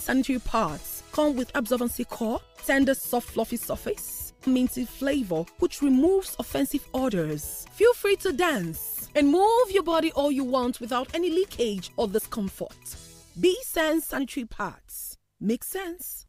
Sanitary pads come with absorbency core, tender soft fluffy surface, minty flavor which removes offensive odors. Feel free to dance and move your body all you want without any leakage or discomfort. B Sense sanitary pads. Make sense.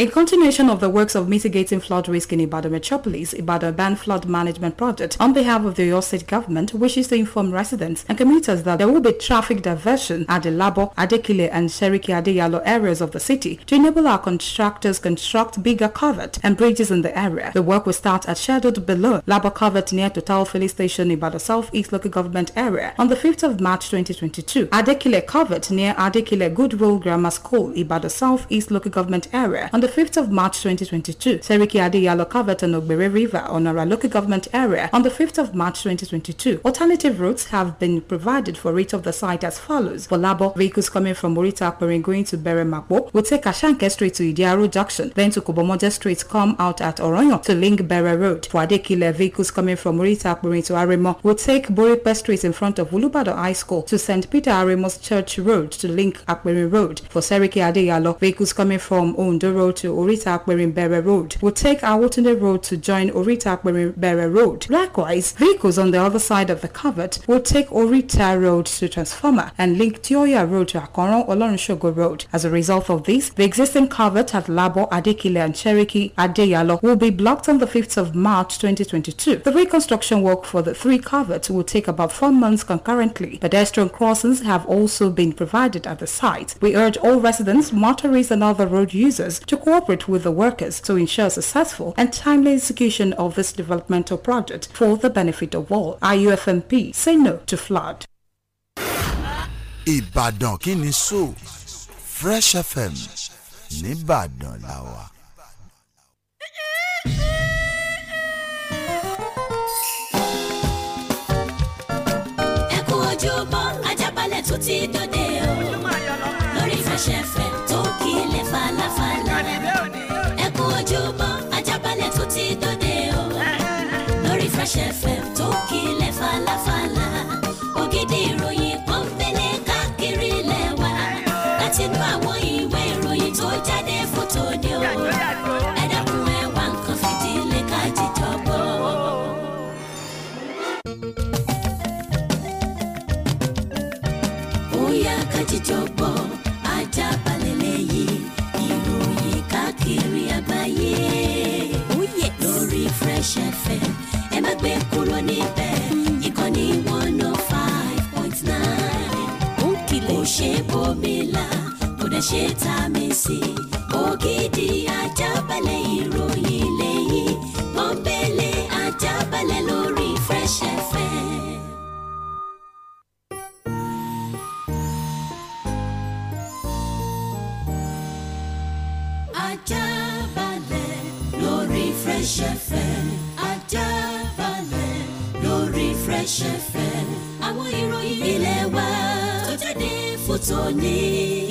In continuation of the works of mitigating flood risk in Ibadan metropolis, Ibadan Band Flood Management Project, on behalf of the Oyo State Government, wishes to inform residents and commuters that there will be traffic diversion at the Labo, Adekile and Sheriki Adeyalo areas of the city to enable our contractors construct bigger covert and bridges in the area. The work will start at scheduled below Labo Covert near Total Filling Station, Ibadan South East Local Government Area on the 5th of March 2022. Adekile Covert near Adekile Goodwill Grammar School, Ibadan South East Local Government Area on the the 5th of March 2022, Seriki Adeyalo covered an Ogbere River on our local government area on the 5th of March 2022. Alternative routes have been provided for each of the site as follows. For Labo, vehicles coming from Morita Akpering going to Beremakbo will take Ashanke Street to Idiaru Junction, then to Kobomoje Street come out at Oronyo to link Bere Road. For Adekile, vehicles coming from Morita Akpering to Aremo will take Boripe Street in front of Ulubado High School to St. Peter Aremo's Church Road to link Akpering Road. For Seriki Adeyalo, vehicles coming from Ondo Road to Orita Akperimbere Road will take Awotunde Road to join Orita Akperimbere Road. Likewise, vehicles on the other side of the covert will take Orita Road to Transformer and link Tioya Road to Akoron Olorunshogo Road. As a result of this, the existing covert at Labo, Adekile and Cherokee Adeyalo will be blocked on the 5th of March 2022. The reconstruction work for the three coverts will take about four months concurrently. Pedestrian crossings have also been provided at the site. We urge all residents, motorists and other road users to cooperate with the workers to ensure successful and timely execution of this developmental project for the benefit of all. IUFMP say no to flood. Ìbàdàn sọ Fresh FM làwà. ẹ kú Ajábalẹ̀ ti dòde Fresh FM tó kílẹ̀ falafala. ẹ kú ojúmọ́ ajábalẹ̀ tó ti dòde o. lórí Fresh FM tó kílẹ̀ falafala. ògidì ìròyìn kan fẹ́lẹ̀ káàkiri lẹ́wà. láti inú àwọn ìwé ìròyìn tó jáde fún tòde o. ẹ dákun ẹ wá nǹkan fìdílé ká jíjọ gbọ́. ó ká jíjọ Fresh FM ẹ má gbé kúrò níbẹ̀ ìkànnì one oh five point nine. ó ṣe bòmílà kò dẹ̀ ṣe tá ògidì ajábalẹ̀ ìròyìn òní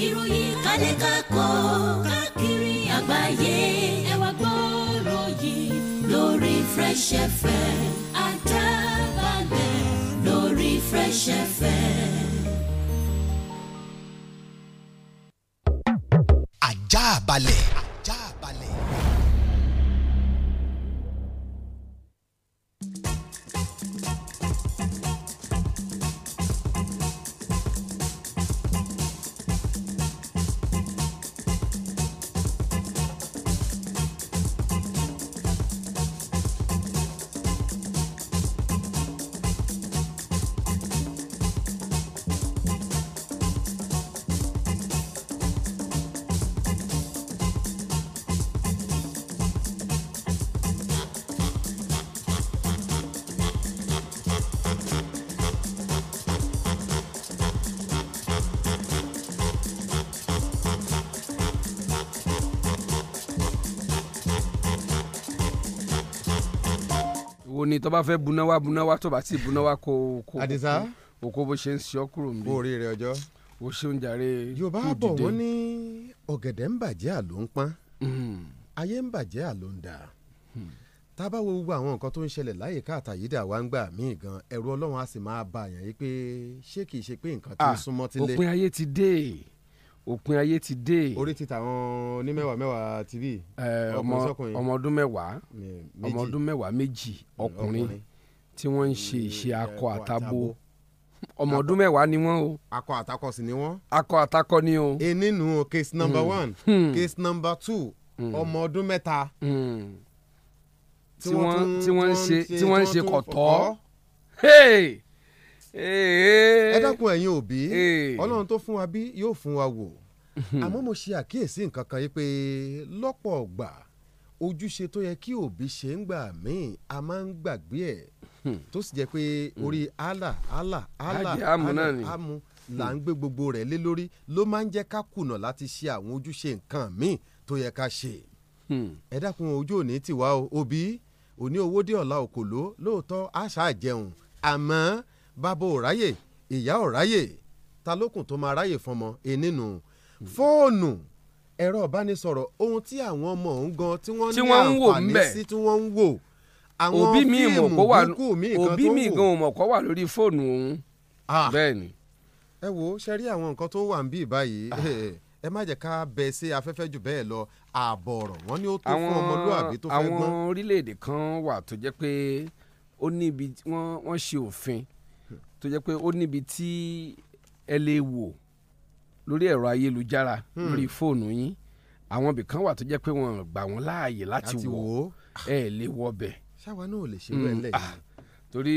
ìròyìn kálẹ̀ kakọ́ káàkiri àgbáyé ẹ wá lórí Fresh FM. tó bá fẹ́ buná wá buná wá tó bá ti buná wá kó kó Àdìsá òkó bó ṣe ń ṣọ́ kúrò níbí. orí rẹ ọjọ́. o ṣeun jàre. yorùbá bọ̀ wọ́n ní ọ̀gẹ̀dẹ̀ ń bàjẹ́ àló ń pọ́n hmm. ayé ń bàjẹ́ àló ń dà hmm. tá a bá wo gbogbo àwọn nǹkan tó ń ṣẹlẹ̀ láyé káàtà yìí dà wá ń gbà míì gan ẹ̀rù ọlọ́run á sì máa bá àyàn yìí pé ṣé kìí ṣe pé nǹkan tó súnmọ́ ti òpin ayé ti dé òpin ayé ti dé. orí ti tàwọn onímẹ̀wàá mẹ́wàá tv. ọmọ ọdún mẹ́wàá ọmọ ọdún mẹ́wàá méjì ọkùnrin tí wọ́n ń ṣe ìṣe akọ àtabo ọmọ ọdún mẹ́wàá ni wọ́n o. akọ àtakọ sì ni wọ́n. akọ àtakọ ni o. ení nu o case hmm. number one hmm. case number two hmm. ọmọ ọdún mẹ́ta. tí wọ́n ń ṣe kọ̀tọ́ ẹ dákun ẹ̀yin òbí ọlọ́run tó fún wa bí yóò fún wa wò àmọ́ mo ṣe àkíyèsí nǹkan kan yìí pé lọ́pọ̀ ọgbà ojúṣe tó yẹ kí òbí ṣe ń gbà míì a máa ń gbàgbé ẹ̀ hmm. tó sì jẹ́ pé hmm. orí Allah Allah Allah Allah amu là hmm. ń gbé gbogbo rẹ̀ lé lórí ló máa ń jẹ́ ká kùnà láti ṣe àwọn ojúṣe nǹkan míì tó yẹ ká ṣe ẹ dákun ojú òní tiwa o òbí òní owó dé ọ̀la òkòló lóòótọ́ àṣà jẹun àmọ́ bàbá ò ráyè ìyá ò ráyè ta lókùn tó máa ráyè fọmọ ẹnìnú hmm. fóònù ẹ̀rọ ìbánisọ̀rọ̀ ohun tí àwọn ọmọ òun gan tí wọ́n ní àǹfààní sí tí wọ́n ń wò àwọn fíìmù búkú mi kan tó wò òbí mi gan mọ̀ kó wà lórí fóònù òun bẹ́ẹ̀ ni. ẹ wo ṣe rí àwọn nǹkan tó wà ń bí báyìí ah. ẹ má jẹ́ ká bẹ sí afẹ́fẹ́ jù bẹ́ẹ̀ lọ ààbọ̀ ọ̀rọ̀ wọn ni ó tó fún ọmọlúwàbí tó fẹ́ gbọ́n. àwọn orílẹ̀-èdè kan wà tó jẹ́ pé ó ní ibi wọ́n ṣe òfin tó jẹ́ pé ó níbi tí ẹ lè wò lórí ẹ̀rọ ayélujára hmm. lórí fóònù yín àwọn ibì kan wà tó jẹ́ pé wọ́n gbà wọ́n láàyè láti wò ẹ lè wọ bẹ̀. ṣáwa náà ò lè ṣe wẹ́ẹ́ hmm. lẹ́yìn. Ah, torí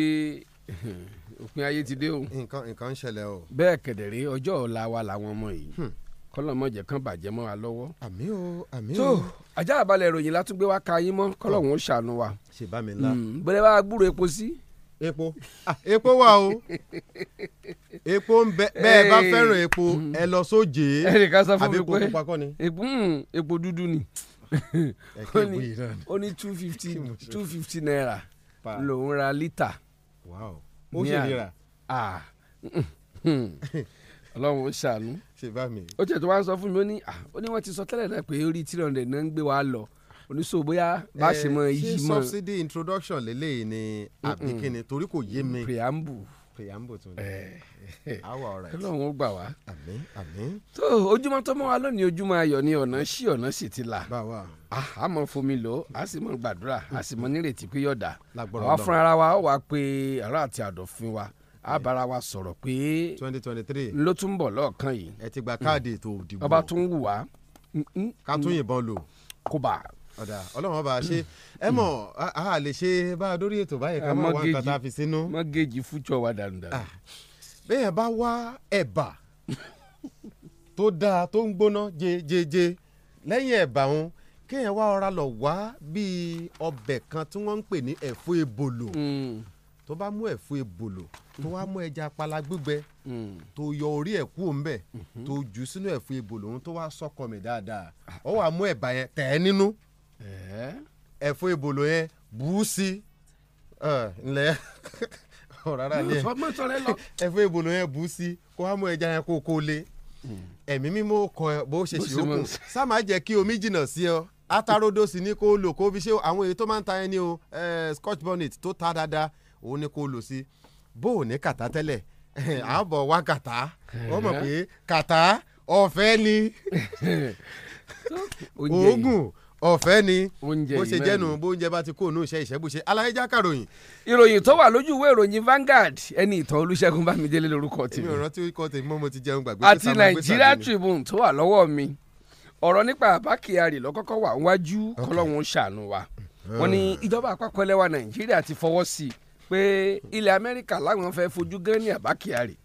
òpin ayé ti dé o. nǹkan nǹkan ń ṣẹlẹ̀ o. bẹ́ẹ̀ kẹ̀dẹ̀ ọjọ́ ọ̀la wa làwọn ọmọ yìí hmm. kọlọmọjẹ kan bàjẹ́ mọ́ wa lọ́wọ́. àmì o àmì o. tó ajá àbálẹ̀ ìròyìn látúgbé wa ka yín mọ́ kọlọ́hún ó ṣàánú wa. ṣèbámi ńlá. bẹ́ẹ̀ bá gbúrò epo sí epo ah, epo wà o epo ń bẹ bẹ́ẹ̀ bá fẹ́ràn epo mm-hmm. ẹ lọ sóje àbí epo pupa kọ́ ni. epo hmm, dúdú ni ó ní two fifty two fifty naira lòún ra lítà. ó sì rira ah, hmm, hmm. ọlọ́run ó ṣàánú ó tẹ̀ tó wá ń sọ fún mi ah, ó ní wọ́n ti sọ tẹ́lẹ̀ náà pé orí three hundred náà ń gbé wa lọ oníṣòwò bóyá bá ṣe mọ eh, iyì mọ. ṣé subsidy introduction lélẹ́yìí ni àbí kíni torí kò yé mi. preamble preamble tún eh. awa ọ̀rẹ́. ọlọ́run ó gbà wá. àmín àmín. tó ojúmọ́ tó mọ́ wa lónìí ojúmọ́ ayọ̀ ni ọ̀nà sí ọ̀nà sì ti là. báwa. a mọ fomi lò a sì mọ gbàdúrà a sì mọ nírètí pé yọ̀dà. àwa fúnra ara wa ó wàá pe ará àti àdọ̀fin wa a eh. bára wa sọ̀rọ̀ pé. twenty twenty three. ló tún bọ̀ lọ́ọ̀kan yìí. ẹ ti gba káàdì ètò mm. ìdìbò. ọba tún wù wá. Mm, mm, ká tún yìnbọn lò. kó bá ọ̀dà ọlọ́run ọba ṣe ẹ mọ̀ a lè ṣe bá a dórí ètò báyìí ká má wá nǹkan tá a fi sínú. mọ́gẹ́jì fújọ wa dànù dànù. Ah, bẹ́ẹ̀ bá wá ẹ̀bà tó dáa tó ń gbóná jejeje lẹ́yìn ẹ̀bà òun kéèyàn wá ọ̀rá lọ wá bíi ọbẹ̀ kan tí wọ́n ń pè ní ẹ̀fọ́ ebòlò hmm. tó bá mú ẹ̀fọ́ ebòlò tó wá mú ẹja pala gbígbẹ hmm. tó yọ orí ẹ̀ kúrò ńbẹ̀ hmm. tó jù sínú ẹ̀fọ́ ebòlò òun tó wá sọ́kọ̀ mi dáadáa ó wá mú ẹ̀bà yẹn tẹ̀ ẹ́ nínú ẹ̀fọ́ ìbòlò yẹn bùúsì ńlẹ̀ rárá ni ẹ̀fọ́ ìbòlò yẹn bùúsì kó wá mú ẹja yẹn kó kó lé ẹ̀mí mímọ́ kọ bó ṣe ṣe ó kù sá má jẹ́ kí omi jìnnà sí ọ atarodo sì ni kó lò kó fi ṣe àwọn èyí tó máa ń ta ẹni o scotch bonnet tó ta dáadáa òun ni kó lò sí bó ò ní kàtá tẹ́lẹ̀ àbọ̀ wá kàtá wọ́n pé kàtá ọ̀fẹ́ ni oògùn ọ̀fẹ́ ni bó ṣe jẹ́nu bó oúnjẹ bá ti kó ònú iṣẹ́ ìṣẹ́bùṣe Alárẹ̀ jákàròyìn. ìròyìn tó wà lójú ìwé ìròyìn Vanguard ẹni ìtàn Olúṣẹ́gun Bámidélé lórúkọ tèmi. mi ò rántí ikọ̀ tèmi mọ́ mo ti jẹun gbàgbé. àti Nigeria Tribune tó wà lọ́wọ́ mi ọ̀rọ̀ nípa Abba Kyari lọ́kọ́kọ́ wà wájú kọ́lọ́hún ṣàánú wa eh. wọn ni ìjọba àpapọ̀ ẹlẹ́wà Nàìjíríà ti fọwọ́ sí i pé ilẹ̀ Amẹ́ríkà láwọn fẹ́ fojú gán ní Abba Kyari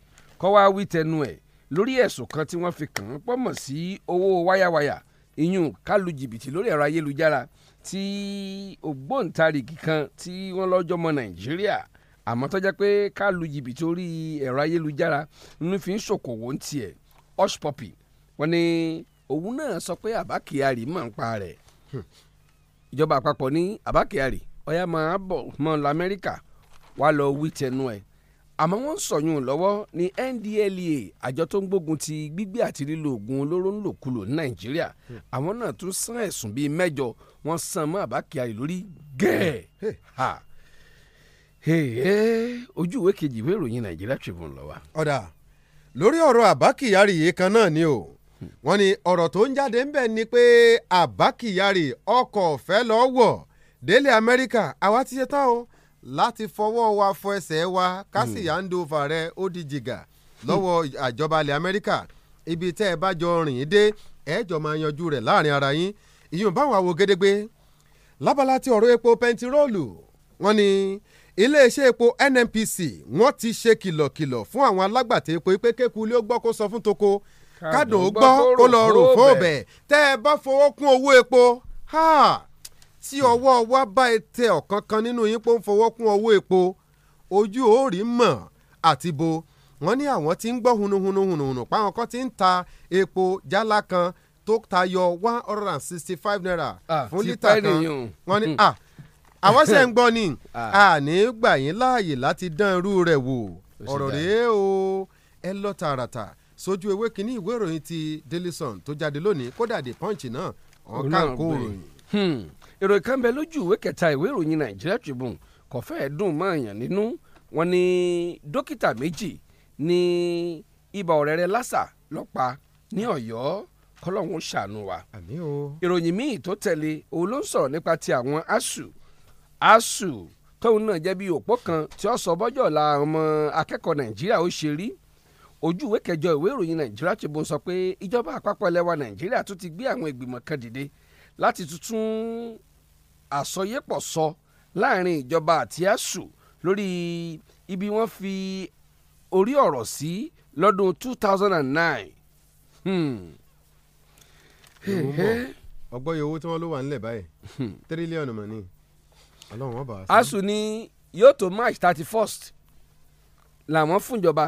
kọ́ wá wí tẹnu ẹ̀ lórí ẹ̀sùn kan tí wọ́n fi kàn án pọ̀ mọ̀ sí owó wáyàwáyà ìyún kálu jìbìtì lórí ẹ̀rọ ayélujára tí ògbóǹtarìgì kan tí wọ́n lọ́jọ́ mọ nàìjíríà àmọ́ tó jẹ́ pé kálu jìbìtì orí ẹ̀rọ ayélujára ní fi ń ṣòkòwò ń tiẹ̀ hush puppy wọ́n ní òun náà sọ pé àbá kyari máa ń pa rẹ̀ hmm. ìjọba àpapọ̀ ní àbá kyari ọ̀yá máa bọ̀ mọ́ lamẹ́ríkà wá lọ wí tẹnu ẹ̀ àmọ́ wọ́n ń sọ̀yún lọ́wọ́ ní NDLEA àjọ tó ń gbógun ti gbígbé àti lílo oògùn olóró ńlòkulò ní nàìjíríà hmm. àwọn náà tún sán ẹ̀sùn bíi mẹ́jọ wọ́n sàn mọ́ Abba Kyari lórí gẹ́ẹ̀ eh, ojú ìwé kejì ìwé ìròyìn nàìjíríà Tribune ló ọ̀dà lórí ọ̀rọ̀ Abba yìí kan náà ni o hmm. wọ́n ní ọ̀rọ̀ tó ń jáde ń bẹ̀ ni pé Abba Kyari ọkọ̀ ọ̀fẹ́ lọ́wọ́ délé Amẹ́ríkà àwa ti ṣe tán o láti fọwọ́ wa fọ ẹsẹ̀ wa ká sì yà ń do fà rẹ ó di jìgà lọ́wọ́ àjọba ilẹ̀ Amẹ́ríkà ibi tẹ́ ẹ bá jọ rìn dé ẹ jọ máa yanjú rẹ̀ láàrin ara yín ìyún báwọn àwo gédégbé lábala ti ọ̀rọ̀ epo pẹntiróòlù wọn ni iléeṣẹ́ epo NNPC wọ́n ti ṣe kìlọ̀kìlọ̀ fún àwọn alágbàtà epo pé kékulé ó gbọ́ kó sọ fún toko kádùn ó gbọ́ kó lọ rò fóòbẹ̀ tẹ́ ẹ bá fowó kún owó epo. Ha! tí ọwọ́ wa bá ẹ tẹ ọ̀kan kan nínú yín pé ó ń fọwọ́ kún ọwọ́ epo ojú ò mọ̀ àti bo wọ́n ní àwọn tí ń gbọ́ hunuhunu páwọn kan ti ń ta epo jálá kan tó tayọ one hundred and sixty five naira fún lítà kan wọ́n ní à àwọn ṣe ń gbọ́ ni àní gbà yín láàyè láti dán irú rẹ̀ wò ọ̀rọ̀ rèé o ẹ lọ tààràtà sójú ewé kínní ìwé ìròyìn ti Daily tó jáde lónìí kódà The Punch náà ọ̀ọ́ká kó ròyìn. Hmm ìròyìn kan bẹ lójú ìwé kẹta ìwé ìròyìn Nigeria Tribune kò fẹ́ẹ̀ dùn mọ́ èèyàn nínú wọn ni dókítà méjì ní ibà ọ̀rẹ́rẹ́ lásà lọ́pa ní Ọ̀yọ́ kọ́lọ́hún ṣàánú wa. ìròyìn míì tó tẹ̀lé òun ló ń sọ̀rọ̀ nípa ti àwọn ASUU ASUU tóun náà jẹ́ bí òpó kan tí ó sọ bọ́jọ́ la ọmọ akẹ́kọ̀ọ́ Nàìjíríà ó ṣe rí ojú ìwé kẹjọ ìwé ìròyìn Nàìjíríà Tribune sọ pé ìjọba àpapọ̀ ilẹ̀ Nàìjíríà tún ti gbé àwọn ìgbìmọ̀ kan dìde láti tuntun àsọyépọ̀ sọ láàrin ìjọba àti asuu lórí ibi wọ́n fi orí ọ̀rọ̀ sí lọ́dún two thousand and nine. Hmm. ọgbọ́n iye owó tí wọ́n ló wà nílẹ̀ báyìí hmm. tírílíọ̀nù mọ̀ ni ọlọ́run wọn bá ni yóò tó march thirty first làwọn fúnjọba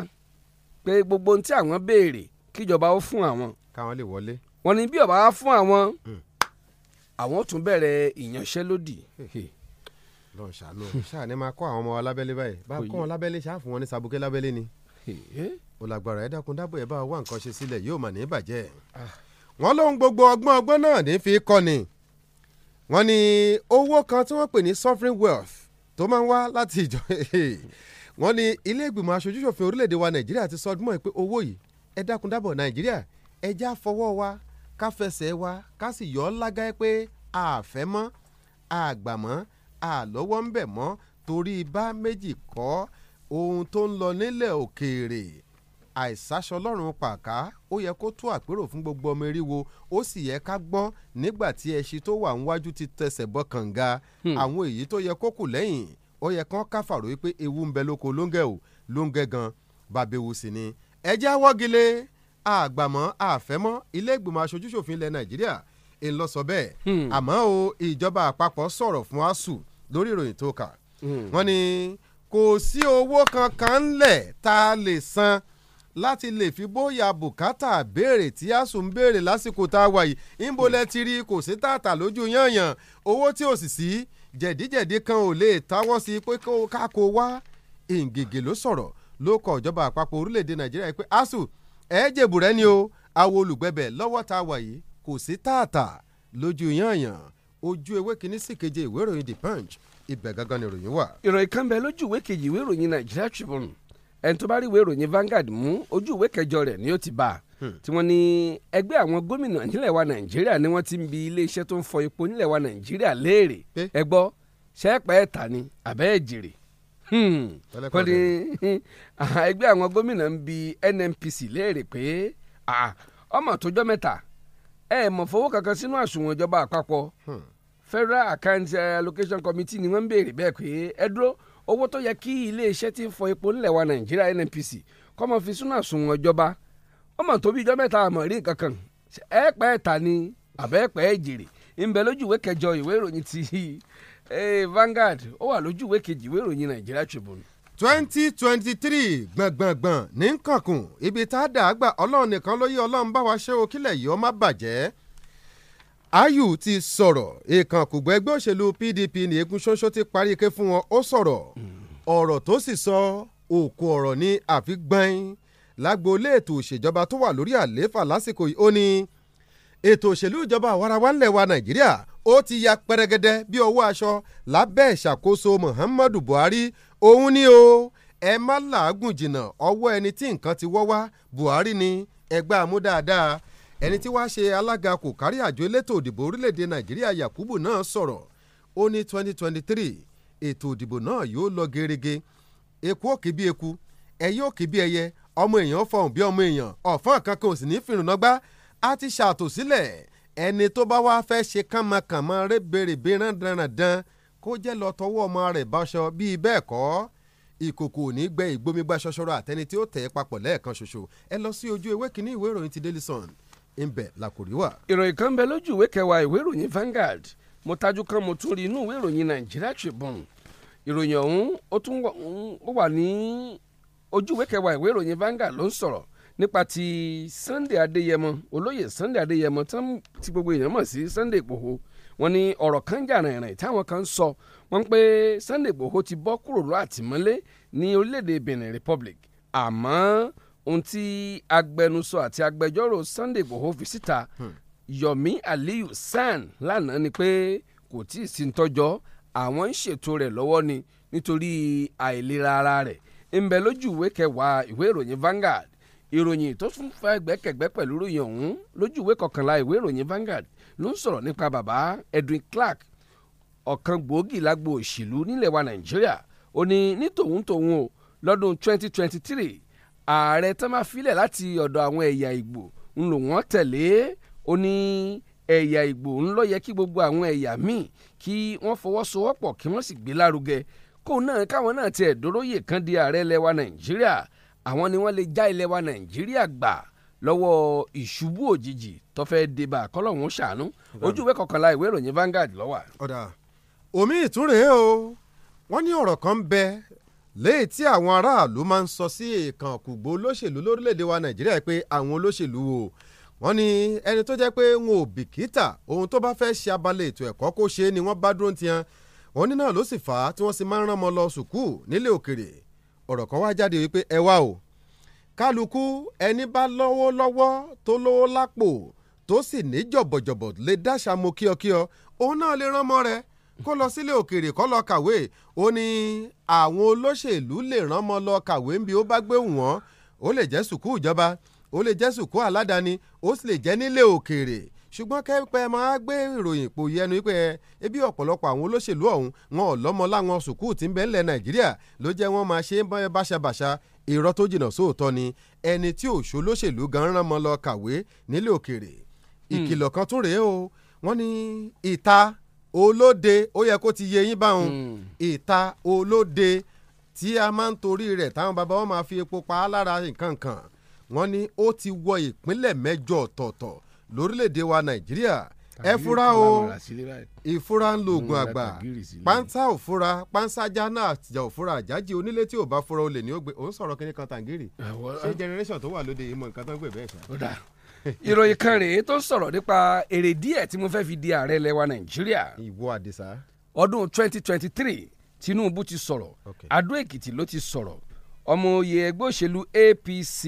pé gbogbo ohun tí àwọn béèrè kíjọba ó fún àwọn. káwọn lè wọlé. wọ́n ní bí ọba á fún àwọn. Mm àwọn tún bẹ̀rẹ̀ ìyanṣẹ́lódì. lọ́n ṣàánú ṣáà ni máa kọ́ àwọn ọmọ wa lábẹ́lé báyìí bá kọ́ wọn lábẹ́lé ṣáà fún wọn ní sabuké lábẹ́lé ni. ó lágbára ẹ dákun dábò ẹ bá wá nǹkan ṣe sílẹ̀ yóò mà ní bàjẹ́. Ah. wọ́n lóhun gbogbo ọgbọ́n ọgbọ́n náà ní fi kọ́ ni. wọ́n ní owó kan tí wọ́n pè ní sovereign wealth tó máa ń wá láti ìjọ wọ́n ní ilé ìgbìmọ̀ aṣojúṣòfin orílẹ̀-èdè wa nàìjíríà ti sọ ọdún mọ́ ẹ pé owó yìí ẹ dákun dábọ̀ nàìjíríà ẹ já fọwọ́ wa ká fẹsẹ̀ wa ká sì yọ ọ́ lágáyé pé àfẹ́ mọ́ àgbà mọ́ àlọ́wọ́ ń bẹ̀ mọ́ torí bá méjì kọ́ ohun tó ń lọ nílẹ̀ òkèèrè àìsáṣọ lọ́rùn pàká ó yẹ kó tó àpérò fún gbogbo ọmọ eríwo ó sì yẹ ká gbọ́ nígbà tí ẹṣin tó wà níwájú ti tẹsẹ̀ bọ kànga hmm. àwọn èyí tó yẹ kó kù lẹ́yìn ó yẹ kán káfàró wípé ewu ń bẹ lóko lóńgẹ ò lóńgẹ gan bàbá ewu sì ni ẹjẹ́ àwọ́gilé àgbàmọ́ àfẹ́mọ́ ilé ìgbìmọ̀ aṣojúṣòfin ilẹ̀ nàìjíríà ń lọ sọ bẹ́ẹ̀ hmm. àmọ́ o ìjọba àpapọ̀ sọ̀rọ̀ fún asuu lórí ìròyìn tó kà hmm. wọ́n ní kò sí owó kankan ńlẹ̀ tá a lè san láti lè fi bóyá bùkátà béèrè tí asuu ń béèrè lásìkò tá a wà yìí ńbo lẹ ti rí kò sí tààtà lójú yànyàn owó tí ò sì sí jẹ̀díjẹ̀dí kan ò lè táwọ́ sí pé ká kó wá èǹgègè ló sọ̀rọ̀ ló kọ ìjọba àpapọ̀ orílẹ̀-èdè nàìjíríà pé asuu ẹ jèbùrẹ́ ni o àwọn olùgbẹ́bẹ̀ lọ́wọ́ tá a wà yìí kò sí tààtà lójú yànyàn ojú ewé kínní sí keje ìwé ìròyìn the punch ibẹ̀ gangan ni ìròyìn wà. ìròyìn kan bẹ lójú ìwé kejì ìwé ìròyìn Nigeria Tribune ẹni tó bá rí ìwé ìròyìn Vanguard mú ojú ìwé kẹjọ rẹ̀ ni ó ti bá a hmm. tí wọ́n ní ẹgbẹ́ àwọn gómìnà nílẹ̀ wa Nàìjíríà ni wọ́n ti ń bi iléeṣẹ́ tó ń fọ epo nílẹ̀ wa Nàìjíríà léèrè ẹ gbọ́ ẹ̀ta ni àbẹ́ ẹ̀jèrè wọ́n hmm. ní ẹgbẹ́ àwọn gómìnà ń bi NNPC léèrè pé ọmọ tójọ́ mẹ́ta ẹ mọ̀ fowó kankan sínú àsùnwọ̀n ìjọba àpapọ̀ hmm. Federal Account eh, Allocation Committee ni wọ́n ń béèrè bẹ́ẹ̀ pé ẹ dúró owó tó yẹ kí iléeṣẹ́ tí ń fọ epo ńlẹ̀ wa NNPC kọ́ mọ̀ fi sínú àsùnwọ̀n ìjọba ọmọ kankan ẹ pẹ́ ta ni àbẹ́pẹ́ jèrè kẹjọ ìwé ìròyìn ti Eh, Vanguard ó wà lójú ìwé kejì ìwé ìròyìn Nàìjíríà Tribune. twenty twenty three gbọ̀ngbọ̀ngbọ̀n ní kankun ibi tá a dà á gbà ọlọ́run nìkan ló yí ọlọ́run bá wa ṣe o kílẹ̀ yìí ó má bàjẹ́ ayù ti sọ̀rọ̀ ìkànkùgbọ́ ẹgbẹ́ òṣèlú PDP ní egun ṣoṣo ti parí ike fún wọn ó sọ̀rọ̀ ọ̀rọ̀ tó sì sọ òkú ọ̀rọ̀ ní àfi gbọ́n lágbo ilé ètò òṣèjọba tó wà lórí àlééfà lásìkò yìí ó ní ètò òṣèlú ìjọba àwarawa ńlẹ̀ wa Nàìjíríà ó ti ya pẹrẹgẹdẹ bí ọwọ́ aṣọ lábẹ́ ìṣàkóso Muhammadu Buhari òun ni o ẹ má làágùn jìnnà ọwọ́ ẹni tí nǹkan ti wọ́ wá Buhari ni ẹgbẹ́ amú dáadáa ẹni tí wàá ṣe alága kò kárí àjọ elétò òdìbò orílẹ̀-èdè Nàìjíríà Yakubu náà sọ̀rọ̀ ó ní 2023 ètò òdìbò náà yóò lọ gerege eku òkè bí eku ẹyẹ òkè bí ẹyẹ ọmọ èèyàn fọhùn bí ọmọ èèyàn ọ̀fọ́n kankan ò sì ní fìrùnà gbá a ti ṣàtò sílẹ̀ ẹni tó bá wá fẹ́ ṣe kánmọkànmọ rébèrèbè rándanrandan kó jẹ́ lọ tọwọ́ ọmọ rẹ̀ báṣọ bíi bẹ́ẹ̀ kọ́ ìkòkò ò ní gbẹ ìgbómigbá ṣoṣoro àtẹni tí ó tẹ̀ ẹ́ papọ̀ lẹ́ẹ̀kan ṣoṣo ẹ lọ sí ojú ewé kínní ìwé ìròyìn ti Daily Sun ńbẹ làkòrí wà. ìròyìn kan bẹ lójú ìwé kẹwàá ìwé ìròyìn Vanguard mo tajú kan mo tún rí inú ìwé ìròyìn Nigeria Tribune ìròyìn ọ̀hún ó tún wà ní ojú ìwé kẹwàá ìwé ìròyìn Vanguard ló ń sọ̀rọ̀ nípa ti Sunday Adéyẹmọ olóyè Sunday Adéyẹmọ tí gbogbo èèyàn mọ̀ sí Sunday Ìgbòho wọ́n ní ọ̀rọ̀ kan jà rìnrìn táwọn kan sọ wọ́n pé Sunday Igboho ti bọ́ kúrò lọ àtìmọ́lé ní orílẹ̀-èdè Benin Republic àmọ́ ohun tí agbẹnusọ àti agbẹjọ́rò Sunday Igboho fi síta hmm. Yomi Aliyu San lánàá ni pé kò tí ì sí ń tọ́jọ́ àwọn ń ṣètò rẹ̀ lọ́wọ́ ni nítorí àìlera ara rẹ̀ ń bẹ lójú ìwé kẹwàá ìwé ìròyìn Vanguard ìròyìn tó tún fẹ́ gbẹ́kẹ̀gbẹ́ pẹ̀lú ròyìn ọ̀hún lójú ìwé kọkànlá ìwé ìròyìn Vanguard ló ń sọ̀rọ̀ nípa bàbá Edwin Clark ọ̀kan gbòógì lágbo òṣèlú nílẹ̀ wa Nàìjíríà ó ní ní tòun tòun o lọ́dún 2023 ààrẹ tán máa filẹ̀ láti ọ̀dọ̀ àwọn ẹ̀yà Ìgbò ń lò wọ́n tẹ̀lé ó ní ẹ̀yà Ìgbò ń lọ yẹ kí gbogbo àwọn ẹ̀yà míì kí wọ́n fọwọ́sowọ́pọ̀ kí wọ́n sì gbé lárugẹ kóun náà káwọn náà tiẹ̀ dóróyè kan di ààrẹ lẹwa Nàìjíríà àwọn ni wọ́n lè já ilẹ̀ wa nàìjíríà gbà lọ́wọ́ ìṣubú òjijì tó fẹ́ débà kọ́lọ́hún ṣàánú ojú ìwé kọkànlá ìwé ìròyìn Vanguard lọ́wà. ọ̀dà omi ìtúrèé o wọ́n ní ọ̀rọ̀ kan ń bẹ léyìí tí àwọn aráàlú máa ń sọ sí èèkàn kùgbó olóṣèlú lórílẹ̀‐èdè wa nàìjíríà pé àwọn olóṣèlú o wọ́n ní ẹni tó jẹ́ pé wọn ò bìkítà ohun tó bá fẹ́ ṣe abalẹ̀ ètò ẹ̀kọ́ kó ṣe é ni wọ́n bá dúró tiẹn òun ní náà ló sì fà á tí wọ́n sì máa ń rán ọmọ lọ sùkúù nílé òkèrè ọ̀rọ̀ kan wá jáde wípé ẹ wá o kálukú ẹni bá lọ́wọ́ lọ́wọ́ tó lówó lápò tó sì ní jọ̀bọ̀jọ̀bọ̀ lè dáṣà mo kíọkíọ òun náà lè rán mọ́ rẹ̀ kó lọ sílé òkèèrè kó lọ kàwé ó ní àwọn olóṣèlú lè rán lọ kàwé bí ó bá gbé wọ́n ó lè jẹ́ sùkúù ìjọba ó lè jẹ́ sùkúù aládàáni ó sì lè jẹ́ nílé òkèèrè ṣùgbọ́n kẹ́pẹ́ máa gbé ìròyìn pò yẹnu pé ebi ọ̀pọ̀lọpọ̀ àwọn olóṣèlú ọ̀hún wọn ò lọ́mọ láwọn sùkúù tí ń bẹ ńlẹ̀ nàìjíríà ló jẹ́ wọ́n máa ṣe báṣabàṣa irọ́ tó jìnnà sóòótọ́ ni ẹni tí òṣò lóṣèlú gan rán mọ́ lọ kàwé nílé òkèèrè hmm. ìkìlọ̀ kan tún rèé o wọ́n ní ìta olóde ó yẹ kó ti yẹ yín báwọn hmm. ìta olóde tí a máa ń torí rẹ̀ táwọn bàbá wọn máa fi epo pa á lára nǹkan kan wọ́n ní ó ti wọ ìpínlẹ̀ mẹ́jọ ọ̀tọ̀ọ̀tọ̀ lórílẹ̀‐èdè wa nàìjíríà ẹ fura o ìfura ń lo oògùn àgbà pánsá ò fura pánsá jáná àtìjà ò fura àjájì onílé tí ò bá fura olè ní ó òun sọ̀rọ̀ kínní kan tàǹgìrì ṣé generation tó wà lóde yìí mọ nǹkan tó ń gbé bẹ́ẹ̀ sọ. ìròyìn kan rèé tó sọ̀rọ̀ nípa èrè díẹ̀ tí mo fẹ́ fi di ààrẹ lẹ́wà nàìjíríà. ìwọ àdìsá. ọdún twenty twenty tinubu ti sọ̀rọ̀ adó èkìtì ló ti sọ̀rọ̀ ọmọ oyè ẹgbẹ́ òṣèlú apc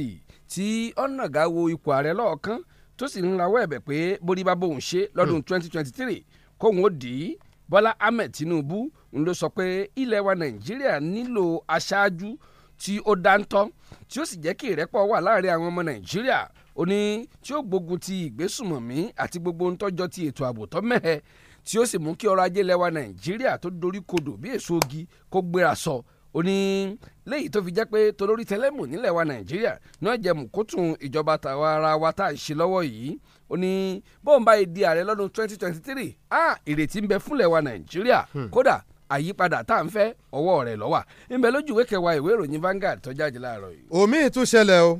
tí ọ̀nàgà wo ipò ààrẹ lọ́ọ̀kan tó sì ń rawọ́ ẹ̀bẹ̀ pé borí bá bóun ṣe lọ́dún hmm. twenty twenty three kóun ó dì í Bọ́lá Ahmed Tinubu ń ló sọ pé ilẹ̀ wa Nàìjíríà nílò aṣáájú tí ó dáńtọ́ tí ó sì jẹ́ kí ìrẹ́pọ̀ wà láàrin àwọn ọmọ Nàìjíríà ó ní tí ó gbógun ti ìgbésùmọ̀mí àti gbogbo ń tọ́jọ́ ti ètò ààbò tó mẹ́hẹ tí ó sì mú kí ọrọ̀ ajé lẹ́wà Nàìjíríà tó dorí kodò bí èso ogi kó gbéra sọ so ó ní léyìí tó fi jẹ́ pé tolórí tẹlẹ́mù nílẹ̀ wa nàìjíríà náà jẹ́ mùkútùn ìjọba tàwa ara wa tá à ń ṣe lọ́wọ́ yìí ó ní bóun bá di ààrẹ lọ́dún twenty twenty ìrètí ń bẹ fúnlẹ̀ wa nàìjíríà hmm. kódà àyípadà tá à ń fẹ́ ọwọ́ rẹ̀ lọ́wà ńbẹ lójú ìwé ìwé ìròyìn Vanguard tó jáde láàárọ̀ yìí. omi tún ṣẹlẹ̀ o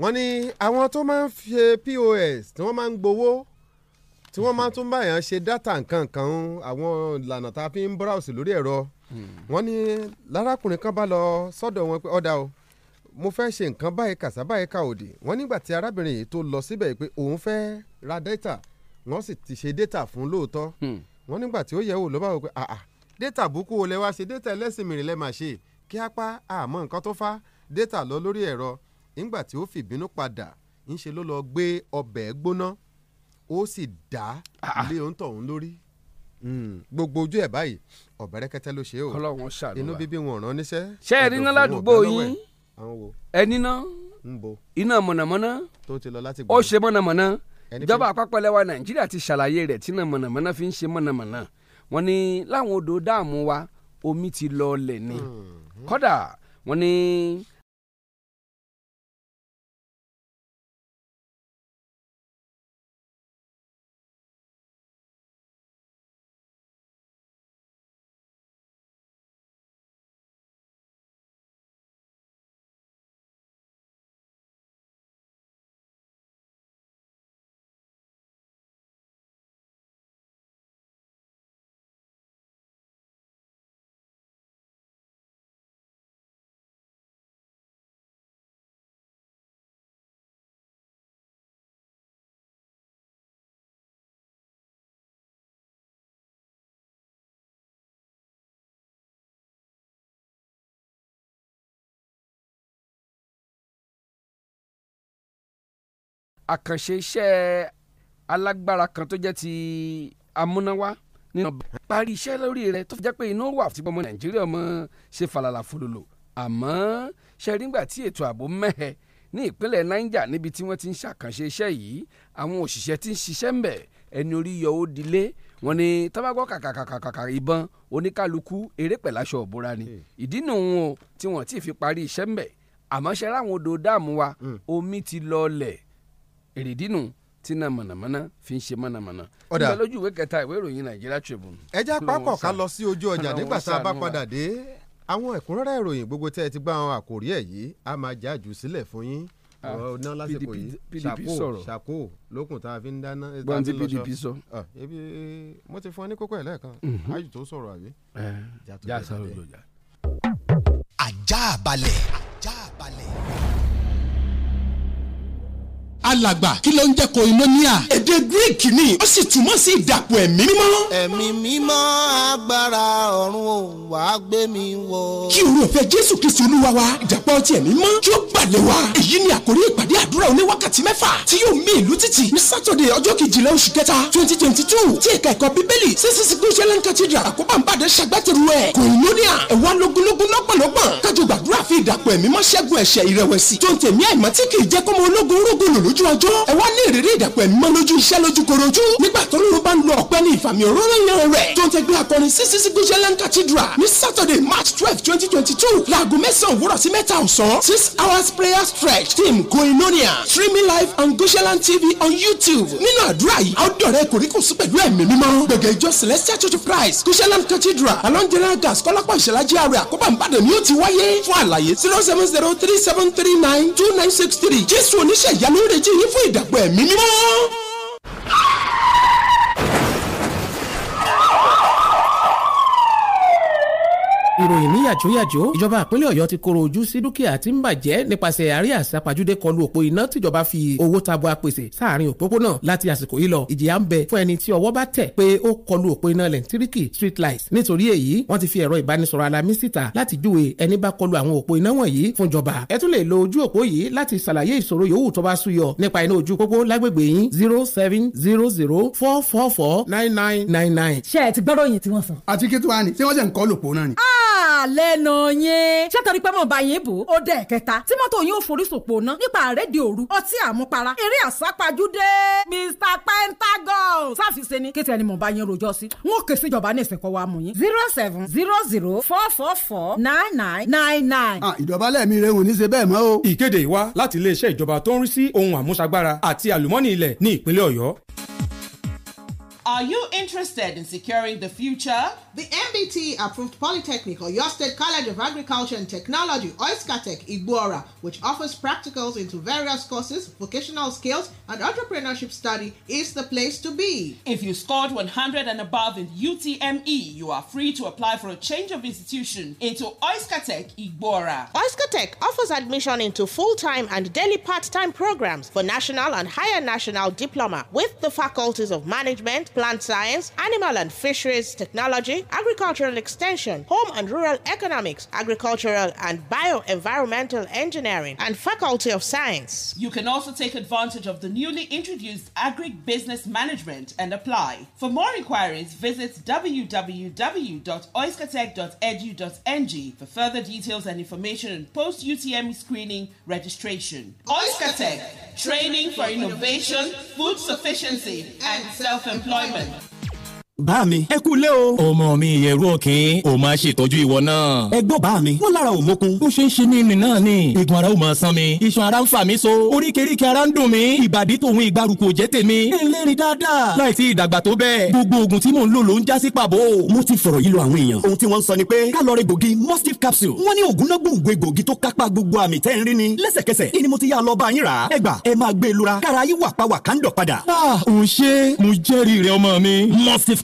wọ́n ní àwọn tó máa ń ṣe POS tí wọ́n máa ń gbowó tí wọ́n máa tún báyàn ṣe dátà nǹkan kan àwọn ìlànà tá a fi ń browse lórí ẹ̀rọ wọ́n ní lárákùnrin kan bá lọ sọ́dọ̀ wọn pé ọ̀dà o mo fẹ́ ṣe nǹkan báyìí kàṣà báyìí kà òdì wọ́n nígbà tí arábìnrin yìí tó lọ síbẹ̀ pé òun fẹ́ ra data wọ́n sì ti ṣe data fún lóòótọ́ hmm. wọ́n nígbà tí ó yẹ̀ wò ló bá wò pé àà data búkú o lẹ wá ṣe data ẹlẹ́sìn mìíràn lẹ́ máa ṣe kí á pa àmọ́ nǹkan tó fá data lọ lórí ẹ̀rọ nígbà tí ó fìbínú padà ńṣe ló lọ gbé ọbẹ̀ gbóná ó sì dá ilé òǹtọ̀ òun lórí gbogbo ojú ẹ̀ báyìí ọ̀bẹ rẹ́kẹ́tẹ́ ló ṣe o inú bíbí wọn ràn níṣẹ́. ṣé ẹ níná ládùúgbò yín ẹ níná iná mọ̀nàmọ́ná ó ṣe mọ̀nàmọ́ná ìjọba àpapọ̀ ilẹ̀ wa nàìjíríà ti ṣàlàyé rẹ̀ tí náà mọ̀nàmọ́ná fi ń ṣe mọ̀nàmọ́ná wọn ni láwọn odò dáàmú wa omi ti lọọlẹ̀ ni hmm. kódà wọn ni. àkànṣe iṣẹ́ alágbára kan tó jẹ́ ti amúnáwá nínú ọba parí iṣẹ́ lórí rẹ̀ tó fi jẹ́ pé iná wà fún ọmọ nàìjíríà ọmọ ṣe fàlàlà fòlòlò àmọ́ ṣe rí ngbà tí ètò ààbò mẹ́hẹ̀ ní ìpínlẹ̀ niger níbi tí wọ́n ti ń ṣàkànṣe iṣẹ́ yìí àwọn òṣìṣẹ́ ti ń ṣiṣẹ́ ń bẹ̀ ẹni orí yọ ó dilé wọ́n ní tábàgọ́ kàkàkàkàkà ìbọn oníkálukú eré òbúra ni hmm. ìdí nìhun o tí wọ́n ti fi parí iṣẹ́ ń bẹ̀ àmọ́ ṣe ráwọn odò dáàmú wa hmm. omi ti lọ ọlẹ̀ èrèdínù tí náà mọ̀nàmọ́ná fi ń ṣe mọ̀nàmọ́ná. ọ̀dà nígbà lójú ìwé kẹta ìwé ìròyìn Nigeria Tribune. ẹ já pápọ̀ ká lọ sí ojú ọjà nígbà tá a bá padà dé àwọn ẹ̀kúnrẹ́rẹ́ ìròyìn gbogbo tẹ́ ẹ ti gbá àwọn àkòrí ẹ̀ yìí á máa já sílẹ̀ fún yín PDP ah, sọ̀rọ̀ ajá balẹ̀. ajá balẹ̀ alàgbà kí ló ń jẹ́ koinonia. èdè greek ni ó sì túmọ̀ sí ìdàpọ̀ ẹ̀mí mímọ́. ẹ̀mí mímọ́ agbára ọ̀run ò wá gbé mi wọ. kí oore ọ̀fẹ́ jésù kristu olúwa wa ìdàpọ̀ ti ẹ̀mí mọ́ kí ó gbàlẹ̀ wa. èyí ni àkórí ìpàdé àdúrà oní wákàtí mẹ́fà tí yóò mì ìlú títì ní sátọ̀dẹ̀ ọjọ́ kejìlá oṣù kẹta twenty twenty two tí ẹ̀ka ẹ̀kọ́ bíbélì koinonia ẹ̀wá lógúnlógún lọ́gbọ̀nlọ́gbọ̀n kájọ gbàdúrà fi ìdàpọ̀ ẹ̀mí mọ́ ṣẹ́gun ẹ̀ṣẹ̀ ìrẹ̀wẹ̀sì tó ń tẹ̀mí àìmọ́ tí kì í jẹ́ lójú ọjọ́ ẹ wá ní ìrírí ìdàpọ̀ ẹ̀mí mọ́ lójú iṣẹ́ lójú korojú nígbà tó ń ìfàmì òróró ìyẹn rẹ̀ tó ń tẹgbẹ́ akọrin sisi sí gúnṣẹ́lẹ́n cathedral ní saturday march twelve twenty twenty two láago mẹ́sàn-án òwúrọ̀ sí mẹ́ta ọ̀sán six hours prayer stretch team koinonia streaming live on gúnṣẹ́lẹ́n tv on youtube nínú àdúrà yìí àwọn dọ̀rẹ́ kòríkò sí pẹ̀lú ẹ̀mí mímọ́ gbẹ̀gẹ̀ ìjọ celestial church of christ gúnṣẹ́lẹ́n cathedral along general gas kọ́lápọ̀ ìṣẹ̀lájì àrẹ àkóbá ìbàdàn ni ó ti wáyé fún àlàyé zero seven zero three seven three nine two nine six three jésù oníṣẹ́ ìyanu rẹ̀ jí yín fún ìdàgbọ́ ẹ̀mí mímọ́. ìròyìn ní yàjóyàjó ìjọba àpínlẹ̀ ọ̀yọ́ ti koro ojú sí dúkìá tí ń bàjẹ́ nípasẹ̀ àárẹ̀ àsápajúdé kọlu òpó iná tìjọba fi owó tabo apèsè sáàrin òpópónà láti àsìkò yìí lọ ìjìyà ń bẹ fún ẹni tí ọwọ́ bá tẹ̀ pé ó kọlu òpó iná lẹ́ńtíríkì street light nítorí èyí wọ́n ti fi ẹ̀rọ ìbánisọ̀rọ̀ alamí síta láti júwe ẹni bá kọlu àwọn òpó iná wọ̀nyí fún ìjọba ẹ tún lè lo ojú òpó yìí láti zero seven zero zero four four four nine nine nine nine. ṣé ẹ ti gbọ́dọ̀ yìí tí wọ́n sọ. àti kí tí lẹ́nu yẹn ṣé torí pé mo bá yín bò ó dẹ̀ kẹta tí yín ò forísòpò ná nípa àrédè òru ọtí àmupara eré àsápajúdé Mr Pentagon sáfìsẹ́ ni kéte ẹni mo bá yín rojọ́ sí wọn ò ké sí ìjọba ní ìsìnkú wa mú yín zero seven zero zero four four four nine nine nine nine. ìjọba lẹ́ẹ̀mí rẹ̀ wò ní ṣe bẹ́ẹ̀ mọ́ o. ìkéde wa láti iléeṣẹ́ ìjọba tó ń rí sí ohun àmúṣagbára àti àlùmọ́nì ilẹ̀ ní ìpínlẹ̀ Ọ̀yọ́. Are you interested in securing the future? The MBT approved Polytechnic or your state College of Agriculture and Technology, Oiskatech Igbora, which offers practicals into various courses, vocational skills, and entrepreneurship study, is the place to be. If you scored 100 and above in UTME, you are free to apply for a change of institution into Oiskatech Igbora. Oiskatech offers admission into full time and daily part time programs for national and higher national diploma with the faculties of management, plant science, animal and fisheries technology Agricultural Extension, Home and Rural Economics, Agricultural and Bioenvironmental Engineering, and Faculty of Science. You can also take advantage of the newly introduced Agribusiness Management and apply. For more inquiries, visit www.oiskatech.edu.ng for further details and information and post UTM screening registration. Oiskatech, training for innovation, food sufficiency, and self employment. bá mi. ẹ kú o. ọmọ mi ìyẹ̀rú òkè o máa ṣètọ́jú ìwọ náà. ẹ gbọ́ bá mi. wọ́n lára ò ó ṣe ń ṣe ní ìrìn náà ni. igun ara ò máa san mi. iṣan ara ń fà mí so. oríkèéríkèé ara ń dùn mí. ìbàdí tòun ìgbàrúkọ jẹ́ tèmi. ẹlẹ́rìí dáadáa. láìsí ìdàgbà tó bẹ́ẹ̀. gbogbo oògùn tí mò ń lò ló ń já sí pàbó. mo ti fọ̀rọ̀ yí lọ àwọn èèyàn. ohun tí wọ́n sọ ni pé ká capsule. wọ́n ní oògùn náà gbòǹgbò egbòogi ni. lẹ́sẹ̀kẹsẹ̀ ni mo ti yá lọ bá yín rà e lura. kára yín wà pa ah òun ṣe mo jẹ́rìí rẹ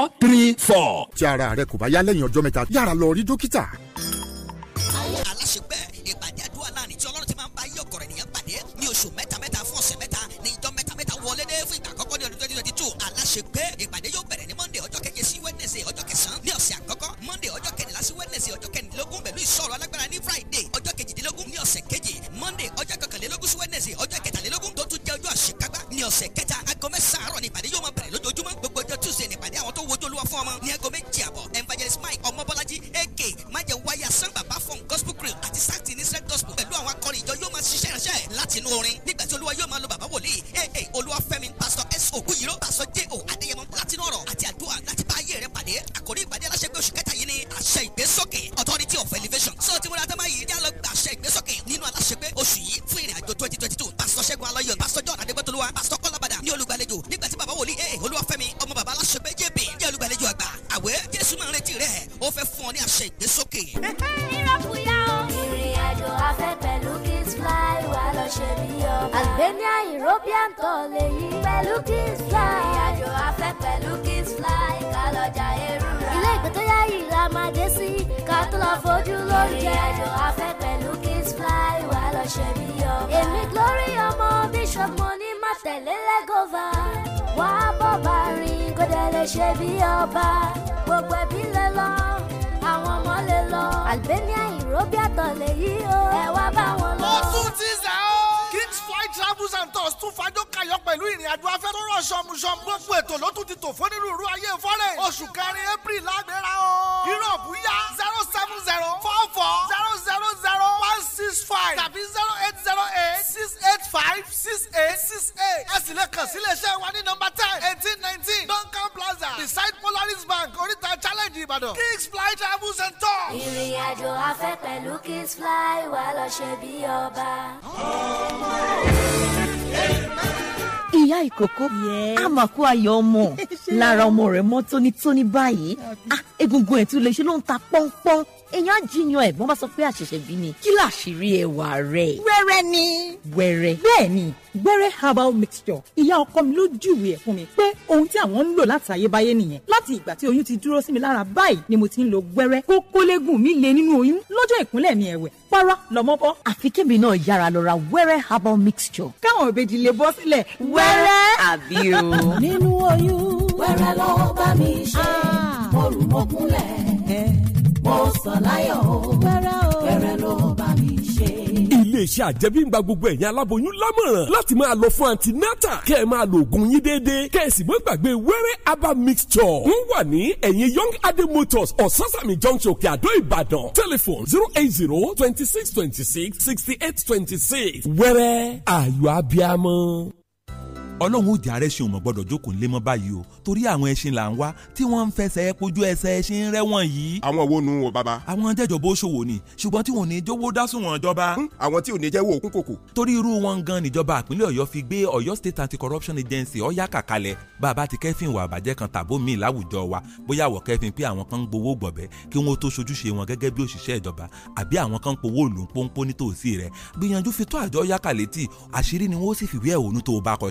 three four. tí ara rẹ kò bá yá lẹ́yìn ọjọ́ mẹ́ta yára lọ rí dókítà. aláṣepẹ́ ìpàdé àdúrà láàrin tí ọlọ́run ti máa ń bá yọ̀kọ̀ rẹ̀ nìyẹn pàdé ní oṣù mẹ́ta fún ọ̀sẹ̀ mẹ́ta ní ìjọ mẹ́ta wọlé dé fún ìgbà àkọ́kọ́ ní ọdún twenty twenty two aláṣepẹ́ ìpàdé yóò bẹ̀rẹ̀ ní monday ọjọ́ keje sí wednesday ọjọ́ kẹsàn-án ní ọ̀sẹ̀ àkọ́kọ́ monday ọjọ́ kẹrìnlá sí wednesday ọjọ́ kẹrìndínlógún pẹ̀lú ìṣòro alágbára ní friday ọjọ́ kejìdínlógún ní ọ̀sẹ̀ kejì monday ọjọ́ kọkànlélógún sí wednesday ọjọ́ kẹtàlélógún tó tún jẹ́ ọjọ́ àṣekágbá ní ọ̀sẹ̀ kẹta aago án àárọ̀ ní ìpàdé yóò máa fún ọmọ ní aago méjì àbọ̀ evangelist mike ọmọbọ́lájí aka májẹ̀ wáyà sàn bàbá fún gospel crew àti sáàtì ní sẹ́k gospel pẹ̀lú àwọn akọrin ìjọ yóò máa ṣiṣẹ́ ìránṣẹ́ láti inú orin nígbà tí olúwa yóò máa lo bàbá wòlíì aa olúwafẹ́mi pastor s ògúyìró pastor j o adéyẹmọ láti inú ọ̀rọ̀ àti àdúrà láti bá ayé rẹ pàdé àkórí ìpàdé aláṣẹ pé oṣù kẹta yìí ni àṣẹ ìgbésókè authority of elevation so tí mo ra tẹ́ máa yìí ní àlọ́ gbà àṣẹ ìgbésókè nínú aláṣẹ pé oṣù yìí fún ìrìn àjò twenty twenty ṣẹ́gun alayọ̀ pásítọ̀jọ́ adégbàtolúwa pásítọ̀ kọ́lábàdà ní olùgbàlejò nígbà tí bàbá wòlíì ee olúwafẹ́mi ọmọ bàbá aláṣẹgbẹ́ jb jẹ́ olùgbàlejò àgbà àwẹ̀ jésù máa ń retí rẹ̀ ó fẹ́ fún ọ ní àṣẹ ìgbésókè. ìrọ̀kùyà o ìrìn àjò afẹ́ pẹ̀lú k fly wà lọ ṣe bí ọba. Albania European tour lèyí pẹ̀lú kiss fly. ìrìnàjò afẹ́ pẹ̀lú kiss fly ká lọ́jà èrúra. ilé ìgbé tó yáyì la máa dé sí ká tó lọ fojú lóúnjẹ. ìrìnàjò afẹ́ pẹ̀lú kiss fly wà lọ ṣe bí ọba. èmi glory ọmọ bishop mo ní má tẹ̀lé lẹ́gọ́fà. wàá bọ̀ bá rìn kó dẹ̀ lè ṣe bí ọba gbogbo ẹbí lè lọ àwọn ọmọ lè lọ. Albania Ìróbí àtọ̀ lè yí o. Ẹ wá bá wọn lọ. Mo tún ti sá o travels and tours tún fàájò kayọ̀ pẹ̀lú ìrìn afẹ́ tó rọ̀ ṣọmuṣọm gbogbo ètò ló tún ti tò fún onírúurú ayé fọ́lẹ̀ oṣù kẹrin april lágbèrè o europe yá zero seven zero four four zero zero zero one six five tàbí zero eight zero eight six eight five six eight six eight ẹ sì lè kàn sí iléeṣẹ́ wa ní nọ́mbà ten eighteen nineteen duncan plaza beside polaris bank oríta challenge ìbàdàn kings fly travels and tours. ìrìn àjò afẹ́ pẹ̀lú kings fly wà lọ ṣe bí ọba. ọmọ rẹ̀. i y'a ye ko ko ko a y'o lára ọmọ rẹ̀ mọ́ tónítóní báyìí ah, egungun ẹ̀ tún lè ṣe ló ń ta pọ́npọ́n èèyàn ajínigbọ̀n ẹ̀gbọ́n bá sọ pé àṣẹ̀ṣẹ̀ bí ni kí làṣírí ẹwà rẹ̀. wẹ́rẹ́ ni. wẹ́rẹ́. bẹ́ẹ̀ ni wẹ́rẹ́ herbal mixture ìyá ọkọ mi ló júwe ẹ̀ fún mi pé ohun tí àwọn ń lò láti ayébáyé nìyẹn láti ìgbà tí oyún ti dúró sí mi lára báyìí ni mo ti ń lo wẹ́rẹ́ kókólégùn mi lè nínú oyún lọ́jọ́ ìkúnlẹ̀ mi ẹ̀wẹ̀ para lọ́mọ bọ́. àfi kébì náà yára lọ ra wẹ́rẹ́ herbal mixture. káwọn òbejì lè bọ́ sílẹ̀ wẹ́rẹ́. àbí o. nínú oyún wẹ́rẹ́ ló bá mi ṣe ah. mo rù mo kúnlẹ̀ mo sọ láyọ̀ wẹ́rẹ́ ló bá mi ṣe iléeṣẹ́ àjẹmíngba gbogbo ẹ̀yin aláboyún lámọ̀ràn láti máa lọ fún antinata kẹ́ ẹ̀ máa lo oògùn yín déédéé kẹ́ ẹ̀ sì mọ́ gbàgbé wẹ́rẹ́ herbal mixture ń wà ní ẹ̀yìn young adé motors ososani junction òkè àdó ìbàdàn telephone zero eight zero twenty six twenty six sixty eight twenty six wẹ́rẹ́ ayọ̀ abiamọ ọlọ́run ó jẹ́ arẹ́sìn òmò gbọ́dọ̀ jókòó nílé mọ́ báyìí o torí àwọn ẹṣin là ń wá tí wọ́n ń fẹsẹ̀ kojú ẹsẹ̀ ẹṣin rẹ́wọ̀n yìí. àwọn wo nu wo bàbá. àwọn jẹjọ bó ṣòwò ni ṣùgbọ́n tí wọn ò ní jówó dásùn wọn jọba. Hm, àwọn tí ò ní jẹ́ wo òkun kòkò. torí irú wọn gan níjọba ìpínlẹ̀ ọ̀yọ́ fi gbé ọ̀yọ́ state anti-corruption agency ọ̀yá kàkalẹ̀ bàbá ti kẹ́fìn ìwà àbàjẹ́ kan tàbó míì láwùjọ wa bóyá àwọ̀ kẹ́fìn pé àwọn kan ń gbowó gbọ̀bẹ́ kí wọ́n tó ṣojúṣe wọn gẹ́gẹ́ bí òṣìṣẹ́ ìjọba àbí àwọn kan ń powó lù ń pónpó nítòsí rẹ̀ gbìyànjú fi tó àjọ ọ̀yá kàlétì àṣírí ni wọ́n sì fìwé ẹ̀hónú tó o bá kọ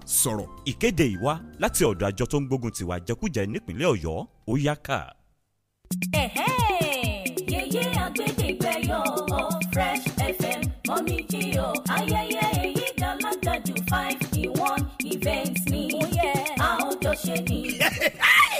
sọ̀rọ̀. ìkéde ìwá láti ọ̀dọ̀ àjọ tó ń gbógun tiwa jẹkújẹ nípínlẹ̀ ọ̀yọ́ ó yá ká. ẹ̀hẹ́ yeye agbẹ́dẹ́gbẹ́yọ fresh fm mọ́mí jí o ayẹyẹ èyí gàlágàjù five in one event ni a ó jọ ṣe ni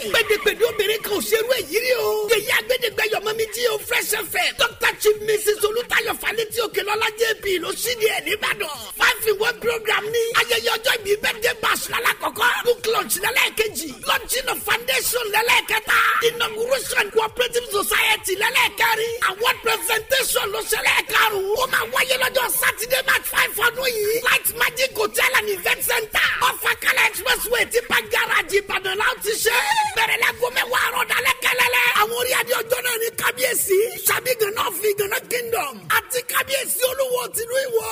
gbẹdẹgbẹdẹ obìnrin kan ò ṣerú èyí rí o. yèyí agbẹdẹgbẹ yọmọ mi jí o fresh fm. Doctor chief mrs olùtayọ falẹtí òkèlọlá jp ló sì di ẹ nìbàdàn. five in one program ni. ayẹyẹ ọjọ́ ìbí birthday bash lálàkọ́kọ́. book launch lẹ́lẹ́kejì. launching of foundation lẹ́lẹ́kẹta. inauguration cooperative society lẹ́lẹ́kẹrin. award presentation ló ṣẹlẹ̀ karùn-ún. ó máa wáyé lọ́jọ́ saturday march five ọdún yìí. light magic hotel and event center. ọ̀fà kala expressway ti pa garaji ìbàdàn láti ṣe é. kábíyèsí sàbí gànà fi gànà kingdom àti kábíyèsí olúwo tìlú ìwọ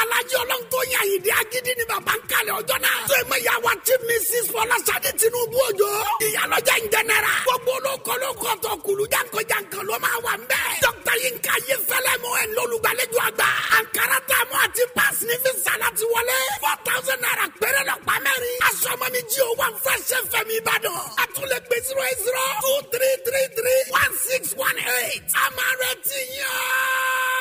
alájọ ọlọ́run tó yà yìí dé agídí ni bàbá ń kalẹ̀ ọjọ́ náà tó ìmọ̀ ìyàwó àti mrs fọlásadé tinubu òjò ìyálọ́jà ń jẹnẹra gbogbo olókòlókò tó kulu jankanjankan ló máa wà ń bẹ́ẹ̀ dókítà yinka yé fẹ́lẹ́ mọ́ ẹ̀ lọ́lùgbàlejò àgbà ankara tá a mọ́ àti pass ní fi sàlá ti wọlé four thousand naira p mi jí o wà fẹsẹ̀ fẹmi ìbàdàn a tún lè gbé zero eight zero two three three three one six one eight a máa retí yẹn.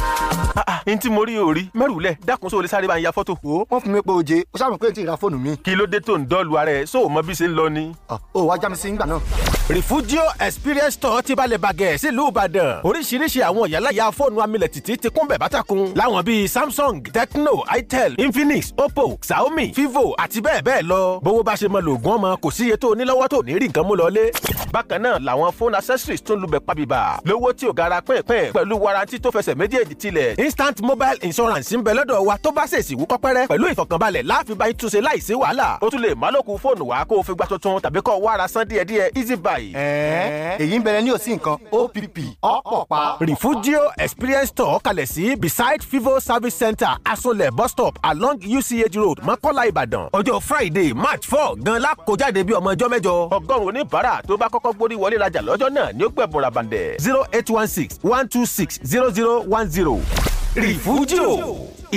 Ah, ah, n mo rí o rí mẹ́rùlẹ̀ dákun sóò sáré bá ń ya fọ́tò. o wọ́n fún mi pé oje o ṣàmì pé n ti ra fóònù mi. kí ló dé tó ń dọ́ọ̀lù ara ẹ sóò mọ bí ṣe ń lọ ni. Ah, o wá já mi sí ngbà náà. Refugio Experience Store ti balẹ̀ bàgẹ́ sílùú Ìbàdàn oríṣiríṣi àwọn ìyálàyà fóònù amilẹ̀ títí ti kún bẹ̀bá takun láwọn bíi Samsung Tecno Itel Infinix Oppo Xiaomi Vivo àti bẹ́ẹ̀ bẹ́ẹ̀ lọ bówó bá ṣe mọ lògùn ọmọ kò síye tó onílọ́wọ́ tó ní rí accessories tún lubẹ̀ pabìbà lówó tí ò gara pẹ́ẹ́pẹ́ẹ́ pẹ̀lú warranty tó fẹsẹ̀ báńdì tilẹ̀ instant mobile insurance ń bẹ lọ́dọ̀ wa tó bá ṣèṣì wú kọ́pẹ́rẹ́ pẹ̀lú ìfọ̀kànbalẹ̀ láàfin bá ìtúnṣe láìsí wàhálà ó tún lè málòkù fóònù wa kó o fi gba tuntun tàbí kó wa wá ara san díẹ̀díẹ̀ easy buy. ẹ̀ẹ́ èyí ń bẹ̀rẹ̀ ní òsì nǹkan OPP ọ̀pọ̀ Refugio experience store kalẹ̀ sí beside Vivo service center Asolẹ̀ bus stop along UCH road Mọ́kọ́lá Ìbàdàn ọjọ́ Friday March four gan la kó jáde bí ọmọ ọjọ́ mẹ́jọ. ọgọ́rùn-ún oníbàárà tó bá kọ́kọ́ gbórí wọlé rajà lọ́jọ́ náà ni ó gbẹ̀bùn ràbàndẹ̀ zero eight one six one two six zero zero one zero rìfújìrò rìfújìrò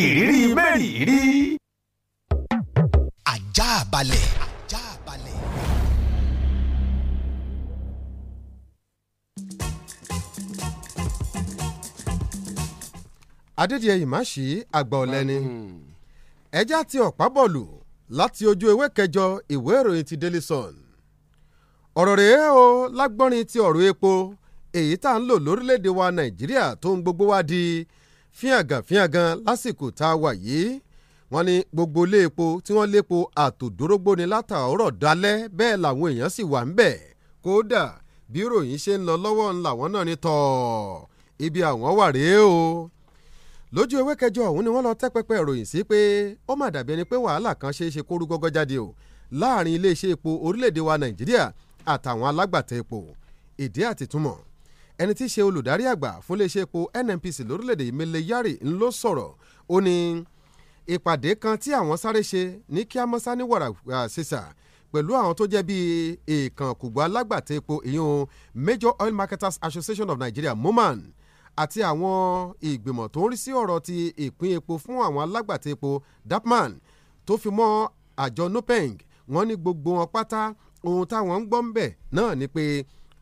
ìrírí mẹ́rin ìrí. ajá balẹ̀. ajá balẹ̀. adédìyẹ ìmáṣí àgbà ọ̀lẹ́ni hmm. ẹja ti ọ̀pá bọ́ọ̀lù láti ojú ewé kẹjọ ìwé ìròyìn ti Daily Sun ọ̀rọ̀ rèé o lágbọ́nrin ti ọ̀rọ̀ epo èyí tá à ń lò lórílẹ̀‐èdè wa nàìjíríà tó ń gbogbo wa di fíàgànfíàgàn lásìkò tá a wà yìí wọ́n ní gbogbo ilé epo tí wọ́n lépo àtòdórógbó ni látàárọ̀ dalẹ́ bẹ́ẹ̀ làwọn èèyàn sì wà ń bẹ̀ kódà bí ròyìn ṣe ń lọ lọ́wọ́ ń làwọn náà ní tọ̀ ibi àwọn wà rèé o lójú ewé kẹjọ ọ̀hún ni wọ́n lọ tẹ́ pẹpẹ ìròyìn sí pé ó mà dàbí ẹni pé wàhálà kan ṣeé ṣe kóru gọ́gọ́ jáde o láàrin iléeṣẹ́ epo orílẹ̀-èdè wa nàìjíríà àtàwọn alágbàtà epo ìdí àtìtúmọ̀ ẹni tí í ṣe olùdarí àgbà fún iléeṣẹ́ epo NNPC lórílẹ̀‐èdè Mele Yari ń ló sọ̀rọ̀ ó ní ìpàdé kan tí àwọn sáré ṣe ní kíámọ́sá ní wàrà ṣèṣà pẹ̀lú àwọn tó jẹ́ bíi ìkànkùgbọ́ alágbàtà epo ìyún Major Oil Marketers Association of Nigeria MOMAN àti àwọn ìgbìmọ̀ tó ń rí sí ọ̀rọ̀ ti ìpín epo fún àwọn alágbàtà epo DAPMAN tó fi mọ́ àjọ NUPENG wọ́n ní gbogbo wọn pátá ohun táwọn ń gbọ́ ń bẹ̀ náà ni pé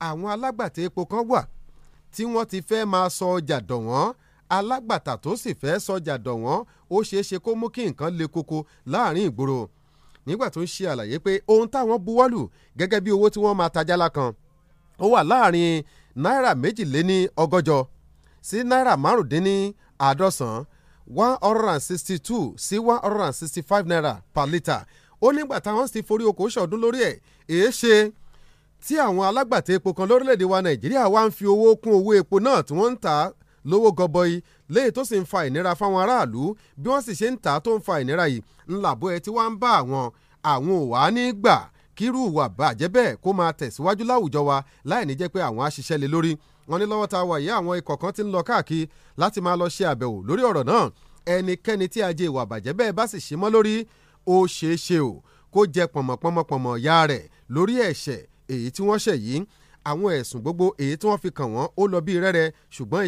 àwọn alágbàtà epo kan wà tí wọ́n ti fẹ́ máa sọ ọjà dọ̀wọ́n alágbàtà tó sì fẹ́ sọjà dọ̀wọ́n ó ṣeé ṣe kó mú kí nǹkan le koko láàrin ìgboro nígbà tó ń ṣe àlàyé pé ohun táwọn buwọ́lù gẹ́gẹ́ bí owó tí wọ́n máa tajálá kan ó wà láàrin náírà méjìléní ọgọ́jọ sí náírà márùndínní àádọ́sán one hundred and sixty two sí one hundred and sixty five naira per litre ó nígbà táwọn sì forí okòó ṣọ̀ọ́dún lórí ẹ̀ èé ṣe tí àwọn alágbàtà epo kan lórílẹ̀‐èdè wa nàìjíríà wá ń fi owó kún owó epo náà tí wọ́n ń tà lówó gọbọi léyìí tó sì ń fa ìnira fáwọn aráàlú bí wọ́n sì ṣe ń tà tó ń fa ìnira yìí ńlàbọ̀ ẹ tí wọ́n ń bá àwọn àwọn ò wá ní gbà kírú ìwà bàjẹ́ bẹ́ẹ̀ kó máa tẹ̀síwájú láwùjọ wa láì ní jẹ́ pé àwọn á ṣiṣẹ́ lé lórí wọn ní lọ́wọ́ ta wà yìí àwọn ikọ̀ kan ti ń lọ káàkiri láti máa lọ ṣe àbẹ̀wò lórí ọ̀rọ̀ náà ẹnikẹ́ni tí ajé ìwà bàjẹ́ bẹ́ẹ̀ bá sì ṣe mọ́ lórí ó ṣeé ṣe o kó jẹ pọ̀mọ̀pọ̀mọ̀pọ̀mọ̀ ya rẹ̀ lórí ẹ̀ṣẹ̀ èyí tí wọ́n ṣẹ̀ yìí àwọn ẹ̀sùn gbogbo èyí tí wọ́n fi kàn wọ́n ó lọ bí rẹ́rẹ́ ṣùgbọ́n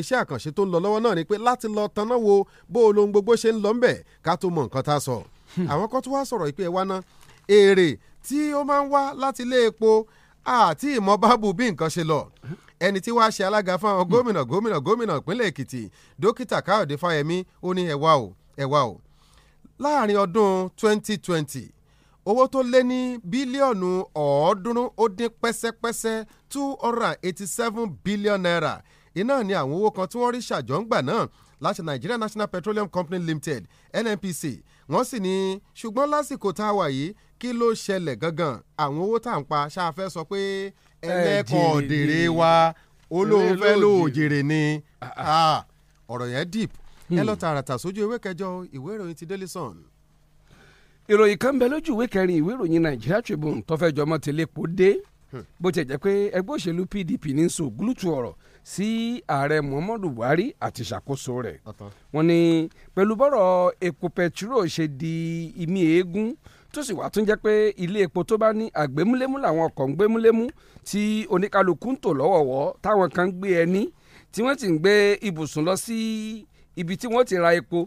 iṣẹ́ àkànṣe tó ń lọ lọ́wọ́ náà ni pé láti lọ tanná wo bó olóhun gbogbo ṣe ń lọ ń bẹ̀ ká tó mọ nǹkan tá a sọ. Hmm. àwọn kan tó wá sọ̀rọ̀ ìpè wa ná èrè tí ó máa ń wá láti ilé epo àti ìmọ̀ bábù bí nǹkan ṣe lọ ẹni tí wàá ṣe alága fún àwọn gómìnà hmm. gómìnà gómìnà ìpínlẹ̀ Èkìtì dókítà Káyọ̀dé Fáyẹmí ó ní ẹ̀wà o ẹ̀wà o láàrin ọdún 2020 owó tó lé ní bílíọ̀nù ọ̀ọ́dúnrún ó dín pẹ́sẹ́pẹ́sẹ́ two hundred and eighty seven billion naira iná ni àwọn owó kan tí wọ́n rí ṣàjọ́ǹgbà náà láti Nigeria National Petroleum Company Limited NNPC wọ́n sì ní ṣùgbọ́n lásìkò tá a wà yìí kí ló ṣẹlẹ̀ gangan àwọn owó tá à ń pa ṣáà fẹ́ sọ pé ẹlẹ́kọ̀ọ́dèrè wa olóhùn fẹ́ lóòjèrè ni ah, ah. Ah, ọ̀rọ̀ yẹn deep ẹ lọ hmm. tààràtà sójú ewé kẹjọ ìwé ìròyìn ti Daily Sun ìròyìn kan bẹ lójú ìwé kẹrin ìwé ìròyìn Nigeria Tribune tó fẹ́ jọmọ́ ti lépo dé hmm. bó ti jẹ́ pé ẹgbẹ́ òṣèlú PDP ní so gúlùtù ọ̀rọ̀ sí ààrẹ Muhammadu Buhari àti ìṣàkóso rẹ̀ wọ́n ní pẹ̀lú bọ́rọ̀ epo petro ṣe di imí eégún tó sì wá tún jẹ́ pé ilé epo tó bá ní àgbémúlémú làwọn ọkọ̀ ń gbémúlémú tí oníkálukú ń tò lọ́wọ́wọ́ táwọn kan ń gbé ẹni tí wọ́n ti ń gbé ibùsùn lọ sí ibi tí wọ́n ti ra epo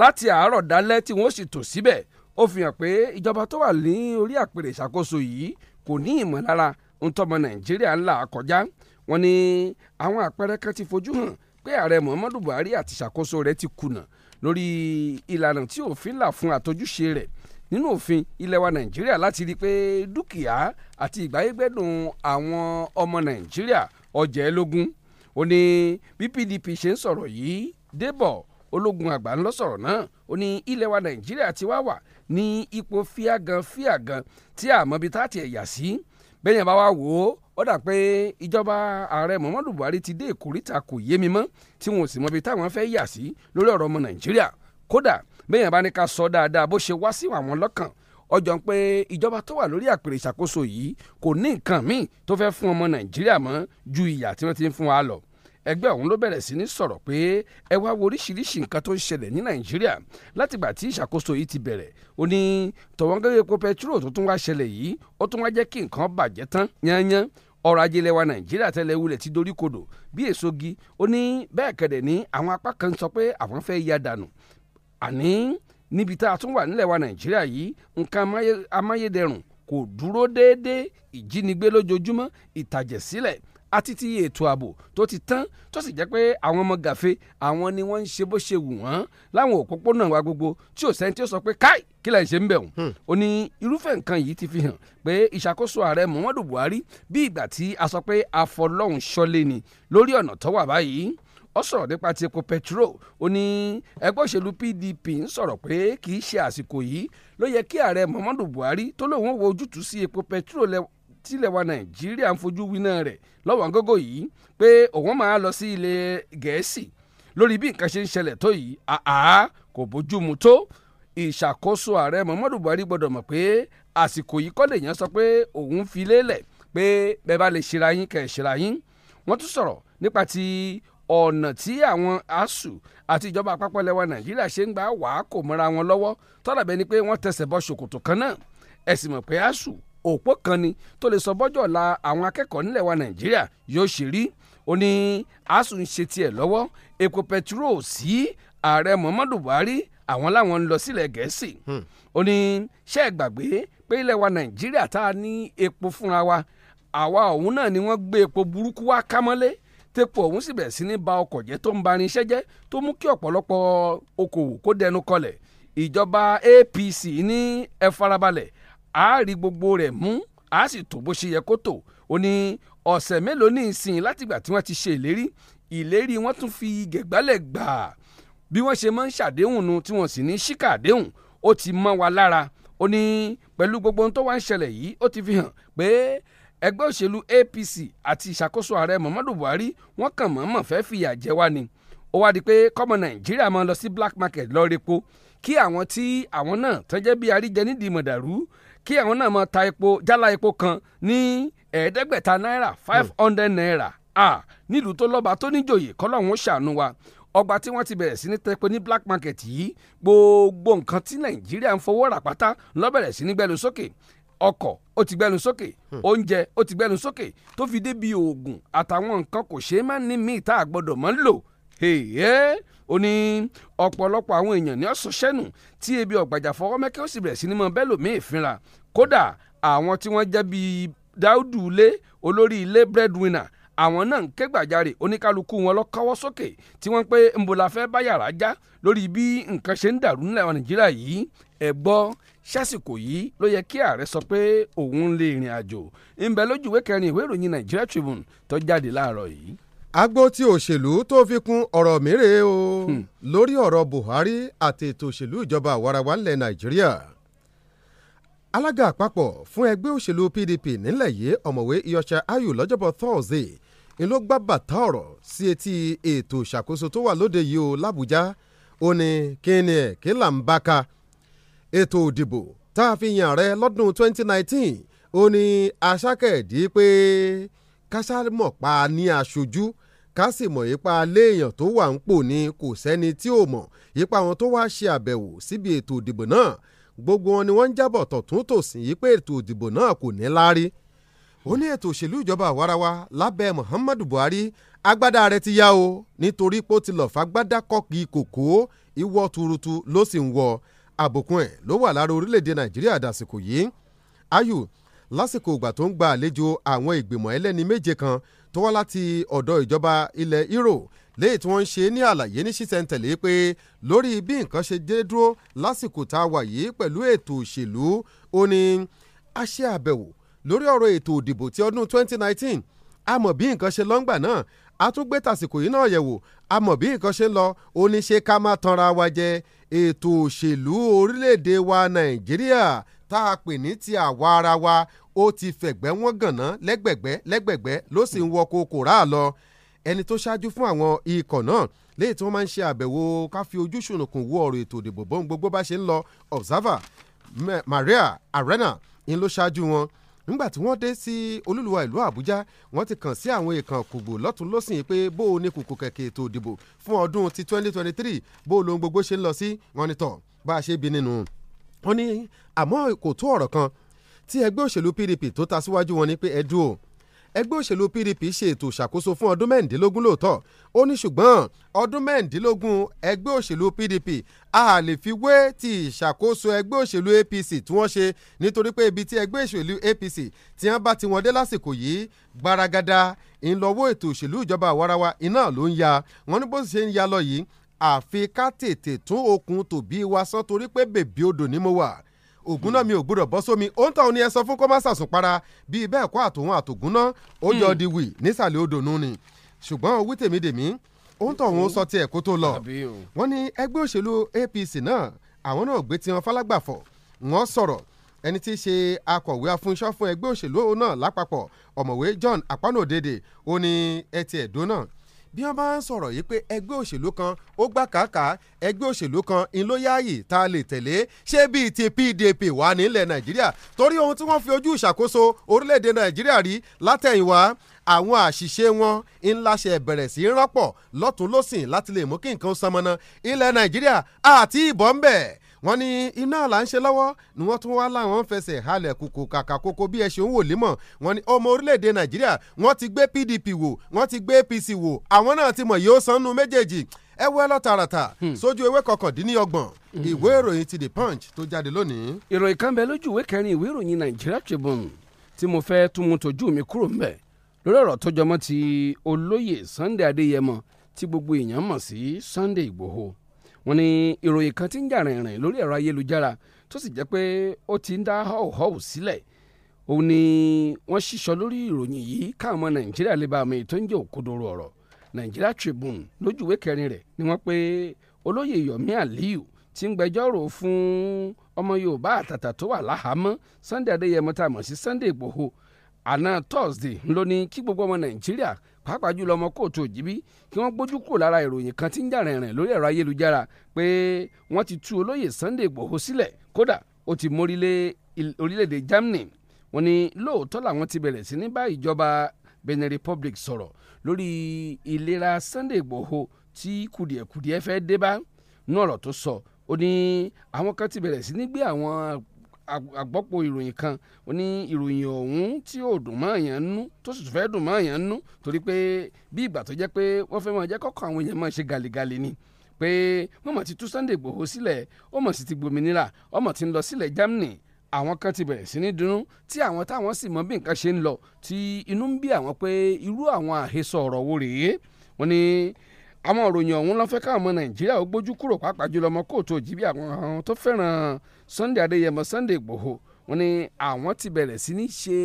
láti àárọ̀ dálẹ́ tí wọ́n sì tò síbẹ̀ ó fi hàn pé ìjọba tó wà ní orí àpèrè ìṣàkóso yìí kò ní ìmọ̀lára ń tọ́mọ nàìjíríà ńlá kọjá wọn ni àwọn àpẹẹrẹ kan ti fojú hàn pé ààrẹ muhammadu buhari àti ìṣàkóso rẹ̀ ti kùnà lórí ìlànà tí òfin là fún àtọ́júṣe rẹ̀ nínú òfin ilẹ̀ wa nàìjíríà láti rí i pé dúkìá àti ìgbáyégbẹ́dùn àwọn ọmọ nàìjíríà ọjẹ́ lógún ó ní bí pdp ṣe ń sọ̀rọ̀ yìí débọ̀ ológun àgbà ńlọ náà ó ní ilẹ̀ wa nàìjíríà ti wá wà ní ipò fíàgàn fíàgàn tí àmọ́bi tá àti ẹ̀yà sí bẹ́ẹ̀ yẹn bá wá wò ó ó dà pé ìjọba ààrẹ Muhammadu Buhari ti dé ìkórìtà kò yé mi mọ́ tí wọn ò sì mọbi táwọn fẹ́ yà sí lórí ọ̀rọ̀ ọmọ Nàìjíríà kódà bẹ́ẹ̀ yẹn bá ní ká sọ dáadáa bó ṣe wá sí àwọn lọ́kàn ọjọ́ pé ìjọba tó wà lórí àpèrè ìṣàkóso yìí kò ní nǹkan míì tó fẹ́ fún ọmọ Nàìjíríà mọ́ ju ìyà tí wọ́n ti ń fún wa lọ ẹgbẹ́ ọ̀hún ló bẹ̀rẹ̀ sí ní sọ̀rọ̀ pé ẹ wá wo oríṣiríṣi nǹkan tó ń ṣẹlẹ̀ ní nàìjíríà látìgbà tí ìṣàkóso yìí ti bẹ̀rẹ̀ ó ní tọ̀wọ́ngẹ́gẹ́ epo pẹtiró tó tún wá ṣẹlẹ̀ yìí ó tún wá jẹ́ kí nǹkan bàjẹ́ tán yányán ọrọ̀ ajé lẹwa nàìjíríà tẹ́lẹ̀ wulẹ̀ ti dorí kodò bí èsogi ó ní bẹ́ẹ̀ kẹ̀dẹ̀ ní àwọn apá kan sọ pé àwọn fẹ́ ya dànù àní níbi tá a tún wà nílẹ̀ wa nàìjíríà yìí nǹkan amáyédẹrùn kò dúró déédéé ìjínigbé lójoojúmọ́ ìtàjẹ̀sílẹ̀ Atiti ti ètò ààbò tó ti tán tó sì jẹ́ pé àwọn ọmọ gàfe àwọn ni wọ́n ń ṣe bó ṣe wù wọ́n láwọn òpópónà wa gbogbo tí ò sẹ́ni tí ó sọ pé káì kí lẹ̀ ń ṣe ń bẹ̀ wọ́n. Hmm. ó ní irúfẹ́ nǹkan yìí ti fi hàn pé ìṣàkóso ààrẹ Muhammadu Buhari bí ìgbà tí a sọ pé afọlọ́hún ṣọlé ni lórí ọ̀nà tó wà báyìí ó sọ̀rọ̀ nípa ti epo petrol ó ní ẹgbẹ́ òṣèlú PDP ń sọ̀rọ̀ pé kì í ṣe àsìkò yìí ló yẹ kí ààrẹ Muhammadu Buhari tó lóun wo ojútùú sí epo petrol tilẹ̀ wa Nàìjíríà ń fojú winá rẹ̀ lọ́wọ́n gógó yìí pé òun máa lọ sí ilẹ̀ gẹ̀ẹ́sì lórí bí nǹkan ṣe ń ṣẹlẹ̀ tó yìí àá kò bójú mu tó ìṣàkóso ààrẹ Muhammadu Buhari gbọdọ̀ mọ̀ pé àsìkò yìí kọ́lé yẹn sọ pé òun fi lélẹ̀ pé bẹ́ẹ̀ bá lè ṣera yín kẹ̀ ṣera yín wọ́n tún sọ̀rọ̀ nípa ti ọ̀nà tí àwọn asuu àti ìjọba àpapọ̀ lẹwa Nàìjíríà ṣe ń gbà wá kò mọ́ra wọn lọ́wọ́ tọ́lá pé wọ́n tẹsẹ̀ bọ ṣòkòtò kan náà ẹ̀sìn mọ̀ pé asuu òpó kan ni tó lè sọ bọ́jọ́ ọ̀la àwọn akẹ́kọ̀ọ́ nílẹ̀ wa nàìjíríà yóò ṣe rí ó ní asuu ń ṣe tiẹ̀ lọ́wọ́ epo petro sí ààrẹ muhammadu buhari àwọn làwọn ń lọ sílẹ̀ gẹ̀ẹ́sì hmm. ó ní ṣe é gbàgbé pé ilẹ̀ wa nàìjíríà tá a ní epo fúnra wa àwa òun náà ni wọ́n gbé epo burúkú wá kámọ́lé tepo ọ̀hún sì bẹ̀rẹ̀ sí ní ba ọkọ̀ jẹ́ tó ń ba irinṣẹ́ jẹ́ tó mú kí ọ̀pọ̀lọpọ̀ okòwò kó dẹnu kọlẹ̀ ìjọba APC ní ẹ farabalẹ̀ a rí gbogbo rẹ̀ mú a sì tó bó ṣe yẹ kó tó ó ní ọ̀sẹ̀ mélòó ní ìsìn látìgbà tí wọ́n ti ṣe ìlérí ìlérí wọn tún fi gẹ̀gbálẹ̀ gbà bí wọ́n ṣe máa ń ṣàdéhùn nu tí wọ́n sì ní ṣíkà àdéhùn ó ti mọ́ wa lára ó ní pẹ̀lú gbogbo ohun tó wá ń ṣẹlẹ̀ yìí ó ti fi hàn pé ẹgbẹ́ òṣèlú APC àti ìṣàkóso ààrẹ Muhammadu Buhari wọ́n kàn mọ̀ọ́mọ̀ fẹ́ fìyà jẹ wá ni ó wá di pé kọ́mọ Nàìjíríà máa lọ sí black market lọ́ọ́ repo kí àwọn tí àwọn náà tán jẹ́ bí aríjẹ nídìí mọ̀dàrú kí àwọn náà máa ta epo jálá epo kan ní ẹ̀ẹ́dẹ́gbẹ̀ta náírà five hundred naira ah nílùú tó lọ́ba tó níjòyè kọ́lọ́hún ṣàánú wa ọgbà tí wọ́n ti bẹ̀rẹ̀ sí ní tẹ́pẹ́ ní black market yìí gbogbo nǹkan tí nàìjíríà ń fowó rà pátá ló bẹ̀rẹ̀ sí ní gbẹ́lu sókè ọkọ̀ ó ti gbẹ́nu sókè hmm. oúnjẹ ó ti gbẹ́nu sókè tó fi débi oògùn àtàwọn nǹkan kò ṣeé má ní míì tá a mọ́ ń lò eh? ó ní ọ̀pọ̀lọpọ̀ àwọn èèyàn ní ọ̀sán sẹ́nu tí ebi ọ̀gbàjà fọwọ́ mẹ́kẹ́ ó sì bẹ̀rẹ̀ sí ní mọ bẹ́lòmíì fínra kódà àwọn tí wọ́n jẹ́ bíi dáúdù ilé olórí ilé breadwinner àwọn náà ń ké gbàjarè oníkálukú wọn lọ́kọ́wọ́ sókè tí wọ́n pé ń bo la fẹ́ bá yàrá já lórí bí nǹkan ṣe ń dàrú nílẹ̀ nàìjíríà yìí ẹ gbọ́ sásìkò yìí ló yẹ kí ààrẹ sọ pé òun lè rìn àjò ń bẹ lójú kẹrin ìwé ìròyìn Nigeria Tribune tó jáde láàárọ̀ yìí agbo ti òṣèlú tó fi kún ọ̀rọ̀ mìíràn o hmm. lórí ọ̀rọ̀ Buhari àti ètò òṣèlú ìjọba àwarawa ńlẹ̀ Nàìjíríà alága àpapọ̀ fún ẹgbẹ́ òṣèlú PDP nílẹ̀ yìí ọ̀mọ̀wé Iyọ̀ṣà Ayù lọ́jọ́bọ̀ Thursday ni ló gbá bàtà ọ̀rọ̀ sí etí ètò ìṣàkóso tó wà lóde yìí o l'Àbújá ó ní kíni ẹ̀ kí là ń bá ka ètò òdìbò tá a fi yàn rẹ lọ́dún 2019 ó ní aṣákẹ́ẹ̀dí pé kásámọ̀pá ní aṣojú ká sì mọ̀ ipa aléèyàn tó wà ń pò ní kò sẹ́ni tí ò mọ̀ ipa wọn tó wá ṣe àbẹ̀wò síbi ètò ìdìbò náà gbogbo wọn ni wọ́n ń jábọ̀ tọ̀tún tòsì yìí pé ètò ìdìbò náà kò ní láárí ó ní ètò òṣèlú ìjọba àwarawa lábẹ́ Muhammadu Buhari agbádá rẹ ti yá o nítorí pé ó ti lọ́ọ́ fagbádá kọ́kì kòkó ìwọ tuurutu ló sì ń wọ àbùkún ẹ̀ ló wà lára orílẹ̀-èdè Nàìjíríà dàsìkò yìí ayù lásìkò ìgbà tó ń gba àlejò àwọn ìgbìmọ̀ ẹlẹ́ni méje kan tó wá láti ọ̀dọ̀ ìjọba ilẹ̀ Europe léyìí tí wọ́n ń ṣe ní àlàyé ní ṣísẹ̀ntẹ̀lé pé lórí bí nǹkan ṣe dé dúró lásìkò tá a wà yìí pẹ̀lú ètò òṣèlú ó ní a ṣe àbẹ̀wò lórí ọ̀rọ̀ ètò òdìbò ti ọdún 2019 a mọ̀ bí nǹkan ṣe lọ́ngbà náà a tún gbé tàsìkò yìí náà yẹ̀wò a mọ̀ bí nǹkan ṣe ń lọ ó ní ṣe ká má tanra wa jẹ ètò òṣèlú orílẹ̀-èdè wa Nàìjíríà tá a pè ní ti àwa ara wa ó ti fẹ̀gbẹ́ wọ́n gànná lẹ́gbẹ̀gbẹ́ lẹ́gbẹ̀gbẹ́ ló sì ń wọ kókó rà lọ ẹni tó ṣáájú fún àwọn ikọ̀ náà léyìí tí wọ́n máa ń ṣe àbẹ̀wò ká fi ojú ṣùnùkùn wo ọ̀rọ̀ ètò ìdìbò bó gbogbo bá ṣe ń lọ observer Maria Arena ń ló ṣáájú wọn nígbà tí wọ́n dé sí olúluwa ìlú àbújá wọ́n ti kàn sí àwọn èèkàn kùgbò lọ́tún lọ́sìn pé bó o ní kùkù kẹ̀kẹ́ ètò ìdìbò fún ọdún ti 2023 bó o lohun gbogbo ṣe ń lọ sí wọn ni tọ̀ bá a ṣe bí nínú ó ní àmọ́ kò tó ọ̀rọ̀ kan tí ẹgbẹ́ òṣèlú PDP tó ta síwájú wọn ni pé ẹ dúró ẹgbẹ́ òṣèlú PDP ṣe ètò ìṣàkóso fún ọdún mẹ́rìndínlógún lóòótọ́ ó ní ṣùgbọ́n ọdún mẹ́rìndínlógún ẹgbẹ́ òṣèlú PDP a lè fi wé ti ìṣàkóso ẹgbẹ́ òṣèlú APC tí wọ́n ṣe nítorí pé ibi tí ẹgbẹ́ òṣèlú APC tí wọ́n bá ti wọn dé lásìkò yìí gbaragada ńlọ́wọ́ ètò òṣèlú ìjọba àwarawa iná ló ń ya wọ́n ní bó ṣe ń ya lọ yìí àfi ká tètè tún okùn tòbí wa sán torí pé bèbí odò ni mo wà ògùn náà mi ò gbọdọ̀ bọ́ sómi ó ń tàn ní ẹ sọ fún kó má sàsùn para bíi bẹ́ẹ̀ kọ́ àtòun àtògùn náà ó yọ hmm. di wì nísàlẹ̀ odò nù ni ṣùgbọ́n owí tèmídèmí ó ń tàn òun sọ tiẹ̀ kó tó lọ wọ́n ní ẹgbẹ́ òṣèlú APC náà àwọn náà gbé tiwọn falágbàfọ̀ wọ́n sọ̀rọ̀ ẹni tí í ṣe akọ̀wé afúnṣọ́ fún ẹgbẹ́ òṣèlú náà lápapọ̀ ọ̀mọ̀wé John Àpánòdèdè ó ní ẹtì ẹ̀dó náà bí wọ́n bá ń sọ̀rọ̀ yìí pé ẹgbẹ́ òṣèlú kan ó gbà kàkà ẹgbẹ́ òṣèlú kan ń ló yáàyè tá a lè tẹ̀lé ṣé bíi ti PDP wà nílẹ̀ Nàìjíríà torí ohun tí wọ́n fi ojú ìṣàkóso orílẹ̀-èdè Nàìjíríà rí látẹ̀yìnwá àwọn àṣìṣe wọn ńlá ṣe bẹ̀rẹ̀ sí í rọ́pọ̀ lọ́tún lọ́sìn láti lè mú kí nǹkan sanmọ́nà ilẹ̀ Nàìjíríà àti ìbọn bẹ́ẹ̀ wọ́n ní iná là ń ṣe lọ́wọ́ ni wọ́n tún wá láwọn ń fẹsẹ̀ halẹ̀ kùkù kàkà kókó bí ẹ ṣe ń wò límọ̀ wọ́n ní ọmọ orílẹ̀-èdè nàìjíríà wọ́n ti gbé pdp wò wọ́n ti gbé apc wò àwọn náà ti mọ̀ yóò sanu méjèèjì ẹ wẹ́ lọ tààràtà hmm. sójú ewé kọkàndínlọ́gbọ̀n hmm. ìwé ìròyìn ti the punch tó jáde lónìí. ìròyìn kan bẹ lójú ìwé kẹrin ìwé ìròyìn nàìjíríà tribune tí mo fẹ́ tún mu tòjú mi kúrò ńbẹ̀ lórí ọ̀rọ̀ tó ti olóyè sunday adéyẹmọ tí gbogbo èèyàn mọ̀ sí sunday ìgbòho wọ́n ní ìròyìn kan tí ń jà rìnrìn lórí ẹ̀rọ ayélujára tó sì jẹ́ pé ó ti ń dá họ́ọ̀họ́ọ̀ sílẹ̀ òun ni wọ́n ṣíṣọ lórí ìròyìn yìí káwọn nàìjíríà lè bá àmì tó ń jẹ́ òkodoro ọ̀rọ̀ nàìjíríà tribune lójúwé kẹrin rẹ̀ ni wọ́n pé olóyè yomi aliyu ti ń gbẹjọ́rò fún ọmọ yorùbá àtàtà tó wà láhàámọ́ sunday pàápàá jùlọ ọmọ kóòtù òjìbí kí wọ́n gbójú kúrò lára ìròyìn kan tí ń jà rìnrìn lórí ẹ̀rọ ayélujára pé wọ́n ti tú olóyè Sunday Ìgbòho sílẹ̀ kódà ó ti mórí lé orílẹ̀-èdè Germany wọ́n ní lóòótọ́ làwọn ti bẹ̀rẹ̀ sí ní bá ìjọba Benin Republic sọ̀rọ̀ lórí ìlera Sunday Ìgbòho tí kùdìẹ̀kùdìẹ̀ fẹ́ dé bá nú ọ̀rọ̀ tó sọ ó ní àwọn kan ti bẹ̀rẹ̀ sí ní gbé àwọn àgbọ́pọ̀ ìròyìn kan ó ní ìròyìn ọ̀hún tí ò dùn mọ́ èèyàn nú tó sì fẹ́ dùn mọ́ èèyàn nú torí pé bí ìgbà tó jẹ́ pé wọ́n fẹ́ máa jẹ́ kọ́kọ́ àwọn èèyàn máa ṣe gàlégàlé ni pé wọ́n mọ̀ ti tú Sunday Igboho sílẹ̀ ó mọ̀ sì ti gbòmìnira ó mọ̀ ti ń lọ sílẹ̀ Germany àwọn kan ti bẹ̀rẹ̀ sí ní dunnú tí àwọn táwọn sì mọ bí nǹkan ṣe ń lọ tí inú ń bí àwọn pé irú àwọn àhesọ ọ̀rọ̀ wo rèé wọ́n ní àwọn òròyìn ọ̀hún lọ́n fẹ́ káwọn ọmọ nàìjíríà ó gbójú kúrò pàápàá jùlọ ọmọ kóòtù òjìbí àwọn tó fẹ́ràn Sunday Adéyẹmọ Sunday Ìgbòho wọ́n ní àwọn ti bẹ̀rẹ̀ sí ní ṣe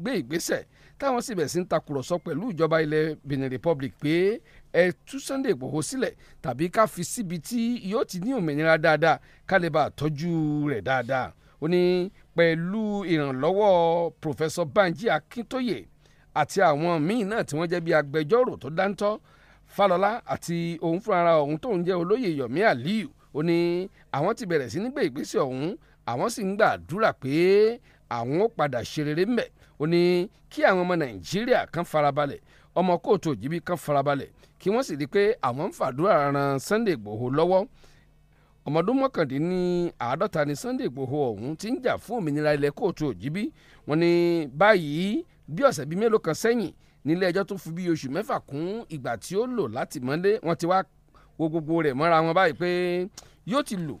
gbé ìgbésẹ̀ táwọn sì bẹ̀rẹ̀ sí ń takùrọ̀sọ pẹ̀lú ìjọba ilẹ̀ Benin Republic pé ẹ tú Sunday Ìgbòho sílẹ̀ tàbí ká fi síbi tí yóò ti ní òmìnira dáadáa ká lè bá tọ́jú rẹ̀ dáadáa ó ní pẹ̀lú ìrànlọ́wọ́ Professor Banji Akintoye àti àwọn míín náà tí wọ́n jẹ́ bí agbẹjọ́rò tó dáńtọ́ Falola àti òun fúnra òun tóun jẹ́ olóyè Yomi Aliyu ó ní àwọn ti bẹ̀rẹ̀ sí ní gbé ìgbésẹ̀ ọ̀hún àwọn sì ń gbàdúrà pé àwọn ó padà ṣe rere ńbẹ̀ ó ní kí àwọn ọmọ Nàìjíríà kan farabalẹ̀ ọmọ kóòtù òjìbí kan farabalẹ̀ kí wọ́n sì rí i pé àwọn ń fàdúrà ran Sunday Ìgbòho lọ́wọ́ ọmọdún mọ́kàndínláàádọ́ta ni Sunday Igboho ọ̀hún ti ń jà fún òmìnira ilẹ̀ kóòtù òjìbí wọ́n ní báyìí bí ọ̀sẹ̀ bíi mélòó kan sẹ́yìn nílé ẹjọ́ tó fi bí oṣù mẹ́fà kún ìgbà tí ó lò látìmọ́lé wọ́n ti wá wo gbogbo rẹ̀ mọ́ra wọn báyìí pé yóò ti lò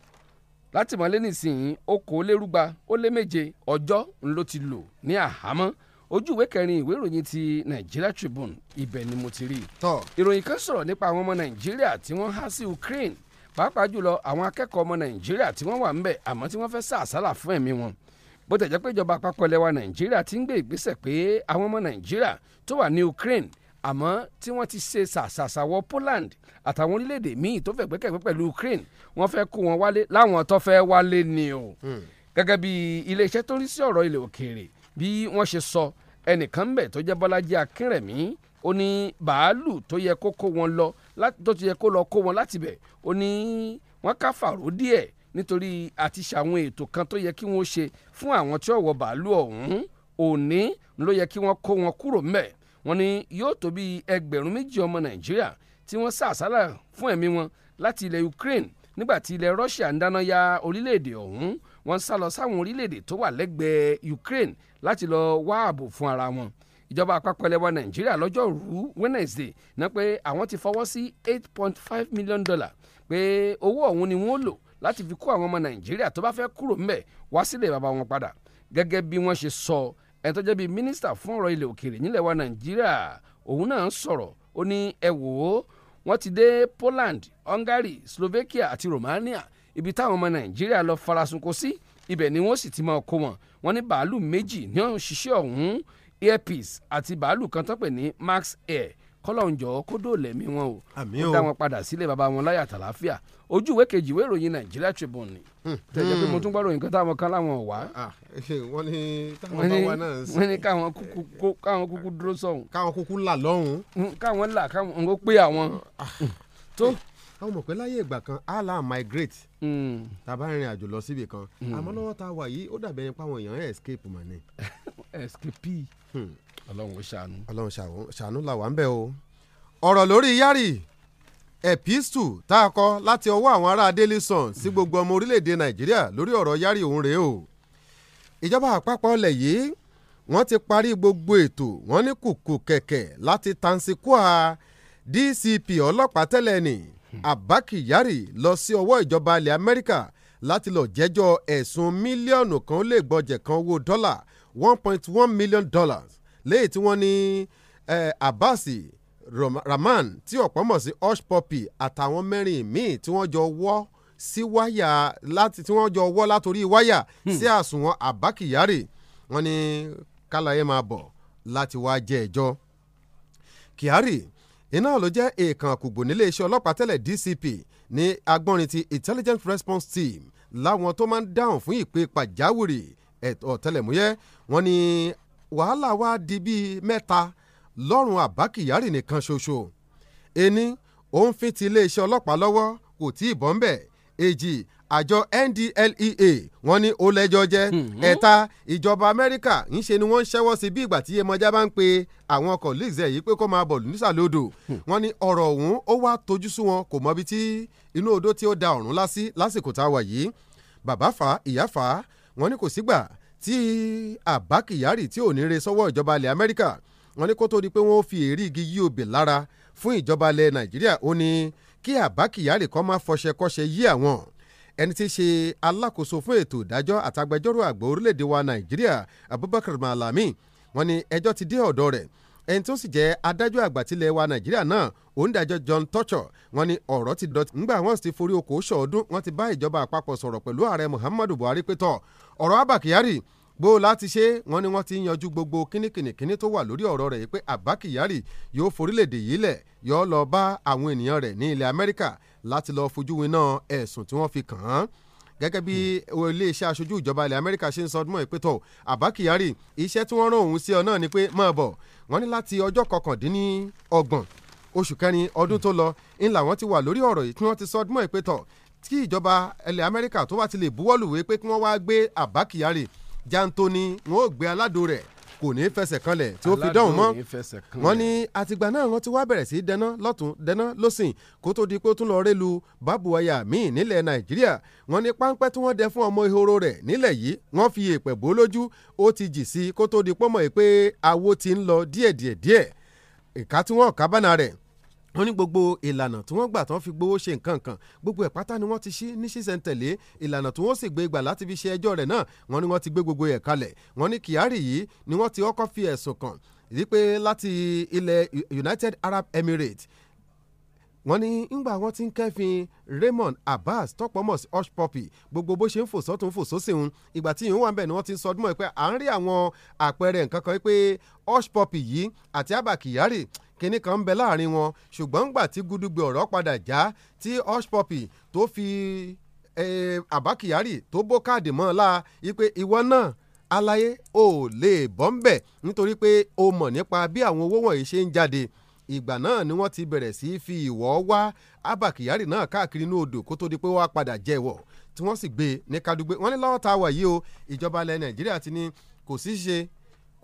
látìmọ́lé nísìnyí okòólérúgba ó lé méje ọjọ́ ló ti lò ní àhámọ́ ojú ìwé kẹrin ìwé ìròyìn ti Nigeria Tribune ibẹ̀ ni mo ti rí i ìròyìn kan sọ̀rọ̀ nípa àwọn ọmọ Nàìjíríà tí wọ́n há sí Ukraine pàápàá jùlọ àwọn akẹ́kọ̀ọ́ ọmọ Nàìjíríà tí wọ́n wà ńbẹ̀ àmọ́ tí wọ́n fẹ́ sá àsálà fún ẹ̀mí wọn bó tẹ̀ jẹ́ pé ìjọba àpapọ̀ lẹwa nàìjíríà ti ń gbé ìgbésẹ̀ pé àwọn ọmọ nàìjíríà tó wà ní ukraine àmọ́ tí wọ́n ti ṣe ṣàṣàṣàwọ̀ poland àtàwọn orílẹ̀-èdè míì tó fẹ́ gbẹ́kẹ̀gbẹ́ pẹ̀lú ukraine wọ́n fẹ́ kó wọn wálé láwọn tó fẹ́ wálé ni o hmm. gẹ́gẹ́ bí iléeṣẹ́ tó ń rí sí ọ̀rọ̀ ilẹ̀ òkèèrè bí wọ́n ṣe sọ ẹnìkan ń bẹ̀ tó jẹ́ bọ́lájí akínrẹ̀mí ó ní bàálù tó yẹ kó kó wọn lọ tó yẹ kó lọ kó wọn láti ó ní wọ́n ká fàró díẹ̀ nítorí àti ṣàwọn ètò kan tó yẹ kí wọ́n ṣe fún àwọn tí ọ̀wọ́ bàálù ọ̀hún òní ló yẹ kí wọ́n kó wọn kúrò ńbẹ̀ wọ́n ní yóò tó bí ẹgbẹ̀rún méjì ọmọ nàìjíríà tí wọ́n sàsálà fún ẹ̀mí wọn láti ilẹ̀ ukraine nígbà tí ilẹ̀ russia ń dáná ya orílẹ̀-èdè ọ̀hún wọ́n ń sá lọ sáwọn orílẹ̀-èdè tó wà lẹ́gbẹ̀ẹ́ ukraine láti lọ wá ààbò fún ara wọn ìjọba àpapọ̀ ilẹ̀ wa nàìjíríà lọ́jọ́rú wednesday ná pé àwọn ti fọwọ́ sí eight point five million dollar pé owó ọ̀hún ni wọ́n lò láti fi kó àwọn ọmọ nàìjíríà tó bá fẹ́ kúrò ńbẹ̀ wá sílẹ̀ bàbá wọn padà gẹ́gẹ́ bí wọ́n ṣe sọ ẹni tó jẹ́ bíi mínísítà fún ọ̀rọ̀ ilẹ̀ òkèèrè nílẹ̀ wa nàìjíríà òun náà ń sọ̀rọ̀ ó ní ẹ wò ó wọ́n ti dé Poland Hungary Slovakia àti Romania ibi táwọn ọmọ nàìjíríà lọ farasunko sí ibẹ̀ ni wọ́n sì ti máa kó wọn wọ́n ní bàálù méjì ní òṣìṣẹ́ ọ̀hún airpeace àti bàálù kan tó ní Max Air kọ́lọ́hún jọ̀ọ́ kó dóòlẹ̀ mí wọn o kó dá wọn padà sílé bàbá wọn láyà tàlàáfíà ojú ìwé kejì ìwé ìròyìn Nigeria Tribune ni hmm. tẹ̀jẹ̀ pé mo hmm. tún gbọ́ ròyìn kan táwọn kan láwọn wà. Ah, ah, wọ́n ní táwọn bá wà náà sí. wọ́n ní káwọn kúkú dúró sọ̀hún. káwọn kúkú là lọ́hùn. Hmm, káwọn là káwọn ń pè àwọn. Ah, tó àwọn mọ̀ pé láyé ìgbà kan allah migrate tàbá rìnrìn àjò lọ síbi kan àmọ́ lọ́wọ́ tá a wà yìí ó dàbí pé àwọn èèyàn escape mọ̀ ni. escape ọlọ́run ṣàánú. ọlọ́run ṣàánú làwa ń bẹ̀ o ọ̀rọ̀ lórí yari epistu tá a kọ láti ọwọ́ àwọn ará daily sun sí gbogbo ọmọ orílẹ̀-èdè nàìjíríà lórí ọ̀rọ̀ yari òun rèé o ìjọba àpapọ̀ ọlẹ̀ yìí wọ́n ti parí gbogbo ètò wọ́n ní kùkù kẹ̀kẹ́ láti tansikua DCP ọlọ́pàá tẹ́lẹ̀ ni Abaki yari. lọ sí ọwọ́ ìjọba ilẹ̀ Amẹ́ríkà láti lọ jẹ́jọ́ ẹ̀sùn mílíọ̀nù kan ó lè gbọ́jẹ̀ kan owó dọ́là one point one million dollars lẹ́yìn tí wọ́n ní Abbasi Rahman tí ọ̀pọ̀ mọ̀ sí Hush Puppy àtàwọn mẹ́rin míì tí wọ́n jọ wọ́ sí wáyà láti tí wọ́n jọ wọ́ látòrí wáyà hmm. sí àsùnwọ̀n Abba Kyari wọ́n ní kálàyé máa bọ̀ láti wá jẹ ẹjọ́ Kyari iná ló jẹ́ èèkàn àkùgbò nílé iṣẹ́ ọlọ́pàá tẹ́lẹ̀ DCP ní agbọ́nrin ti Intelligent Response Team láwọn tó máa ń dáhùn fún ìpè pàjáwìrì ẹ̀tọ́ ọ̀tẹlẹ̀múyẹ́ wọ́n ní wàhálà wa di bíi mẹ́ta lọ́rùn Abba Kyari nìkan ṣoṣo ení òun fi ti iléeṣẹ́ ọlọ́pàá lọ́wọ́ kò tí ì bọ́ ń bẹ̀ èjì àjọ NDLEA wọ́n ní ó lẹ́jọ́ jẹ́ mhm. ẹ̀ta ìjọba Amẹ́ríkà ń ṣe ni wọ́n ń ṣẹ́wọ́ sí bí ìgbà tí Yemọja bá ń pe àwọn colleagues ẹ̀ yìí pé kó máa bọ̀lù nísàlódò hmm. wọ́n ní ọ̀rọ̀ ọ̀hún ó wá tojú sú wọn kò mọbi tí inú odó tí ó da ọ̀run lásì lásìkò tá a wà yìí bàbá fà ìyá fà wọ́n ní kò sígbà tí Abba Kyari tí ò ní re sọ́wọ́ ìjọba ilẹ̀ Amẹ́ríkà wọ́n ní kó tó di pé wọ́n fi èrí igi yí obì lára fún ìjọba ilẹ̀ Nàìjíríà ó ní kí Abba Kyari kó máa fọṣẹkọṣẹ yí àwọn ẹni tí í ṣe alákòóso fún ètò ìdájọ́ àtàgbẹjọ́rò àgbà orílẹ̀-èdè wa Nàìjíríà Abubakar Malami wọ́n ní ẹjọ́ ti dé ọ̀dọ̀ rẹ̀ ẹni tó sì jẹ́ adájọ́ àgbà tilẹ̀ wa nàìjíríà náà òǹdàjọ́ John Torture wọ́n ní ọ̀rọ̀ ti dọ̀tí ńgbà wọ́n sì ti forí oko sọ̀ọ́dún wọ́n ti bá ìjọba àpapọ̀ sọ̀rọ̀ pẹ̀lú ààrẹ Muhammadu Buhari pé tọ̀ ọ̀rọ̀ Abba Kyari gbó láti ṣe wọ́n ní wọ́n ti yanjú gbogbo kínníkínníkínní tó wà lórí ọ̀rọ̀ rẹ̀ yìí pé Abba Kyari yóò forílẹ̀-èdè yìí lẹ̀ yóò lọ bá àwọn ènìyàn rẹ̀ ní ilẹ̀ Amẹ́ríkà láti lọ fojú winá ẹ̀sùn tí wọ́n fi kàn án gẹ́gẹ́ bí hmm. iléeṣẹ́ aṣojú ìjọba ilẹ̀ Amẹ́ríkà ṣe ń sọ ọdún mọ́ ìpẹ́tọ̀ Abba Kyari iṣẹ́ tí wọ́n rán òun sí ọ náà ni pé máa bọ̀ wọ́n ní láti ọjọ́ kọkàndínní ọgbọ̀n oṣù kẹrin ọdún hmm. tó lọ ńlá wọn ti wà lórí ọ̀rọ̀ yìí tí wọ́n ti sọ ọdún mọ́ ìpẹ́tọ̀ tí ìjọba ilẹ̀ Amẹ́ríkà tó bá ti lè buwọ́lùwé pé kí wọ́n wá gbé Abba Kyari jantoni wọn ò gbé aládùn rẹ̀ kò ní fẹsẹ̀ kanlẹ̀ tí ó fi dánwò mọ́ wọ́n ní àtìgbà náà wọ́n ti wá bẹ̀rẹ̀ sí dẹná lọ́tún dẹná lọ́sìn kó tó di pé ó tún lọ rélu bábuwaya míì nílẹ̀ nàìjíríà wọ́n ní páńpẹ́ tí wọ́n dẹ fún ọmọ ìhoro rẹ̀ nílẹ̀ yìí wọ́n fi èèpẹ̀ bò lójú ó ti jì sí kó tó di pọ́mọ̀ yìí pé awo ti ń lọ díẹ̀díẹ̀díẹ̀ ìka tí wọ́n kábàánà rẹ̀ wọ́n ní gbogbo ìlànà tí wọ́n gbà tán fi gbowó ṣe nǹkan kan gbogbo ẹ̀ ni wọ́n ti ṣí ní ṣísẹ̀ntẹ̀lé ìlànà tí wọ́n sì gbé gbà láti fi ṣe ẹjọ́ rẹ̀ náà wọ́n ní wọ́n ti gbé gbogbo ẹ̀ kalẹ̀ wọ́n ní Kyari yìí ni wọ́n ti ọkọ́ fi ẹ̀sùn kàn wípé láti ilẹ̀ United Arab Emirates wọ́n ní ngbà wọ́n ti ń kẹ́fin Raymond Abbas tọpọmọsí hush puppy gbogbo bó ṣe ń fò sọ́tún fò sósì ń ìgbà tí ìhùn wà ń bẹ̀ ni wọ́n ti ń sọdúnmọ́ ẹ pé à ń rí àwọn àpẹẹrẹ nǹkan kan pé hush puppy yìí àti Abba Kyari kinní kan ń bẹ láàrin wọn ṣùgbọ́n gbà tí gúdúgbẹ ọ̀rọ̀ padà já tí hush puppy tó fi Abba Kyari tó bó káàdì mọ́ la ipe ìwọ náà aláyé ò lè bọ́ ń bẹ̀ nítorí pé o mọ̀ nípa bí àwọn owó wọ̀nyí ṣe ń jáde ìgbà náà ni wọ́n ti bẹ̀rẹ̀ sí í fi ìwọ́ wá Abba Kyari náà káàkiri inú odò kó tó di pé wọ́n á padà jẹ́ ìwọ̀ tí wọ́n sì gbé e ní Kadugbe wọ́n ní lọ́wọ́ tá wà yìí o ìjọba ilẹ̀ Nàìjíríà ti ní kò sí ṣe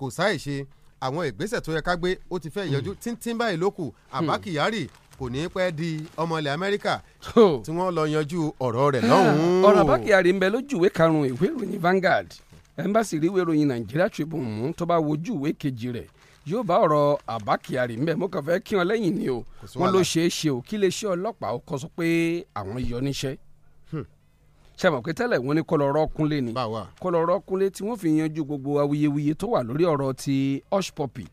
kò sáì ṣe àwọn ìgbésẹ̀ tó yẹ ká gbé ó ti fẹ́ hmm. yọjú tíntín báyìí ló kù Abba hmm. Kyari kò ní pẹ́ di ọmọ ilẹ̀ Amẹ́ríkà tí wọ́n lọ yanjú ọ̀rọ̀ rẹ̀ lọ́hùn-ún. Ah, ọ̀rọ̀ Abba Kyari ń bẹ lójú karùn-ún ìwé ìròyìn Vanguard embassy rí ìwé ìròyìn Nàìjíríà Tribune mú tó bá wojú ìwé kejì rẹ̀ yóò bá ọ̀rọ̀ Abba Kyari ń bẹ mo kàn fẹ́ kí wọn lẹ́yìn ni o wọn ló ṣeé ṣe o kí lè ṣe ọlọ́pàá ó kọ́ sọ pé àwọn yọ níṣẹ́ ṣàmọ̀ pé tẹ́lẹ̀ wọ́n ní kọlọ́rọ́ kúnlé ni kọlọ́rọ́ kúnlé tí wọ́n fi yanjú gbogbo awuyewuye tó wà lórí ọ̀rọ̀ ti hush puppy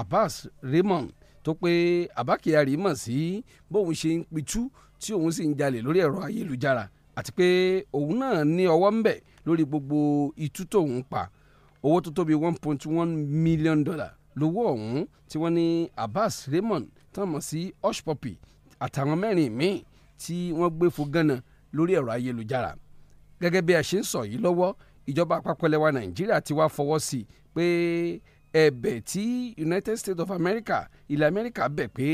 Abbas Raymond tó pé Abba Kyari mọ̀ sí bóun ṣe ń pitú tí òun sì ń jalè lórí ẹ̀rọ ayélujára àti pé òun náà ní ọwọ́ ń bẹ̀ lórí gbogbo itú tóun pa owó tó tóbi one point one million dollar lówó ọ̀hún tí wọ́n ní Abbas Raymond tán mọ̀ sí hush puppy àtàwọn mẹ́rin míì tí wọ́n gbé fún gánà lórí ẹ̀rọ ayélujára gẹ́gẹ́ bí a ṣe ń sọ yìí lọ́wọ́ ìjọba àpapọ̀ ilẹ̀ wa nàìjíríà ti wá fọwọ́ sí i pé ẹ̀bẹ̀ tí United States of America ilẹ̀ America bẹ̀ pé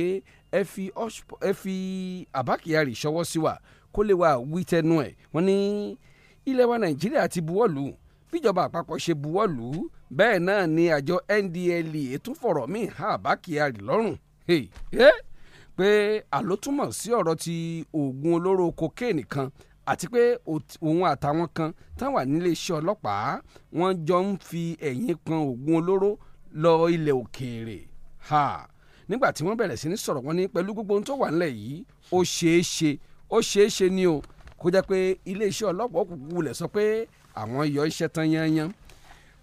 ẹ fi Abba Kyari ṣọwọ́ sí wa kó lè wa wí tẹnu ẹ̀ wọ́n ní ilẹ̀ wa nàìjíríà ti buwọ́ bíjọba àpapọ̀ ṣe buwọ́ bẹ́ẹ̀ náà ni àjọ NDLEA e tún fọ̀rọ̀ míì há Abba Kyari lọ́rùn pé àlótúmọ̀ sí ọ̀rọ̀ ti oògùn olóró kokéènì kan àti pé òun àtàwọn kan tán wà níléeṣẹ́ ọlọ́pàá wọ́n jọ ń fi ẹ̀yìn kan oògùn olóró lọ ilẹ̀ òkèèrè nígbà tí wọ́n bẹ̀rẹ̀ sí ní sọ̀rọ̀ wọn ní pẹ̀lú gbogbo ohun tó wà nílẹ̀ yìí ó ṣeé ṣe ó ṣeé ṣe ni o kó jẹ́ pé iléeṣẹ́ ọlọ́pàá òkùnkùn wulẹ̀ sọ pé àwọn yọ iṣẹ́ tán yányán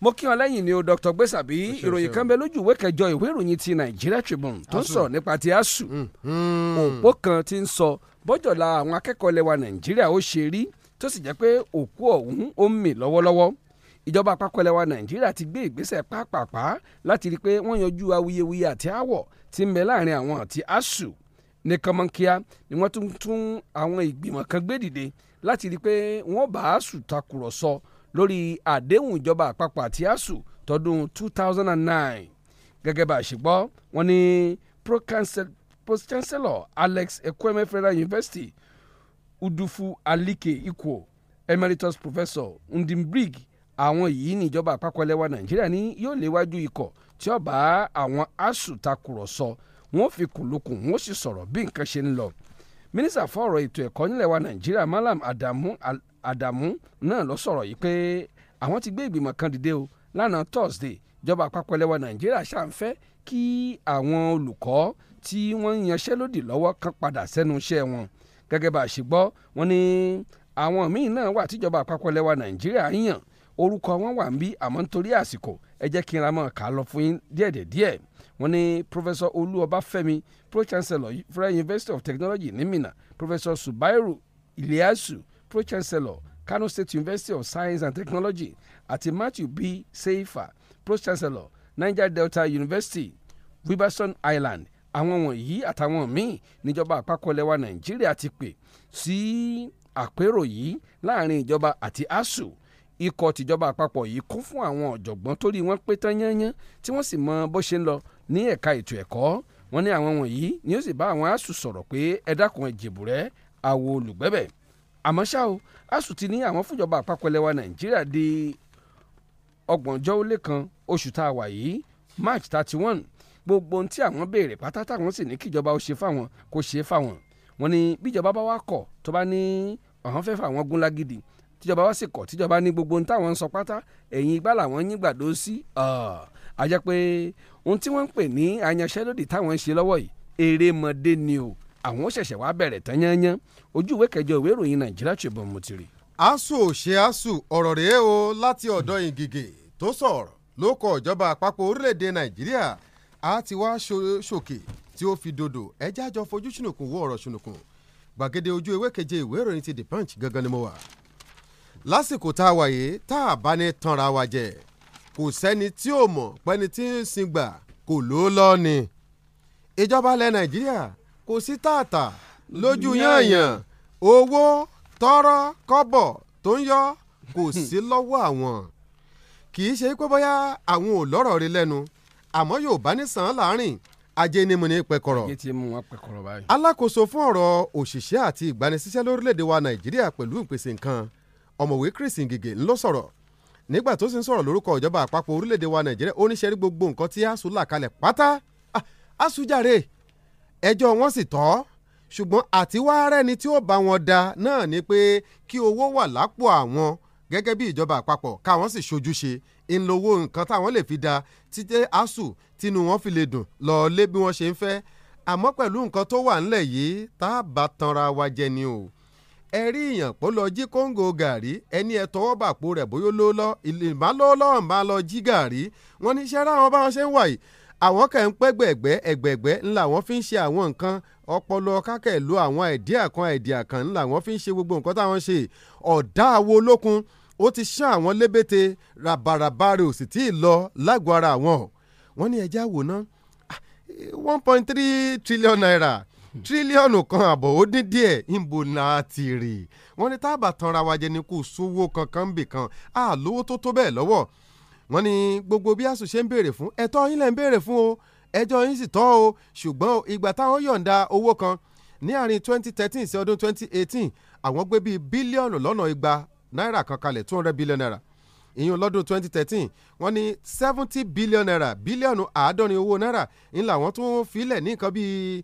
mo kí wọn lẹ́yìn ni o dr gbèsàbí ìròyìn kan bẹ lójú ìwé kẹjọ ìwé ìròyìn ti Nigeria Tribune tó ń sọ̀rọ̀ nípa ti asu hmm. òpó kan ti ń sọ bọ́jọ̀la àwọn akẹ́kọ̀ọ́ lẹwa nàìjíríà ó ṣe rí tó sì jẹ́ pé òkú ọ̀hún ó ń mì lọ́wọ́lọ́wọ́ ìjọba àpapọ̀ lẹwa nàìjíríà ti gbé ìgbésẹ̀ pápápá láti rí i pé wọ́n yanjú awuyewuye àti aáwọ̀ tí ń bẹ láàrin àwọn àti asuu ní kọ́mọ́nkíá ni wọ́n tún tún àwọn ìgbìmọ̀ kan gbé dìde láti rí i pé wọ́n bá asuu takùrọ̀sọ lórí àdéhùn ìjọba àpapọ̀ àti asuu tọdún 2009 gẹ́gẹ́ bá a ṣe gbọ́ wọ́n ní post chancellor alex ekweme federal university udufu alike ikwo emeritus professor ndimbrig àwọn yìí níjọba àpapọ̀ ẹlẹ́wà nàìjíríà ní yóò léwájú ikọ̀ tí ó bá àwọn asuu takùrọ̀sọ wọn fi kùlùkùn wọn sì sọ̀rọ̀ bí nǹkan ṣe ń lọ mínísítà fọ̀rọ̀ ètò ẹ̀kọ́ nílẹ̀ wa nàìjíríà malam adamu adamu náà lọ sọ̀rọ̀ yìí pé àwọn ti gbé ìgbìmọ̀ kan dìde o lánàá thursday ìjọba àpapọ̀ ẹlẹ́wà nàìjíríà ṣàǹfẹ́ kí àwọn olùkọ́ tí wọ́n ń yanṣẹ́lódì lọ́wọ́ kan padà sẹ́nu iṣẹ́ wọn gẹ́gẹ́ bá a ṣe gbọ́ wọ́n ní àwọn míín náà wà tíjọba àpapọ̀ lẹ́wà nàìjíríà ń yàn orúkọ wọn wà ń bí àmọ́ nítorí àsìkò ẹ jẹ́ kí n ra máa kà á lọ fún yín díẹ̀díẹ̀díẹ̀ wọ́n ní professor olú ọbáfẹ́mi pro chancellor federal university of technology ní minna professor subairu iliasu pro chancellor kano state university of science and technology àti matthew b seifa pro chancellor niger delta university Wibason island àwọn wọ̀nyí àtàwọn míì níjọba àpapọ̀ lẹwa nàìjíríà ti pè sí àpérò yìí láàrin ìjọba àti asuu ikọ̀ tìjọba àpapọ̀ yìí kún fún àwọn ọ̀jọ̀gbọ́n torí wọ́n pé tán yányán tí wọ́n sì mọ bó ṣe ń lọ ní ẹ̀ka ètò ẹ̀kọ́ wọn ní àwọn wọ̀nyí ni ó sì bá àwọn asuu sọ̀rọ̀ pé ẹ dákun ẹ jèbùrẹ́ àwo olùgbẹ́bẹ̀ àmọ́ ṣá o asuu ti ní àwọn fúnjọba àpapọ̀ lẹwa nàìjíríà di ọgbọ̀njọ́ ó lé kan oṣù tá a wà yìí march thirty one gbogbo ohun tí àwọn béèrè pátá táwọn sì ní kíjọba ó ṣe fáwọn kó ṣe fáwọn wọn ni bíjọba bá wá kọ̀ tó bá ní àwọn fẹ́ fà wọ́n gún lágídí tíjọba wá sì kọ̀ tíjọba ní gbogbo ohun táwọn ń sọ pátá ẹ̀yìn igbá làwọn yín gbàdó sí ah, a jẹ́ pé ohun tí wọ́n ń pè ní àyànṣẹ́lódì táwọn ń ṣe lọ́wọ́ yìí eré mọ̀dé ni o àwọn ó ṣẹ̀ṣẹ̀ wá bẹ̀rẹ̀ tán yányán ojú ìwé kẹjọ ìwé ìròyìn nàìjíríà Tribune mo ti rí. asuu ṣe asuu ọ̀rọ̀ rèé o láti ọ̀dọ̀ Ìngìgè tó sọ̀rọ̀ ló kọ ìjọba àpapọ̀ orílẹ̀-èdè nàìjíríà a ti wá ṣòkè tí ó fi dodo ẹjẹ́ àjọ fojú ṣùnùkùn wọ ọ̀rọ̀ ṣùnùkùn gbàgede ojú ewé keje ìwé ìròyìn ti the punch gangan ni mo wà. lásìkò tá a wà yìí tá a bá ní tanra wa jẹ kò sẹ́ni tí ò mọ̀ pẹ́ni tí ń sin gbà kò ló lọ ni. ìjọba ilẹ̀ nàìjíríà kò sí tààtà lójú yànyàn owó tọrọ kọ́bọ̀ tó ń yọ kò sí lọ́wọ́ àwọn kì í ṣe pé bóyá àwọn ò lọ́rọ̀ rí lẹ́nu àmọ́ yorùbá ní sàn án láàrin ajé ni mo ní pẹ̀kọ̀rọ̀. ajé ti mú wọn pẹ̀kọ̀rọ̀ báyìí. alákòóso fún ọ̀rọ̀ òṣìṣẹ́ àti ìgbanisíṣẹ́ lórílẹ̀‐èdè wa nàìjíríà pẹ̀lú ìpèsè nǹkan ọ̀mọ̀wé chris ngige ńlọ sọ̀rọ̀ nígbà tó sì ń sọ̀rọ̀ lórúkọ ìjọba àpapọ̀ orílẹ̀‐èdè wa nàìjíríà ó ní ṣe rí gbogbo nǹkan tí asu là kalẹ̀ pátá ah, asu jàre ẹjọ́ wọn sì tọ́ ṣùgbọ́n àtiwárẹ́ ńlọwọ́ nǹkan táwọn lè fi da títẹ́ asuu tínú wọn fi lè dùn lọ́ọ́ lé bí wọ́n ṣe ń fẹ́ àmọ́ pẹ̀lú nǹkan tó wà ńlẹ̀ yìí tá a bá tanra wa jẹ ni o ẹ rí èèyàn pọ̀ lọ jí kóńgò gàrí ẹni ẹ tọwọ́ bàpò rẹ̀ bóyá ló lọ ìlìmá ló lọ́ọ̀ máa lọ jí gàrí wọn ní sẹ́ra àwọn báwọn ṣe ń wà yìí àwọn kẹ̀ ń pẹ́ gbẹ̀gbẹ́ ẹ̀gbẹ̀gbẹ́ ńlá wọn fi ń ṣe àwọn nǹkan ọpọlọ kákẹ́ lo àwọn àìdíà kan àìdíà kan ńlá wọn fi ń ṣe gbogbo nǹkan táwọn ṣe ọ̀dà wo lókun ó ti ṣán àwọn lébètè ràbàràbà rẹ̀ ò sì tí ì lọ lágọ̀ọ́ ara àwọn wọ́n ní ẹja wò ná ah, one point three trillion naira hmm. tírílíọ̀nù kan àbọ̀ ó dín díẹ̀ ìbò náà ti rè wọ́n ní táàbà tanra wa jẹ ni kò sówó kankan ń bì kan á lówó tó tó bẹ́ẹ̀ lọ́wọ́ wọ́n ní gbogbo bí àsùn ṣe ń béèrè fún ẹ̀tọ́ yín lẹ̀ ń béèrè fún o ẹjọ́ yín sì tọ́ o ṣùgbọ́n ìgbà táwọn yọ̀ǹda owó kan ní àárín 2013 sí ọdún 2018 àwọn gbé bíi bílíọ̀nù lọ́nà igba náírà kan kalẹ̀ two hundred billion naira ìyún lọ́dún 2013 wọ́n ní 70 billion naira bílíọ̀nù àádọ́rin owó náírà ńlá wọn tún filẹ̀ ní nǹkan bíi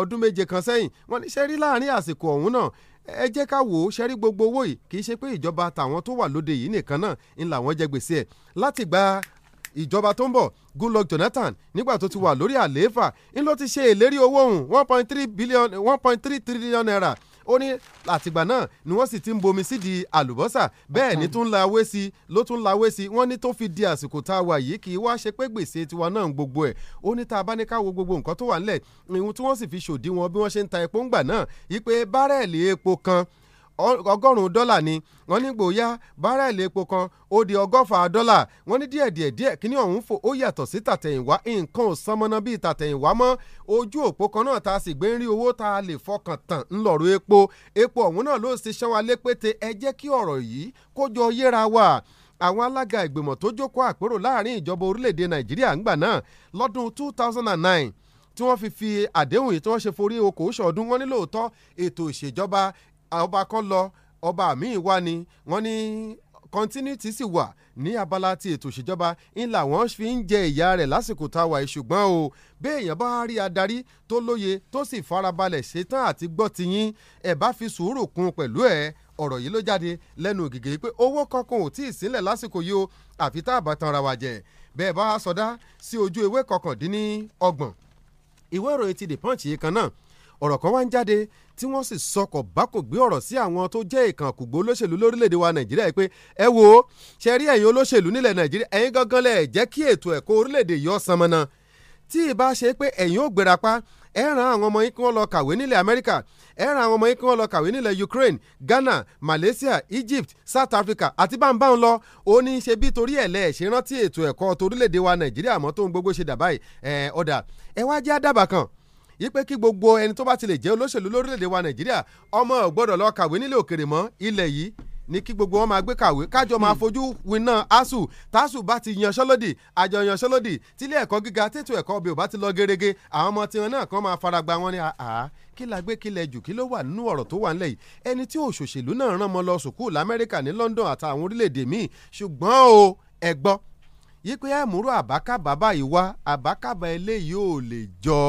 ọdún méje kan sẹ́yìn wọ́n ní ṣẹ́rí láàrin àsìkò ọ̀hún náà ẹ jẹ́ ká wò ó ṣẹ́rí gbogbo owó yìí kì í ṣe pé ìjọba tàwọn tó wà lóde yìí nìkan náà ńlá wọn jẹ gbèsè ẹ̀ láti gba ìjọba tó ń bọ̀ Goodluck Jonathan nígbà tó ti wà lórí àlééfà ńlọ ti ṣe ìlérí owó òun billion one point three trillion naira ó ní àtìgbà náà ni wọ́n sì ti ń bomi sídìí àlùbọ́sà bẹ́ẹ̀ ni tún lawé sí ló tún lawé sí wọ́n ní tó fi di àsìkò tá a wà yìí kì í wá ṣe pé gbèsè tiwa náà ń gbogbo ẹ̀ ó ní tá a bá ní ká wo gbogbo nǹkan tó wà ńlẹ̀ ìhun tí wọ́n sì fi ṣòdiwọ̀n bí wọ́n ṣe ń ta epo ńgbà náà yí pé bárẹ̀lì epo kan ọgọ́rùn-ún dọ́là ni wọ́n ní gbòóyá bárẹ́ẹ̀lì epo kan ó di ọgọ́fà dọ́là wọ́n ní díẹ̀ díẹ̀ díẹ̀ kíní ọ̀hún fò ó yàtọ̀ sí tàtẹ̀yìnwá nǹkan ò sánmọ́ná bíi tàtẹ̀yìnwá mọ́ ojú òpó kan náà ta sì gbé ń rí owó le lè fọkàn epo epo ọ̀hún náà ló sì ṣán lépète ẹ jẹ́ kí ọ̀rọ̀ yìí kó jọ yéra wà àwọn alága ìgbìmọ̀ tó jókòó àpérò láàrin ìjọba orílẹ̀-èdè 2009 tí wọ́n fi fi àdéhùn yìí tí wọ́n ṣe forí okòó ṣọ̀ọ́dún wọn ní lóòótọ́ ètò ìṣèjọba ọba kan lọ ọba míì wá ni wọ́n ni continuity sì wà ní abala ti ètò ìṣèjọba ńlá wọn fi ń jẹ ìyá rẹ̀ lásìkò tá a wà ṣùgbọ́n o béèyàn bá rí adarí tó lóye tó sì farabalẹ̀ ṣetán àti gbọ́ tiyín ẹ̀ bá fi sùúrù kún pẹ̀lú ẹ̀ ọ̀rọ̀ yìí ló jáde lẹ́nu ògìgè pé owó kankan ò tí ì sílẹ̀ lásìkò yìí o àfi tá a bá tan ara wa jẹ bẹ́ẹ̀ bá a sọdá sí ojú ewé kọkàndínní ọgbọ̀n ìwé ìròyìn ti The Punch yìí kan náà ọ̀rọ̀ kan wá ń jáde tí wọ́n sì sọkọ̀ bákògbé ọ̀rọ̀ sí àwọn tó jẹ́ ìkànkùgbó olóṣèlú lórílẹ̀‐èdè wa nàìjíríà pé ẹ wo ṣe rí ẹ̀yin olóṣèlú nílẹ̀ nàìjíríà ẹ̀yin gangan lẹ̀ jẹ́ kí ètò ẹ̀kọ́ orílẹ̀‐èdè yọ sanmọ́nà tí ìbá ṣe pé ẹ̀yin ò gbérapá ẹ ran àwọn ọmọ yín kí wọ́n lọ kàwé nílẹ̀ amẹ́ríkà ẹ ran àwọn ọmọ yín kí wọ́n lọ kàwé nílẹ̀ ukraine ghana malaysia egypt south africa àti báńbá ń lọ ó ní í ṣe bí torí ẹ̀ lẹ̀ ṣe rántí ètò ẹ̀kọ́ torílẹ̀-èdè wa nàìjíríà mọ́ tó ń gbogbo ṣe dà báyìí ẹ̀ ọ̀dà ẹ wá jẹ́ àdàbà kan yí pé kí gbogbo ẹni tó bá ti lè jẹ́ olóṣèlú lórílẹ̀‐èdè wa nàìjíríà ọmọ ò gbọ́dọ̀ lọ kàwé nílé òkèrè mọ́ ilẹ̀ yìí ní kí gbogbo wọn máa gbé kàwé kájọ máa hmm. fojú winá asu tasu bá ti yanṣọlódì àjọ yanṣọlódì tílé ẹ̀kọ́ gíga tètò ẹ̀kọ́ ọbẹ ò bá ti lọ gerege àwọn ọmọ tiwọn náà kan máa faragbá wọn ni àá kí la gbé kílẹ̀ jù kí ló wà nínú ọ̀rọ̀ tó wà ńlẹ̀ yìí ẹni tí òṣòṣèlú náà rán mọ lọ sùkúù lamẹ́ríkà ní London àtàwọn orílẹ̀-èdè míì ṣùgbọ́n o ẹ gbọ́ yí pé ẹ múrò àbákàbà báyìí wá àbákàbà eléyìí ò lè jọ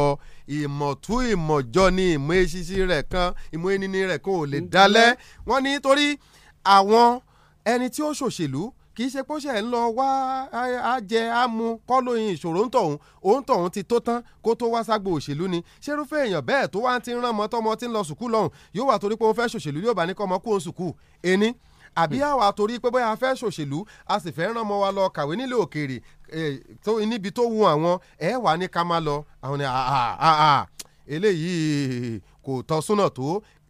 ìmọ̀tún ìmọ̀jọ ni ìmọ̀ esisi rẹ̀ kan ìmọ̀ enini rẹ̀ kan ò lè mm, dalẹ̀ wọ́n ní torí àwọn ẹni tí ó ṣòṣèlú kì í ṣe pé ó ṣe ń lọ wá àjẹ àmu kọ́lóyin ìṣòro ń tọ̀hún òun tọ̀hún ti tó tán kó tó wá ságbo òṣèlú ni ṣerúfẹ́ èèyàn bẹ́ẹ̀ tó wá ti ń rán mọ́tọ́mọ́ tí ń lọ sùkúù lọ́hùn yóò wà torí pé òun fẹ́ ṣòṣèlú yóò bá ní kọ́ ọmọ kú òun sùkúù ẹni àbí àwa hmm. torí pé bóyá a fẹ́ ṣòṣèlú a sì fẹ́ ràn ọmọ wa lọ kàwé nílé òkèèrè Eh, tó níbi tó wù àwọn ẹ wà ní ká má lọ àwọn ni eléyìí kò tọ́ súnà tó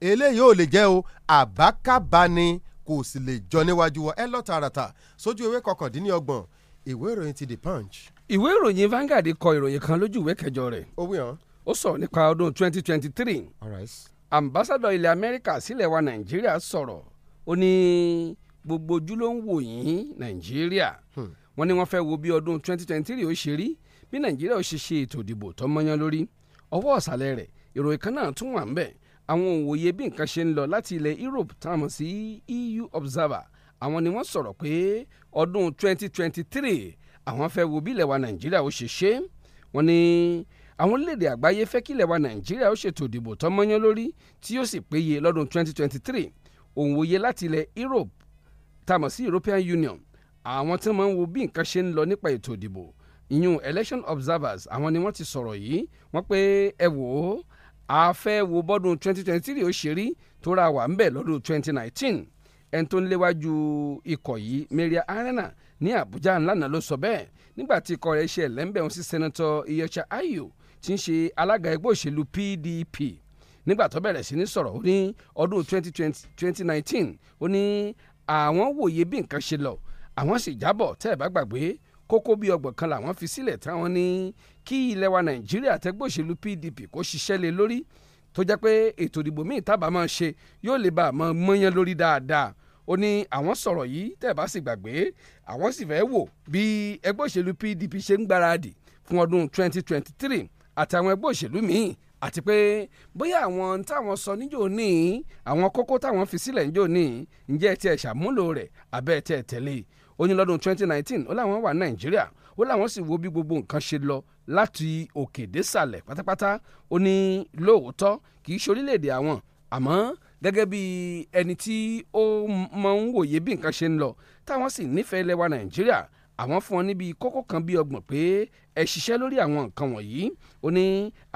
eléyìí ò lè jẹ́ o àbákàbá ni kò sì lè jọ níwájú wa ẹ lọ tààràtà sójú ewé kọkàndínlọ́gbọ̀n ìwé ìròyìn ti the punch. ìwé ìròyìn Vanguard kọ ìròyìn kan lójú ìwé kẹjọ rẹ̀. ó wíyàn. nípa ọdún 2023. all right. ambassadọ ilẹ̀ amẹ́ríkà sílẹ̀ wa nàìjíríà sọ̀rọ̀ ó ní gbogbo ojú ló ń wò yín nàìjíríà. Hmm wọ́n ní wọ́n fẹ́ wo bí ọdún 2023 ó ṣe rí bí nàìjíríà ó ṣe ṣe ètò ìdìbò tó mọ́yán lórí ọwọ́ ọ̀sàlẹ̀ rẹ̀ ìròyìn kan náà tún wà ń bẹ̀ àwọn òwòye bí nǹkan ṣe ń lọ láti ilẹ̀ Europe táwọn sí EU Observer àwọn ni wọ́n sọ̀rọ̀ pé ọdún 2023 àwọn fẹ́ wo bí ilẹ̀ wa nàìjíríà ó ṣe ṣe wọ́n ní àwọn orílẹ̀-èdè àgbáyé fẹ́ kí ilẹ̀ wa nàìjíríà ó ṣètò ìdìbò tó mọ́yán lórí tí yóò sì péye lọ́dún 2023 òǹwòye láti ilẹ̀ Europe táwọn sí European Union àwọn tí wọ́n ń wo bí nǹkan ṣe ń lọ nípa ètò ìdìbò ìyún election observers àwọn ni wọ́n ti sọ̀rọ̀ yìí wọ́n pé ẹ wò ó a fẹ́ wo bọ́dún 2023 ó ṣe rí tó ra wà ń lọ́dún 2019 ẹni tó ń léwájú ikọ̀ yìí Maria Arena ní Àbújá ńlànà ló sọ bẹ́ẹ̀ nígbà tí ikọ̀ rẹ̀ ṣe ẹ̀lẹ́ńbẹ̀ òun sí sẹ́nẹ́tọ̀ Iyeocha Ayu tí ń ṣe alága ẹgbẹ́ òṣèlú PDP nígbà tó bẹ̀rẹ̀ sí ní sọ̀rọ̀ ó ní ọdún 2019 ó ní àwọn wòye bí nǹkan ṣe lọ àwọn sì jábọ̀ tẹ́ ẹ̀ bá gbàgbé kókó bíi ọgbọ̀n kan làwọn fi sílẹ̀ táwọn ní kí ilẹ̀ wa nàìjíríà tẹ́gbẹ́ òṣèlú pdp kó ṣiṣẹ́ lé lórí tó jẹ́ pé ètò ìdìbò míì tábà máa ṣe yóò lè bá a mọ mọ́yán lórí dáadáa ó ní àwọn sọ̀rọ̀ yìí tẹ́ ẹ̀ bá sì gbàgbé àwọn sì fẹ́ wò bí ẹgbẹ́ òṣèlú pdp ṣe ń gbáradì fún ọdún 2023 àtàwọn ẹgbẹ́ òṣèlú míì àti pé bóyá àwọn táwọn sọ níjó ní àwọn kókó táwọn fi sílẹ̀ níjó ní ǹjẹ́ ẹ tiẹ̀ ṣàmúlò rẹ̀ àbẹ́ ẹ tẹ̀lé ó ní lọ́dún 2019 ó láwọn wà nàìjíríà ó láwọn sì wo bí gbogbo nǹkan ṣe lọ láti òkè désàlẹ̀ pátápátá ó ní lóòótọ́ kì í ṣe orílẹ̀-èdè àwọn àmọ́ gẹ́gẹ́ bí ẹni tí ó máa ń wòye bí nǹkan ṣe ń lọ táwọn sì nífẹ̀ẹ́ ilẹ̀ nàìjíríà àwọn fún ọ níbi kókó kan bí ọgbọ̀n pé ẹ ṣiṣẹ́ lórí àwọn nǹkan wọ̀nyí ó ní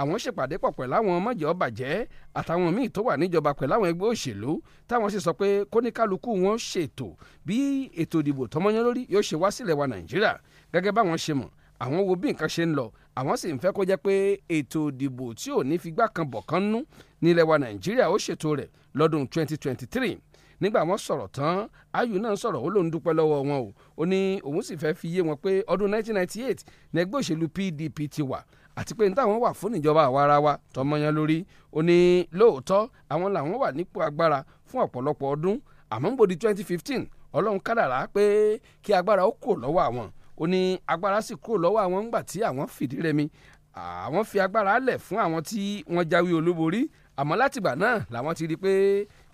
àwọn ṣèpàdé pọ̀ pẹ̀lú àwọn mọ́jọ́ bàjẹ́ àtàwọn míì tó wà níjọba pẹ̀lú àwọn ẹgbẹ́ òṣèlú táwọn sì sọ pé kóníkálukú wọn ṣètò bí ètò ìdìbò tọmọyán lórí yóò ṣe wá sílẹ̀ wa nàìjíríà gẹ́gẹ́ báwọn ṣe mọ̀ àwọn wo bí nǹkan ṣe ń lọ àwọn sì ń fẹ́ kó jẹ́ pé ètò ìdìbò tí ò ní figbá kan bọ̀ kan nú nílẹ̀ wa nàìjíríà ó ṣètò rẹ̀ lọ́dún 2023 nígbà wọn sọ̀rọ̀ tán ayù náà sọ̀rọ̀ ó lóun dúpẹ́ lọ́wọ́ wọn o ó ní òun sì fẹ́ fi yé wọn pé ọdún 1998 ní ẹgbẹ́ òṣèlú PDP ti wà àti pé nítawọn wà fún ìjọba àwa ara wa tọmọyàn lórí ó ní lóòótọ́ àwọn làwọn wà nípò agbára fún ọ̀pọ̀lọpọ̀ ọdún àmọ́ ń bòdì 2015 ọlọ́run kádàrá pé kí agbára ó kúrò lọ́wọ́ àwọn ó ní agbára sì kúrò lọ́wọ́ àwọn ńgbà tí àwọn fìdí rẹmi àwọn fi agbára lẹ̀ fún àwọn tí wọ́n jáwé olúborí àmọ́ látìgbà náà làwọn ti rí i pé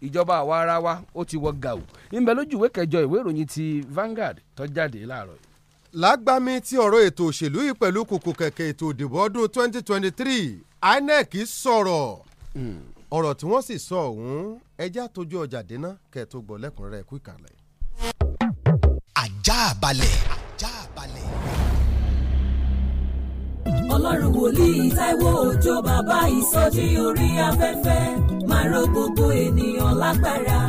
ìjọba àwa ara wa ó ti wọ gàù ìbẹ̀ lójú ìwé kẹjọ ìwé ìròyìn ti Vanguard tó jáde láàárọ̀ yìí. lágbàmí ti ọ̀rọ̀ ètò òṣèlú yìí pẹ̀lú kòkò kẹ̀kẹ́ ètò ìdìbò ọdún 2023 INEC sọ̀rọ̀ hmm. ọ̀rọ̀ tí wọ́n sì sọ ọ̀hún ẹjẹ́ àtọ́jú ọjà dínà kẹ́ẹ̀ tó gbọ́ lẹ́kùnrẹ́rẹ́ kú ìkàlẹ̀. ajá balẹ̀ ọlọ́run wòlíì táíwò òjò bàbá ìsọjí orí afẹ́fẹ́ máa ró gbogbo ènìyàn lágbára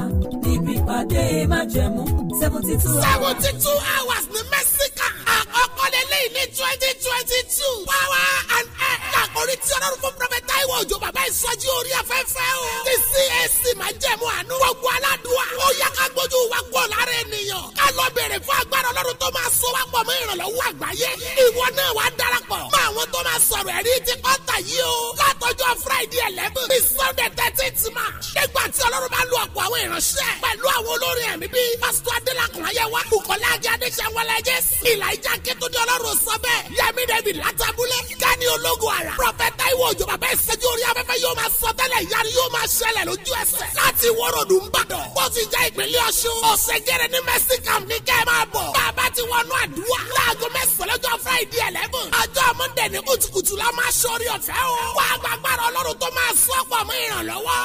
níbi ìpàdé májẹ̀mú seventy two hours. seventy two hours ní mẹ́síkà àkọ́kọ́lélẹ́yìn ní twenty twenty two power and air làkórí tí ọlọ́run fún pírọfẹ́ táíwò òjò bàbá ìsọjí orí afẹ́fẹ́ o. ti CAC máa jẹ̀mú àánú gbogbo aládùúwà ó yá ká gbójú wa gbọ́ lára ènìyàn a lọ bèrè fún agbára ọlọ́run tó máa so wá pọ̀ mọ́ ìrànlọ́wọ́ àgbáyé. ìwọ náà wàá darapọ̀ mọ́ àwọn tó máa sọ̀rọ̀ ẹ̀rí ti kọ́ta yìí o. látọjọ́ friday eleven bíi sunday thirteenth march. nígbà tí ọlọ́run bá lu ọ̀pọ̀ àwọn ìránṣẹ́. pẹ̀lú àwọn olórin ẹ̀mí bíi pásítọ̀ adélakùn ayẹwà bukola ajé adéṣẹ́wọlẹ̀ jésù. ìlàjà kétúndé ọlọ́run sọ bẹ́ẹ̀. yẹmi david látàbúlẹ̀. gani ológun ara. prọfẹ̀tà ìwọ òjò bàbá ìṣẹ́jú orí afẹ́fẹ́ yóò máa sọ tẹ́lẹ̀ yari yóò máa ṣẹlẹ̀ lójú ẹsẹ̀. láti wọ́rọ̀dù ń bàdàn. bó ti jẹ́ ìpínlẹ̀ ọ̀ṣun. ọ̀sẹ̀ gẹ́rẹ́ ní mẹ́síkà ground ní kẹ́ ẹ máa bọ̀. bàbá ti wọnú àdúrà. láago mẹ́sàn-án lọ́jọ́ friday eleven. ọjọ́ monday ní kùtùkùtù la máa ṣorí ọ̀fẹ́ o. wàá gbàgbára ọlọ́run tó máa sọ́pọ̀ mọ́ ìrànlọ́wọ́.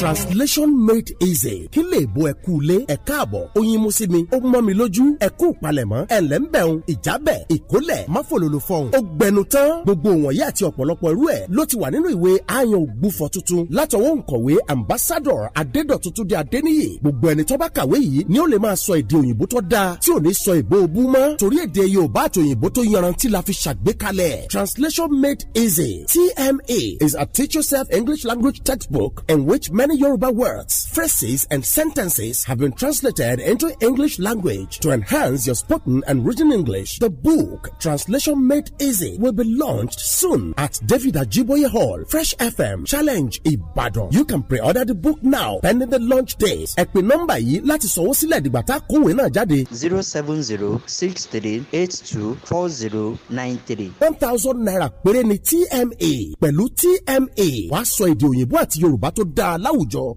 translation made easy kí lè bo ẹ̀kú lé ẹ̀ka àbọ̀ oyin mú sí mi ó mọ́ mi lójú ẹ̀kú palẹ̀mọ́ ẹ̀lẹ́ ń bẹ̀rùn ìjábẹ̀ ìkólẹ̀ máfòlòlò fọhùn ó gbẹnu tán gbogbo wọ̀nyí àti ọ̀pọ̀lọpọ̀ irú ẹ̀ ló ti wà nínú ìwé ayan ògbúfọ̀ tuntun látọwọ́ nkọ̀wé ambassador adédọ̀tutù di adéníyè gbogbo ẹni tó bá kàwé yìí ni ó lè máa sọ èdè òyìnbó tó dáa tí ò ní sọ èbó obú mọ́ torí èdè yorùbá àti òyìnbó tó yanrantí la fi ṣàgbékalẹ̀ translation made easy tma is a teach yourself english language textbook in which men many Yoruba words, phrases, and sentences have been translated into English language to enhance your spoken and written English. The book, Translation Made Easy, will be launched soon at David Ajiboye Hall, Fresh FM, Challenge Ibadan. You can pre-order the book now, pending the launch date. Ẹ pè nọ́mbà yìí láti sọ̀wọ́ sílẹ̀ dìgbà tá a kówé náà jáde. zero seven zero six three eight two four zero nine three. one thousand naira péré ni TMA pẹ̀lú TMA wàá sọ èdè òyìnbó àti Yorùbá tó dáa láwùjọ. job.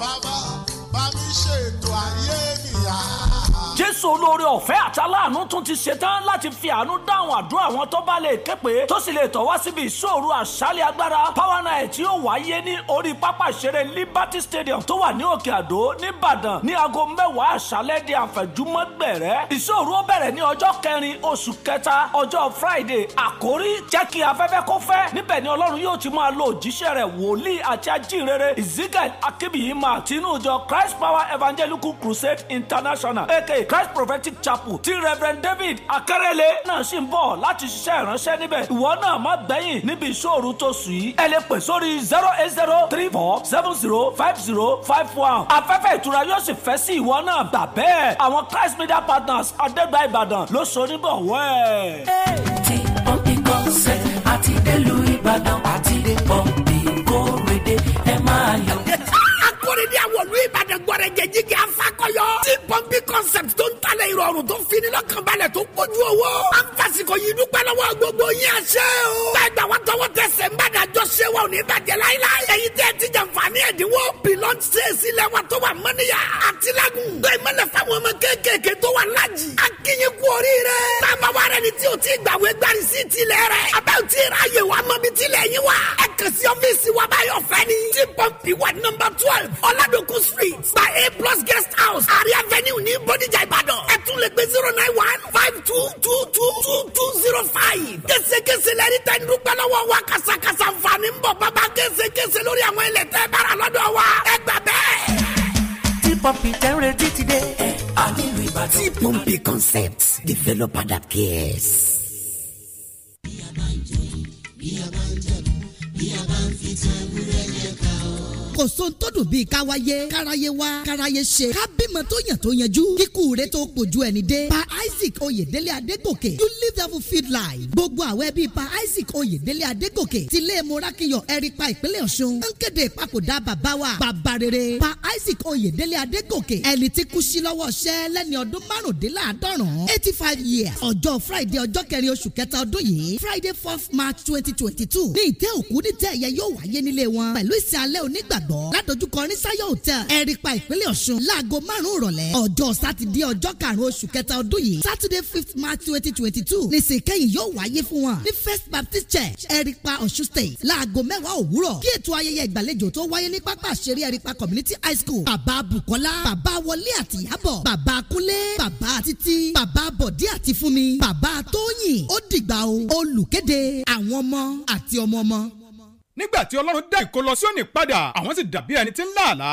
bàbá bá mi ṣètò ayé mi yá jésù olóore ọ̀fẹ́ àtàláàánú tún ti ṣetán láti fi àánú dáhùn àdúrà àwọn tó bá lè képe tó sì lè tọ́wọ́ síbi ìṣòro àṣálẹ̀ agbára power night tí yóò wáyé ní orí pápá ìṣeré liberty stadium tó wà ní òkè àdó nìbàdàn ní aago mẹ́wàá àṣálẹ̀ di àfẹ̀júmọ́ gbẹ̀rẹ́ ìṣòro ó bẹ̀rẹ̀ ní ọjọ́ kẹrin oṣù kẹta ọjọ́ friday àkórí jẹ́ kí afẹ́fẹ́ kó fẹ́ níbẹ̀ ni ọlọ́run yóò ti máa lo òjíṣẹ́ rẹ̀ wòlíì àti ajínrere ezekiel akébíyìmá tinú ìjọ christ power evangelical crusade international aka Christ Prophetic Chapel tí Reverend David Akérèlé náà sì ń bọ̀ láti ṣiṣẹ́ ìránṣẹ́ níbẹ̀ ìwọ náà má gbẹ̀yìn níbi ìṣòro tó sùn yìí ẹ lè pè sórí zero eight zero three four seven zero five zero five one afẹ́fẹ́ ìtura yóò sì fẹ́ sí ìwọ náà gbà bẹ́ẹ̀ àwọn Christ Media Partners Adégbà Ìbàdàn ló so níbọ̀ wẹ́. ti pọ́ńpì kọ́sẹ̀ àti délùú Ìbàdàn àti pọ́ńpì kórèdè ẹ máa yọ. akórèdè ah, ah, wọ̀lú ìbàdàn gbọ́dọ̀ jẹ̀jì kí afakọyọ. tí pọ́ńpì concept tó ń talẹ̀ ìrọ̀rùn tó fini lọ́kànbalẹ̀ tó kojú owó. an fasikọ yìí dúpẹ́ lọ́wọ́ gbogbo yín àṣẹ o. gbàgbà wa tọwọ́ tẹsẹ̀ ń bàdà jọ ṣe wa ò ní bàjẹ́ láíláí. èyí tẹ́ ẹ ti jàǹfààní ẹ̀dínwó. pilọ́n ṣe é sílẹ̀ wa tó wà mọ́níyà. àtìlágùn. gbé mẹ́lẹ̀ fáwọn ọmọ kéékèèké tó wà lájì. a kì í yín kú oríire. táàmù wa rẹ ni tí o ti gbàwé gbárí sí tilẹ̀ rẹ. abẹ́wò ti ra yè wa mọ́bi tilẹ̀ yín wa. ẹ kàn sí ọ́fíìsì wa báyọ̀ fẹ́ ni. tí pọ́ǹpì wà nọ́mbà twelve. ọ̀làdòk circle street by a plus guest house àrí avenue ní bodijà ìbàdàn ẹ tún lè gbé zero nine one five two two two two two zero five késekése lẹ́ni tẹ́ ń dúpẹ́ lọ́wọ́ wa kàṣàkàṣà nfààní ń bọ̀ bàbá késekése lórí àwọn ilẹ̀ tẹ́ bára lọ́dọ̀ wa ẹ gbà bẹ́ẹ̀. tí pọ́ǹpì tẹ́ ń retí ti dé. ẹ a nílùú ìbàdàn. tí pọ́ǹpì concept developer that cares. bí a bá ń jẹun bí a bá ń jẹun bí a bá ń fi tẹ́ wọ kò sóhun tó dùn bíi káwáyé káráyé wá káráyé ṣe ká bímọ tó yàn tó yanjú kíkú rẹ tó pọ̀jù ẹni dé pa Isaac Oyèdélé Adégòkè you live that fulfilled life gbogbo àwẹ̀ bíi pa Isaac Oyèdélé Adégòkè tilé morakiyan ẹ̀rípa ìpínlẹ̀ Ọ̀ṣun ń kéde ìpapòdà bàbá wa bàbá rere pa Isaac Oyèdélé Adégòkè ẹni tí kú sí lọ́wọ́ ṣẹ́ lẹ́ni ọdún márùndínláàdọ́rùn eighty five years ọjọ́ Friday ọjọ́ kẹrin oṣù kẹta ọdún yìí Friday fourth March twenty twenty two ní ìtẹ́ òkú nítẹ́ ẹ̀yẹ yóò wáyé nílé wọn pẹ̀lú ìsìn alẹ́ onígbàgbọ́ ìgbàgbọ́ ládojúkọ nísáyọ̀ hotel ẹ̀rípa ìpínlẹ̀ ọ̀ṣun láago márùn-ún ìrọ̀lẹ́ ọjọ́ sátidé ọjọ́ karùn-ún oṣù kẹta ọdún yìí saturday fifth march twenty twenty two ní sèkéyìn yóò wáyé fún wọn ní first baptist church ẹ̀rípa ọ̀ṣun state láago mẹ́wàá òwúrọ̀ kí ètò ayẹyẹ ìgbàlejò tó wáyé ní pápá àṣẹrí ẹ̀rípa community high school bàbá bukola bàbá wọlé àti yábọ̀ bàbá kúnlé bàbá títí bàbá bọ̀dé àti fúnmi bàbá tóyìn ó dìgbà o olùkéde àwọn ọmọ àti ọmọ ọmọ nígbà tí ọlọ́run dá ìkólọsíọ́nì padà àwọn sì dàbí ẹni tí ń lá àlá.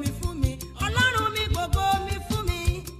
mi fún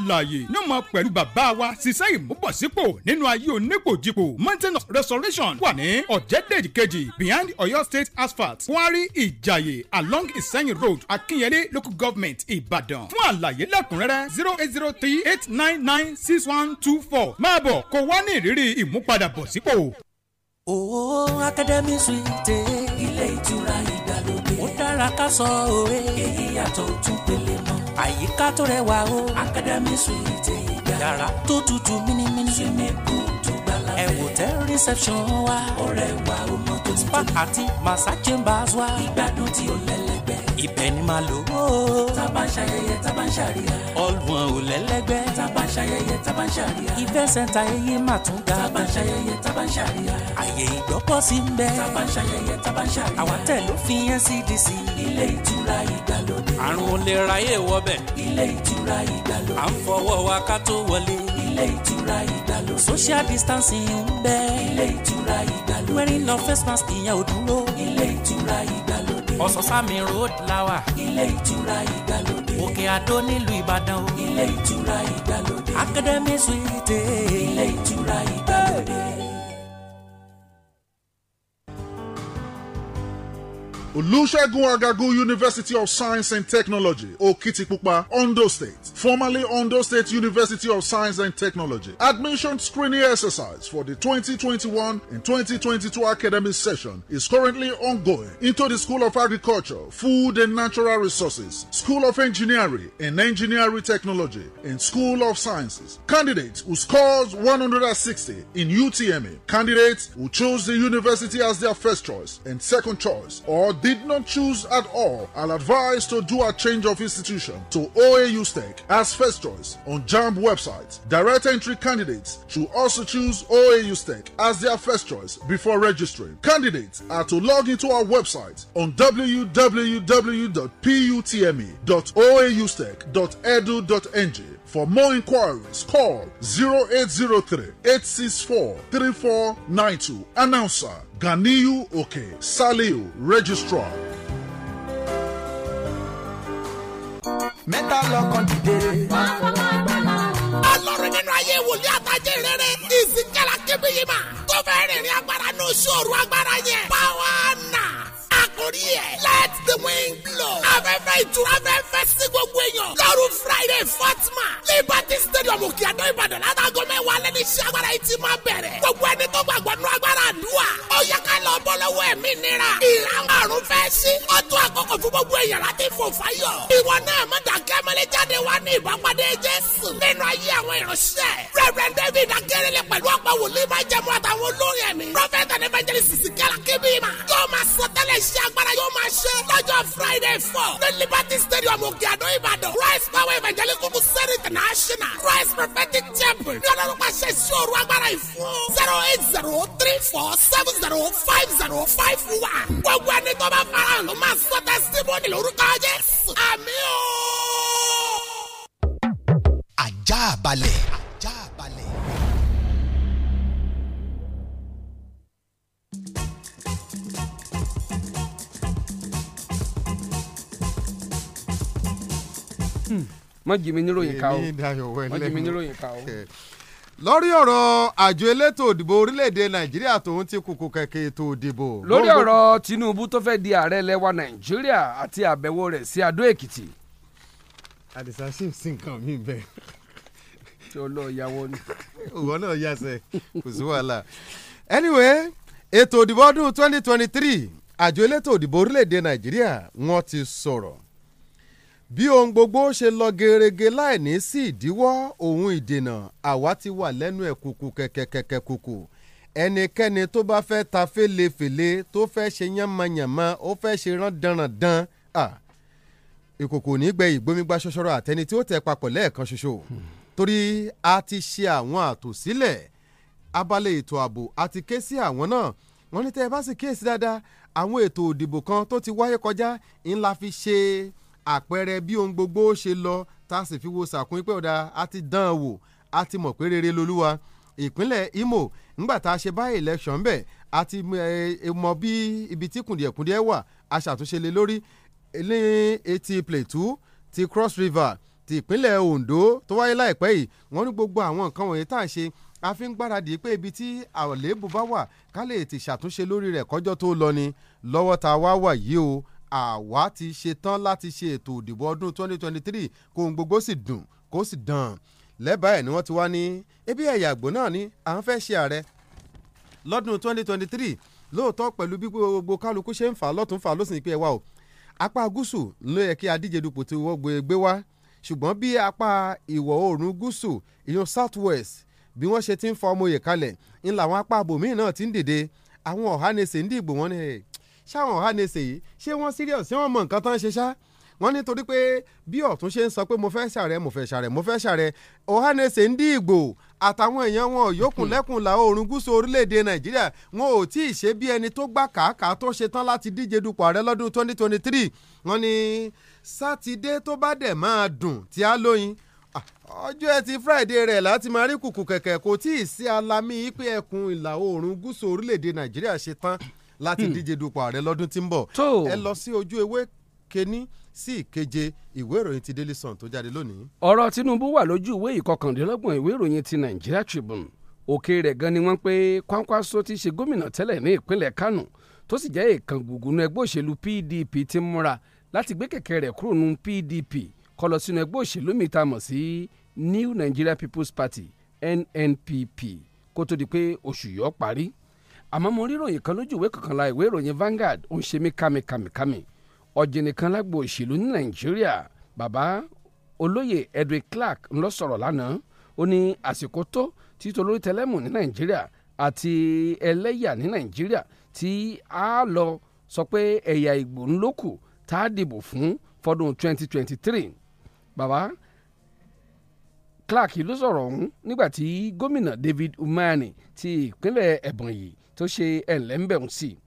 alààyè ní ọmọ pẹ̀lú bàbá wa ṣiṣẹ́ ìmúbọ̀sípò nínú ayé onípòjìpò mountain of restoration wà ní ọ̀jẹ̀dẹ̀jì kejì behind Ọ̀yọ́ state asphalt kwari ìjàyè along ìsẹ́yìn road akínyẹlé local government ìbàdàn fún àlàyé lẹ́kùnrẹ́rẹ́ zero eight zero three eight nine nine six one two four máa bọ̀ kó wá ní ìrírí ìmúpadàbọ̀sípò. òwò academy suite ilé ìtura ìgbàlódé ó dára ká sọ òwe èyí yàtọ̀ ojú pele àyíká tó rẹwà o. Academy Suite ìgbà. yàrá tó tutù mímímí. swimming pool tó gbàlà fẹ́. ẹ̀wò tẹ reception wa. ọ̀rẹ́ wa o mọ tó ti tó. spa àti massage chambers wa. ìgbádùn tí ó lẹ́lẹ́ ibẹ̀ ni màá lò ó. tábà ń ṣayẹyẹ tábà ń ṣàríyá. ọlùwọ̀n ò lẹ́lẹ́gbẹ́. tábà ń ṣayẹyẹ tábà ń ṣàríyá. ìfẹ́ sẹ́ńtà ẹyẹ mà tún ga. tábà ń ṣayẹyẹ tábà ń ṣàríyá. àyè ìgbọ́pọ̀ sí ń bẹ. tábà ń ṣayẹyẹ tábà ń ṣàríyá. àwa tẹ̀ ló fi NCDC. ilé ìtura ìgbàlódé. àrùn olè ra yé wọbẹ̀. ilé ìtura ìgbàlódé. ilé ìtura ìgbàlódé. social distancing ń bẹ. ilé ìtura ìgbàlódé. wearing no face mask ìyẹn ò dúró. ilé ìtura ìgbàlódé ọ̀sánsámi road lawa. ilé ìtura ìgbàlódé. òkè àdó nílùú ìbàdàn o. ilé ìtura ìgbàlódé. academy suite. ilé ìtura ìgbàlódé Olusegun Agagu University of Science and Technology, Okitipupa, Ondo State, formerly Ondo State University of Science and Technology. Admission screening exercise for the 2021 and 2022 academic session is currently ongoing into the School of Agriculture, Food and Natural Resources, School of Engineering and Engineering Technology, and School of Sciences. Candidates who scores 160 in UTME, candidates who choose the university as their first choice and second choice or did not choose at all are advised to do a change of institution to OAU STEC as first choice on JAMB website. Direct entry candidates should also choose OAU STEC as their first choice before registering. Candidates are to log into our website on www.putme.oaustech.edu.ng For more inquiries, call 0803 864 3492. Announcer Ganiyu Oke Saliu, Registrar. mẹ́ta lọ́kàn dìde. ọlọ́run nínú ayé wòlíì àtàjẹ́ rere ìsìnkẹ́lá kébìyìmá tó fẹ́ rìnrìn agbára ní oṣù òru agbára yẹn. báwa nù lórí ẹ̀. let the wind blow. afẹ́fẹ́ ìtura fẹ́fẹ́ sí gbogbo èèyàn. lọ́rù friday fatma. liberty stadium òkè àdó ìbàdàn látago mẹ́wàá lẹ́ni iṣẹ́ agbára yìí ti máa bẹ̀rẹ̀. gbogbo ẹni tó gbàgbọ́ nú agbára àdúrà. ó yẹ ká lọ bọ́ lọ́wọ́ ẹ̀mí nira. ìlànà àrùn fẹ́ sí. ó tó àkókò fún gbogbo èèyàn láti fò fáyọ̀. ìwọ náà má dàgẹ́ mẹ́lẹ́ jáde wá ní ìbápadé jésù. nínú ayé àwọn ìránṣẹ́. reverend david akérèlé pẹ̀lú ọ̀pọ̀ wòlíì máa jẹ́mu àtàwọn olórin ẹ̀mí. prophet and evangelist sikẹ́lá kébìmá. yóò máa sọ tẹ́lẹ̀ iṣẹ́ agbára agbára yóò máa ṣe lọ́jọ́ friday four ní liberty stadium òkè àdó ìbàdàn christ power evangelical crusade international christ prophetic temple ní ọlọ́run pàṣẹ ìṣòro agbára ìfún zero eight zero three four seven zero five zero five one gbogbo ẹni tó bá farahàn ló máa sọ tẹsítímọ́nì lórúkọ jésù àmì ó. ajá balẹ̀. mọ jìmí níròyìn ká o mọ jìmí níròyìn ká o. lórí ọ̀rọ̀ àjọ elétò òdìbò orílẹ̀-èdè nàìjíríà tòun ti kùkù kẹ̀kẹ́ ètò òdìbò. lórí ọ̀rọ̀ tinubu tó fẹ́ di ààrẹ lẹ́wà nàìjíríà àti àbẹ̀wò rẹ̀ sí adó èkìtì. àdìsá sì ń sin nǹkan mi bẹ́ẹ̀. tí ó lọ yàwọ ni. òwò náà yàsẹ̀ kò sí wàhálà. anyway ètò òdìbò ọdún 2023, twenty three àjọ elétò òdìbò orílẹ̀-èdè nàìjíríà wọ́n ti sọ̀rọ̀ bí ohun gbogbo ṣe lọ gerege láì ní sí ìdíwọ́ ohun ìdènà àwa ti wà lẹ́nu ẹ̀ kùkù kẹ̀kẹ̀kẹ̀kẹ̀ kùkù ẹnikẹ́ni tó bá fẹ́ ta fèlèfèlè tó fẹ́ ṣe yánmayànmá ó fẹ́ ṣe rán danrandan ìkòkò nígbẹ ìgbómigbá ṣoṣoro àtẹni tí ó tẹ papọ̀ lẹ́ẹ̀kan ṣoṣo torí a ti ṣe àwọn àtòsílẹ̀ abalẹ̀ ètò ààbò àti ké sí àwọn náà wọ́n ní tẹ́ ẹ bá sì kíyèsí dáadáa àwọn ètò òdìbò kan tó ti wáyé kọjá ńlá fi ṣe é àpẹẹrẹ bí ohun gbogbo ṣe lọ tá a sì fi wo sàkún pé ọ̀dà a ti dán an wò a ti mọ̀ pé rere lolúwa ìpínlẹ̀ Imo ńgbà tá a ṣe báyìí election ń a ti mọ bí ibi tí kùndìẹ̀kùndìẹ̀ wà a ṣàtúnṣe lé lórí ní etí Plateau ti Cross River ti ìpínlẹ̀ Ondo tó wáyé láìpẹ́ yìí wọ́n ní gbogbo àwọn nǹkan wọ̀nyí tá à ṣe a fi ń gbáradì pé ibi tí àléébù bá wà ká lè ti ṣàtúnṣe lórí rẹ̀ kọjọ́ tó lọ ni lọ́wọ́ tá wá wà yìí o àwa ti ṣetán láti ṣe ètò òdìbò ọdún 2023 kó ohun gbogbo sì dùn kó sì dàn lẹ́bàá ẹ̀ ni wọ́n ti wá ní ebi ẹ̀yà àgbò náà ni à ń fẹ́ ṣe ààrẹ lọ́dún 2023 lóòótọ́ pẹ̀lú bí gbogbo kálukú ṣe ń fà lọ́tún fà lọ́sìn ìpín ẹ̀wà o apá gúúsù ló yẹ kí adíje dupò tí wọ́n gbé gbé wá ṣùgbọ́n bí apá ìwọ̀ oòrùn gúúsù ìyún south west bí wọ́n ṣe ti ń fa ọmọ òye kalẹ̀ ńlá àwọn apá abòmíì náà ti ń dìde àwọn ọ̀hánẹsẹ̀ ń dìgbò wọn ni ṣáwọn ọ̀hánẹsẹ̀ yìí ṣé wọ́n serious ṣé wọ́n mọ nǹkan tán ṣe ṣá wọ́n ní torí pé bí ọ̀tún ṣe ń sọ pé mo fẹ́ ṣàrẹ mo fẹ́ ṣàrẹ mo fẹ́ ṣàrẹ ọ̀hánẹsẹ̀ ń dí ìgbò àtàwọn èèyàn wọn yòókùn hmm. lẹ́kùn làwọn òórùn gúúsù orílẹ̀-èdè nàìjíríà wọn ò tí ì ṣe bí ẹni tó gbà kàákà tó ṣe tán láti díje dupò ààrẹ lọ́dún 2023 wọ́n ní sátidé tó bá dẹ̀ máa dùn tí a lóyin ah, ọjọ́ ẹtì friday rẹ̀ láti máa rí kùkù kẹ̀kẹ́ kò tí ì sí alamí pé ẹkùn ìlà oòrùn gúúsù orílẹ̀-èdè nàìjíríà ṣe tán láti hmm. díje dupò ààrẹ lọ́dún tí ń bọ̀ ẹ lọ sí ojú ewé kínní sí ìkeje ìwé ìròyìn ti Daily Sun tó jáde lónìí. ọ̀rọ̀ Tinubu wà lójú ìwé ìkọkàndínlọ́gbọ̀n ìwé ìròyìn ti Nigeria Tribune òkè rẹ̀ gan ni wọ́n pé Kwankwaso ti ṣe gómìnà tẹ́lẹ̀ ní ìpínlẹ̀ Kano tó sì jẹ́ èèkàn gbùngbùn ẹgbẹ́ òṣèlú PDP ti múra láti gbé kẹ̀kẹ́ rẹ̀ kúrò nù PDP kó lọ sínú ẹgbẹ́ òṣèlú mi ta mọ̀ sí New Nigeria People's Party NNPP kó tó di pé oṣù yọ parí àmọ́ mo rí ìròyìn kan lójú ìwé kọkànlá ìwé ìròyìn Vanguard ó ń ṣe mí kàmìkàmìkàmì ọ̀jìnì kan lágbo òṣèlú ní Nàìjíríà bàbá olóyè Edwin Clark ń lọ sọ̀rọ̀ lánàá ó ní àsìkò tó títò lórí tẹlẹ́mù ní Nàìjíríà àti ẹlẹ́yà ní Nàìjíríà tí a lọ sọ pé ẹ̀yà Ìgbò ń lókù tá a dìbò fún fọdún 2023 bàbá Clark ló sọ̀rọ̀ ọ̀hún nígbà tí gómìnà David Umani ti ìpínlẹ̀ Ebonyi tó ṣe ẹ̀ńlẹ́ ń bẹ̀rù sí i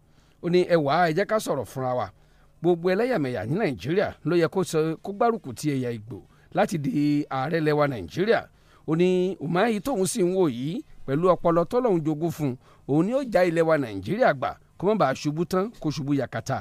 ó ní ẹ wàá ẹ jẹ́ ká sọ̀rọ̀ fúnra wa gbogbo ẹlẹ́yàmẹ̀yà ní nàìjíríà ló yẹ kó gbárùkù ti ẹ̀yà ìgbò láti di ààrẹ lẹ́wà nàìjíríà ó ní Umahi tóun sì ń wò yìí pẹ̀lú ọpọlọ tọ́lọ́hún jogún fún òun ni ó já ilẹ̀ wa nàìjíríà gbà kó má bàa ṣubú tán kó ṣubú yakata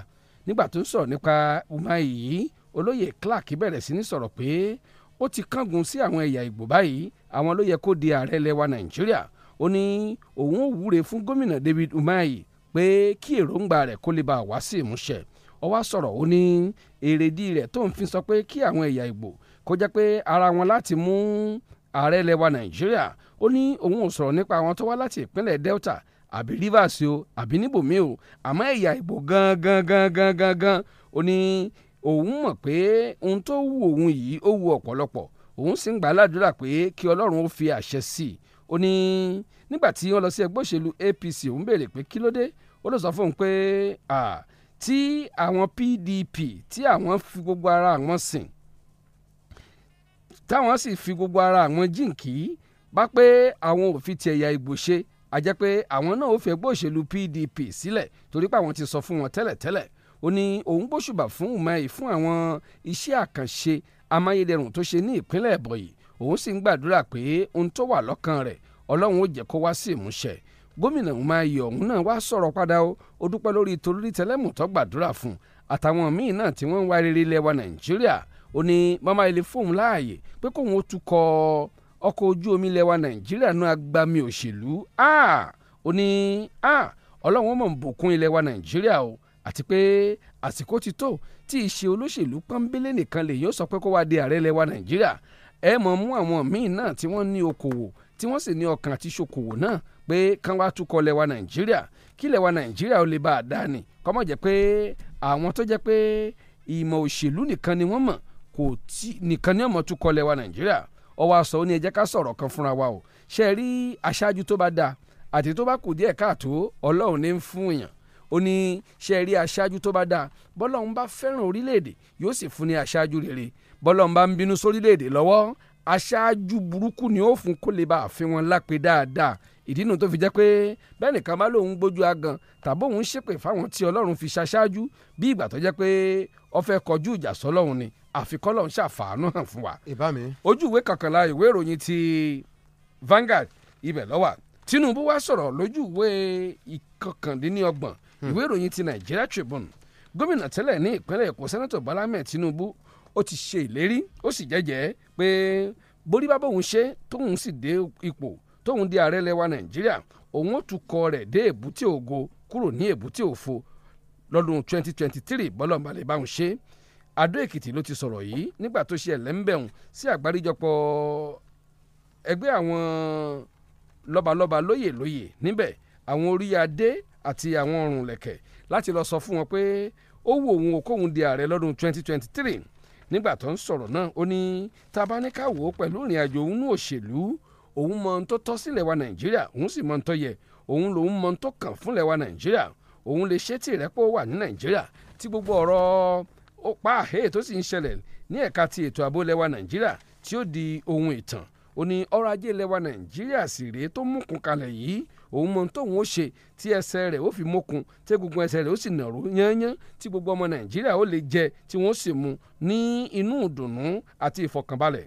nígbà tó ń sọ̀rọ̀ nípa Umahi yìí olóyè Clark bẹ̀rẹ̀ sí ní sọ̀rọ̀ pé ó ti kángun sí àwọn ẹ̀yà ìgbò báyìí àwọn ló yẹ kó di ààrẹ lẹ́wà nàìjíríà ó ní òun ò wúre fún gómìnà David Umahi pé kí èròǹgbà rẹ̀ kó lè bá wá sí ìmúṣẹ ó wá sọ̀rọ̀ ó ní èrèdí rẹ̀ tó ń fi sọ pé kí àwọn ẹ̀yà Ìgbò kó jẹ́ pé ara wọn láti mú ààrẹ lẹwa Nàìjíríà ó ní òun ò sọ̀rọ̀ nípa àwọn tó wá láti ìpínlẹ̀ Delta àbí Rivers o àbí níbòmí o àmọ́ ẹ̀yà Ìgbò gangan gangan gangan ó ní òun mọ̀ pé ohun tó wù òun yìí ó wù ọ̀pọ̀lọpọ̀ òun sì ń gbàládùra pé kí Ọlọ́run ó fi àṣẹ sí i ó ní nígbà tí wọ́n lọ sí ẹgbẹ́ òṣèlú APC òun béèrè pé kí ló dé ó lọ sọ fún un pé tí àwọn PDP tí àwọn fi gbogbo ara àwọn sìn táwọn sì fi gbogbo ara àwọn jìnkì bá pé àwọn ò fi ti ẹ̀yà Ìgbò ṣe a jẹ́ pé àwọn náà ó fi ẹgbẹ́ òṣèlú PDP sílẹ̀ torí pé àwọn ti sọ fún wọn tẹ́lẹ̀tẹ́lẹ̀ ó ní òun gbóṣùbà fún Umahi fún àwọn iṣẹ́ àkànṣe amáyédẹrùn tó ṣe ní ìpínlẹ̀ Ebonyi òun sì ń gbàdúrà pé ohun tó wà lọ́kàn rẹ̀ ọlọ́run ó jẹ́ kó wá sí ìmúṣẹ gómìnà Umahi ọ̀hún náà wá sọ̀rọ̀ padà ó ó dúpẹ́ lórí torí tẹlẹ́mù tó gbàdúrà fún àtàwọn míì náà tí wọ́n ń wá rere ilẹ̀ Nàìjíríà ó ní mama ilé fóun láàyè pé kóun ó tukọ̀ ọkọ̀ ojú omi ilẹ̀ wa Nàìjíríà náà agbami òṣèlú ó ní ọlọ́run ó mọ̀ ń bùkún ilẹ̀ wa Nàìjíríà o àti pé àsìkò ti tó tí ìṣe olóṣèlú pọ́nbélé nìkan lè yóò sọ pé kó wá di ààrẹ ilẹ̀ Nàìjíríà ẹ mọ̀ mú àwọn míì náà tí wọ́n ní okòwò tí wọ́n sì ní ọkàn àti ṣokòwò náà pé kán wá túkọ̀ lẹ́wà nàìjíríà kí lẹ́wà nàìjíríà ó lè bá a dá ni kọ́mọ̀ jẹ́ pé àwọn tó jẹ́ pé ìmọ̀ òṣèlú nìkan ni wọ́n mọ̀ kò tí nìkan ni ọmọ túkọ̀ lẹ́wà nàìjíríà ọwọ́ aṣọ ó ní ẹ ká sọ̀rọ̀ kan fúnra wa o ṣe rí aṣáájú tó bá da àti tó bá kù díẹ̀ káàtó ọlọ́run ní ń fún èèyàn ó ní ṣe rí aṣáájú tó bá da bọ́lọ́run bá fẹ́ràn orílẹ̀-èdè yóò sì fún ní aṣáájú rere bọ́lọ́mbà ń bínú sórílẹ̀-èdè lọ́wọ́ aṣáájú burúkú ni ó fún kó lè bá àfin wọn lápè dáadáa ìdí nu tó fi jẹ́ pé bẹ́ẹ̀ nìkan bá lòun gbójú agan tàbí òun ṣépè fáwọn tí ọlọ́run fi ṣaṣáájú bí ìgbà tó jẹ́ pé ó fẹ́ kọjú ìjà sọ́lọ́run ni àfikọ́ ṣàfàánú hàn fún wa. ìbá mi. ojú ìwé kọkànlá ìwé ìròyìn ti Vanguard ibẹ̀ ló Tinubu wá sọ̀rọ̀ lójú ìwé ìkọkàndínlọ́gbọ̀n hmm. ìwé ìròyìn ti Nigeria Tribune gómìnà tẹ́lẹ̀ ní ìpínlẹ̀ Èkó sẹ́nẹ́tọ̀ Bọ́lá Ahmed Tinubu ó ti ṣe ìlérí ó sì jẹ́jẹ́ pé borí bá bóun ṣe tóun sì dé ipò tóun di ààrẹ lẹwa nàìjíríà òun ó tún kọ rẹ̀ dé èbúté ògo kúrò ní èbúté òfo lọ́dún 2023 bọ́lọ́mbalẹ̀ báwọn ṣe adó èkìtì ló ti sọ̀rọ̀ yìí nígbà tó ṣe ẹ̀lẹ́ńbẹ̀hùn sí àgbáríjọpọ̀ ẹgbẹ́ àwọn lọ́balọ́ba lóyè lóyè níbẹ̀ àwọn oríyadé àti àwọn ọrùn lẹ̀kẹ̀ láti lọ sọ fún wọn pé ó wù òun òkóhun di ààrẹ lọ́dún 2023 nígbà tó ń sọ̀rọ̀ náà ó ní tabaníkà wò ó pẹ̀lú ìrìn àjò òun ní òṣèlú òun mọ ohun tó tọ́ sílẹ̀ wa nàìjíríà òun sì mọ ohun tó yẹ òun lòun mọ ohun tó kàn fúnlẹ̀ wa nàìjíríà òun lè ṣe tí ìrẹ́pọ̀ wà ní nàìjíríà tí gbogbo ọ̀rọ̀ ó pa àhẹ́ tó sì ń ṣẹlẹ̀ ní ẹ̀ka ti ètò ààbò lẹwa nàìjíríà tí ó di ohun ìtàn ó ní ọrọ̀ ajé lẹwa nàìjíríà sì rèé tó mú kún kalẹ̀ yìí òun mọ tóun ó ṣe tí ẹsẹ̀ rẹ̀ ó fi mókun tí egungun ẹsẹ̀ rẹ̀ ó sì nàró yányán tí gbogbo ọmọ nàìjíríà ó lè jẹ tí wọ́n sì mu ní inú ìdùnnú àti ìfọkànbalẹ̀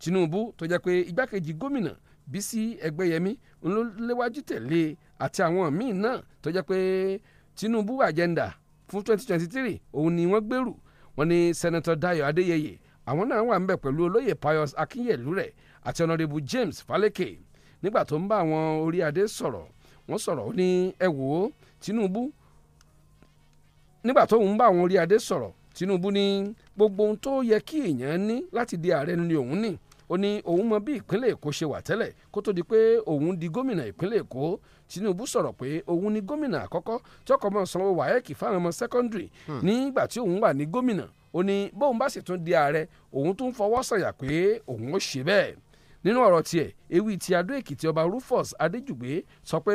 tinubu tó jẹ́ pé igbákejì gómìnà bísí ẹgbẹ́yẹmí ló léwájú tẹ̀lé e àti àwọn míín náà tó jẹ́ pé tinubu agenda fún 2023 òun ni wọ́n gbèrú wọ́n ní sẹ́nẹ́tọ̀ dayo adéyẹyẹ àwọn náà wà ń bẹ̀ pẹ̀lú olóyè pius akínyẹ̀lú rẹ̀ àti ọ̀nàrẹ́bù james falẹ́kẹ̀ẹ́ nígbà tó ń bá àwọn orí adé sọ̀rọ̀ wọ́n sọ̀rọ̀ ó ní ẹ wò ó Tinubu nígbà tó ń bá àwọn orí adé sọ̀rọ̀ Tinubu ní gbogbo ohun tó yẹ kí èèyàn ní láti di ààrẹ ni òun ní ó ní òun mọ bí ìpínlẹ̀ Èkó ṣe wà tẹ́lẹ̀ kó tó di pé òun di gómìnà ìpínlẹ̀ Èkó Tinubu sọ̀rọ̀ pé òun ni gómìnà àkọ́kọ́ tí ọkọ̀ máa sanwó wáyẹ́kì fáwọn ọmọ sẹ́kọ́ndìrì hmm. nígbà tí òun wà ní gómìnà ó ní bóun bá sì tún di ààrẹ òun tún fọwọ́ sọ̀yà pé òun ó ṣe bẹ́ẹ̀ nínú ọ̀rọ̀ tiẹ̀ ewì ti adó èkìtì ọba rufus adéjùgbé sọ pé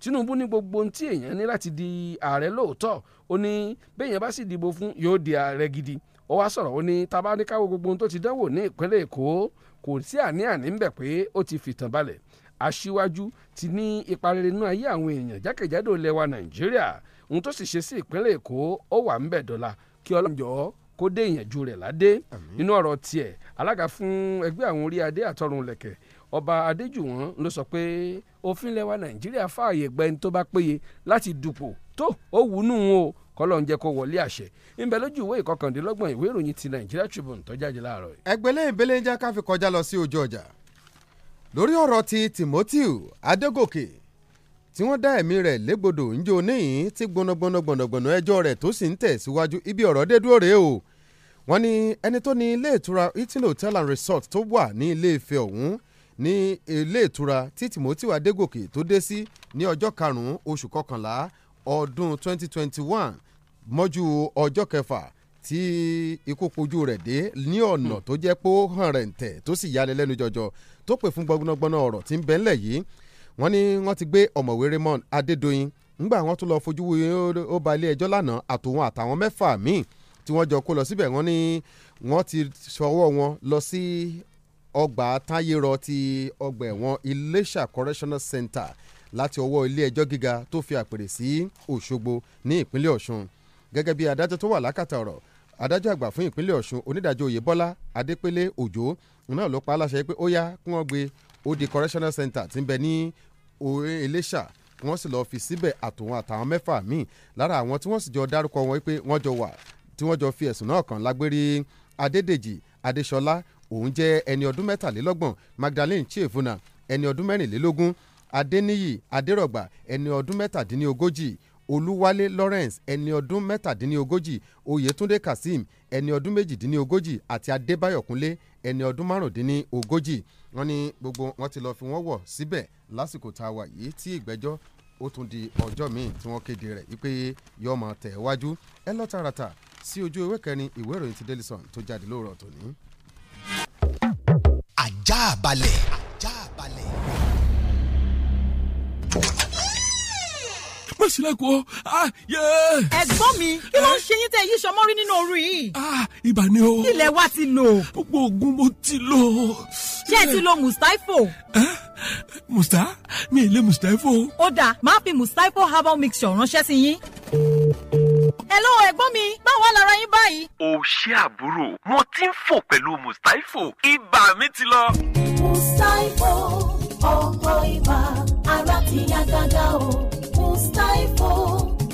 tinubu ní gbogbo ohun tí èèyàn ní láti di ààrẹ lóòótọ́ ó ní béèyàn bá sì dìbò fún yóò di ààrẹ gidi ó wá sọ̀rọ̀ ó ní tabaníkàwọ́ gbogbo ohun tó ti dánwò ní ìpínlẹ̀ èkó kò sí àní-àní ń bẹ̀ pé ó ti fìtàn balẹ̀ aṣíwájú ti ní ipa rere nínú ayé àwọn èèyàn jákèjádò ilẹ̀ nàìjíríà ohun tó sì ṣe sí ìpínlẹ̀ èkó ó wà ń bẹ̀ dọ́là kí ọlọ́run jọ̀ọ́ kó dé ìyànjú rẹ̀ ládé nínú ọ̀rọ̀ tiẹ̀ alága fún ẹgbẹ́ àwọn orí adé àtọrun lẹ̀kẹ̀ ọba adéjùwọ̀n ló sọ pé òfin lẹwa nàìjíríà fààyè gba ẹni tó bá péye láti dupò tó ó wùnú wọn o kọ́lọ̀ ń jẹ́ kó wọlé àṣẹ ńbẹ lójú ìwé ìkọkàndínlọ́gbọ̀n ìwé ìròyìn ti Nigeria Tribune tó jáde láàárọ̀ yìí. ẹgbẹ́lẹ́ ìbẹ́lẹ́ ń já ká fi kọjá lọ sí ojú ọjà lórí ọ̀rọ̀ ti Timothy Adegoke, tí wọ́n dá ẹ̀mí rẹ̀ légbodò ńjọ níyìn tí gbọ̀nàgbọ̀nà gbọ̀nàgbọ̀nà ẹjọ́ rẹ̀ tó sì ń tẹ̀síwájú ibi ọ̀rọ̀ dé rèé o wọ́n ní ẹni tó ní ilé ìtura hilton hotel and resort tó wà ní ilé Ifẹ̀ ọ̀hún ní ilé ìtura tí Timothy Adégòkè tó dé sí ní ọjọ́ karùn-ún oṣù kọkànlá ọdún 2021 mọ́jú ọjọ́ kẹfà tí ikú pojú rẹ̀ dé ní ọ̀nà tó jẹ́ pé ó hàn rẹ̀ ń tẹ̀ tó sì yani lẹ́nu jọjọ tó pè fún gbọgbọ́nọ́gbọ́nọ́ ọ̀rọ̀ tí ń bẹ ńlẹ̀ yìí wọ́n ní wọ́n ti gbé ọ̀mọ̀wé Raymond Adédoyin ńgbà wọ́n tún lọ fojú wo ó ba ẹjọ́ lánàá àtòun àtàwọn mẹ́fà míì tí wọ́n jọ kó lọ síbẹ̀ wọ́n ní wọ́n ti sọwọ́ wọn lọ sí ọgbà táyérọ ti ọgbà ẹ̀wọ̀n Iléṣà correctional center láti ọwọ́ ilé ẹjọ́ gíga tó fi àpèrè sí Òṣogbo ní ìpínlẹ̀ Ọ̀ṣun gẹ́gẹ́ bí adájọ́ tó wà lákàtà ọ̀rọ̀ adájọ́ àgbà fún ìpínlẹ̀ Ọ̀ṣun onídàájọ́ Oyèbọ́lá Adépélé Òjó náà ló pa á pé ó yá kí wọ́n gbé odi correctional center tí ń bẹ ní Iléṣà wọ́n sì lọ́ọ́ fi síbẹ̀ àtòwọn àtàwọn mẹ́fà míì lára àwọn tí wọ́n sì jọ dárúkọ wọn pé wọ́n jọ wà tí wọ́n jọ fi ẹ̀sùn náà kàn lágbérí adédèjì adéṣọlá òun jẹ́ ẹni ọdún mẹ́tàlélọ́gbọ̀n magdalene chiefuna ẹni ọdún mẹ́rìnlélógún adéníyì adérọ̀gbà ẹni ọdún mẹ́tàdínlógójì olúwálé lawrence ẹni ọdún mẹ́tàdínlógójì oyètúndé kazeem ẹni ọdún méjìdínlógójì àti adébáyọ̀ kúnlé ẹni ọdún márùndínlógójì wọ́n ní gbogbo wọn ti lọ fi wọ́n wọ̀ síbẹ̀ lásìkò tá a wà yìí tí ìgbẹ́jọ́ ó tún di ọjọ́ míì tí wọ́n kéde rẹ̀ wípé yọmọ tẹ̀ wájú ẹ lọ tààràtà sí ojú ewé kẹrin ìwé ìròyìn ti Daily Sun tó jáde lóòrọ̀ tòní. ajá balẹ̀. ajá balẹ̀. má ṣílẹ̀kùn ọ́ ah, ẹ̀gbọ́n mi kí ló ń eh? ṣe yín tẹ́ yí sọmọ́rí nínú òru yìí. Ah, ibà ni o. ilẹ̀ wa ti lò. gbogbo oògùn mo ti lò. ṣé ẹ ti lo mustapho. Eh? musta mi ò lè mustapho. ó dáa máa fi mustapho herbal mixture ránṣẹ́ sí yín. Hello ẹ̀gbọ́n mi, báwo lára yín báyìí? O ṣé àbúrò, mo ti ń fò pẹ̀lú Mustapho, ibà mi ti lọ. Mustapho, ọkọ̀ ibà, ara ti yá gágá o, Mustapho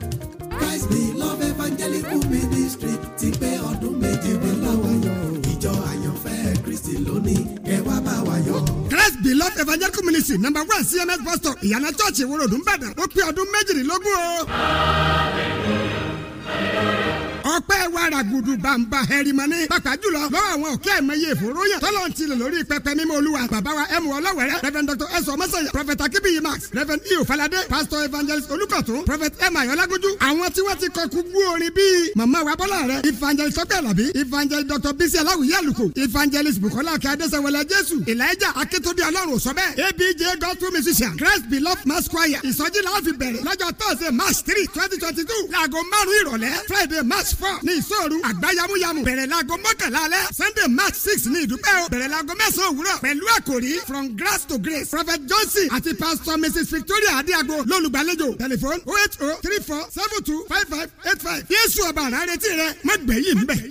Christ the Love Evangelical Ministry ti pé ọdún méjìléláwàyọ̀ ìjọ àyànfẹ́ Kristi lónìí ẹ wá bá wa yọ̀. Christ be Love Evangelical Ministry number one CMS pastor. stop ìyànà church ìwòròdú ń bàdàn ó pé ọdún méjìlélógún o. Hallelujah ọpẹ́ wa ràgùdù bàǹbà hẹrìmọ́ni pàpà jùlọ lọ́wọ́ àwọn òkè ẹ̀mẹ́yẹ ìfòròyìn tọ́lọ́ ti lè lórí pẹpẹ mímọ́ olúwa bàbá wa ẹ̀mú ọlọ́wẹ̀rẹ́ reverend dr ẹ̀sọ́ mọ́sẹ̀yà prophet akibiyi max reverend iyo falade pastor evangelist olùkọ̀tún prophet emma ayọ́lágójú àwọn tí wọ́n ti kọ kúgbú orin bíi mama wa bọ́lá rẹ evangelist ọpẹ́ alábí evangelist dr bisi aláwìyé àlùkò evangelist bukola akẹ́ adẹ́sẹ̀wẹlẹ̀ jésù elijah akitóde ọlọ́run sọ bẹ́ẹ̀ abj gospel musician christ beloved mass choir ìsọjí láàfin bẹ̀rẹ̀ lọ́jọ́ thursday march three twenty twenty two láago márùn-ún ìrọ̀lẹ́ friday march four ní ìṣòro àgbáyamuyamu bẹ̀rẹ̀ laago mọ́kànlá alẹ́ sunday march six ní ìdúpẹ́ o bẹ̀rẹ̀ laago mẹ́sàn-án òwúrọ̀ pẹ̀lú àkòrí from grass to grace prophet johnson àti pastor mrs victoria adiago lólùgbàlejò telephone oh eight oh three four seven two five five eight five yéésù ọba àrà retí rẹ mọ́gbẹ́yìn bẹ́ẹ̀.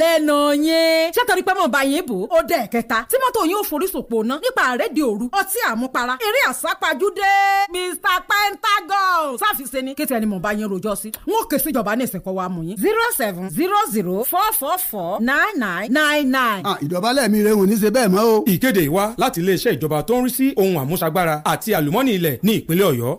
lẹ́nu yẹn ṣètọ́rí pé mọ̀ bá yẹn bò ó dẹ̀ kẹta tí mọ́tò yín ò forísòpò ná nípa àrédè òru ọtí àmupara eré àsápajúdé Mr Pentagon sáfìsẹ́ ni kété ẹni mọ̀ bá yẹn rojọ́ sí wọn ò ké síjọba ní ìsìnkú wa mú yín zero seven zero zero four four four nine nine nine nine. Ah, ìjọba lẹ́ẹ̀mí rẹ̀ wò ní ṣe bẹ́ẹ̀ mọ́ o. ìkéde wa láti iléeṣẹ́ ìjọba tó ń rí sí ohun àmúṣagbára àti àlùmọ́nì ilẹ̀ ní ìpínlẹ̀ ọ̀yọ́.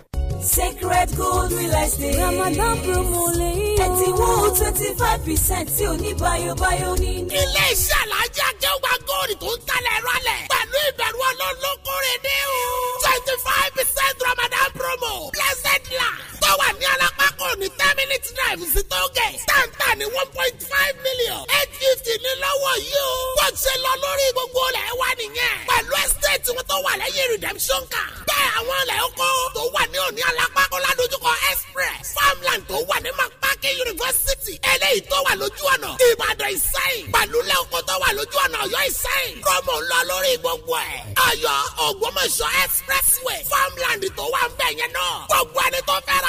sacred gold real estate ramadan promo lẹ́yìn o. ẹ̀dínwó twenty five percent tí oníbàárà báyọ̀báyọ̀ ni. ilé iṣẹ́ alájà jẹ́wọ́ góòlù tó ń talẹ̀ rálẹ̀ pẹ̀lú ìbẹ̀rù ọlọ́lọ́kùnrin ní o. twenty five percent Ramadan promo blessed land tó wà ní alápákó ní ten minute drive sí tóge tàǹtà ní one point five million eight fifty ní lọ́wọ́ yìí o. bó ṣe lọ lórí gbogbo rẹ̀ wá nìyẹn pẹ̀lú estate wọn tó wà lẹ́yìn redemption kan bẹ́ẹ̀ àwọn ilẹ̀ oko tó wà ní òní alápákó ládojúkọ express farmland tó wà ní mapa Adeleke University eléyìí tó wà lójú ọ̀nà Ìbàdàn ìsẹ́yìn pàlúlẹ̀ oko tó wà lójú ọ̀nà Ọ̀yọ́ ìsẹ́yìn promo ńlọ lórí gbogbo ẹ̀ Ọ̀yọ́ Ògbómọ̀ṣọ́ expressway farmland tó wà ń bẹ̀ yẹn náà gbogbo ẹni tó fẹ́ ra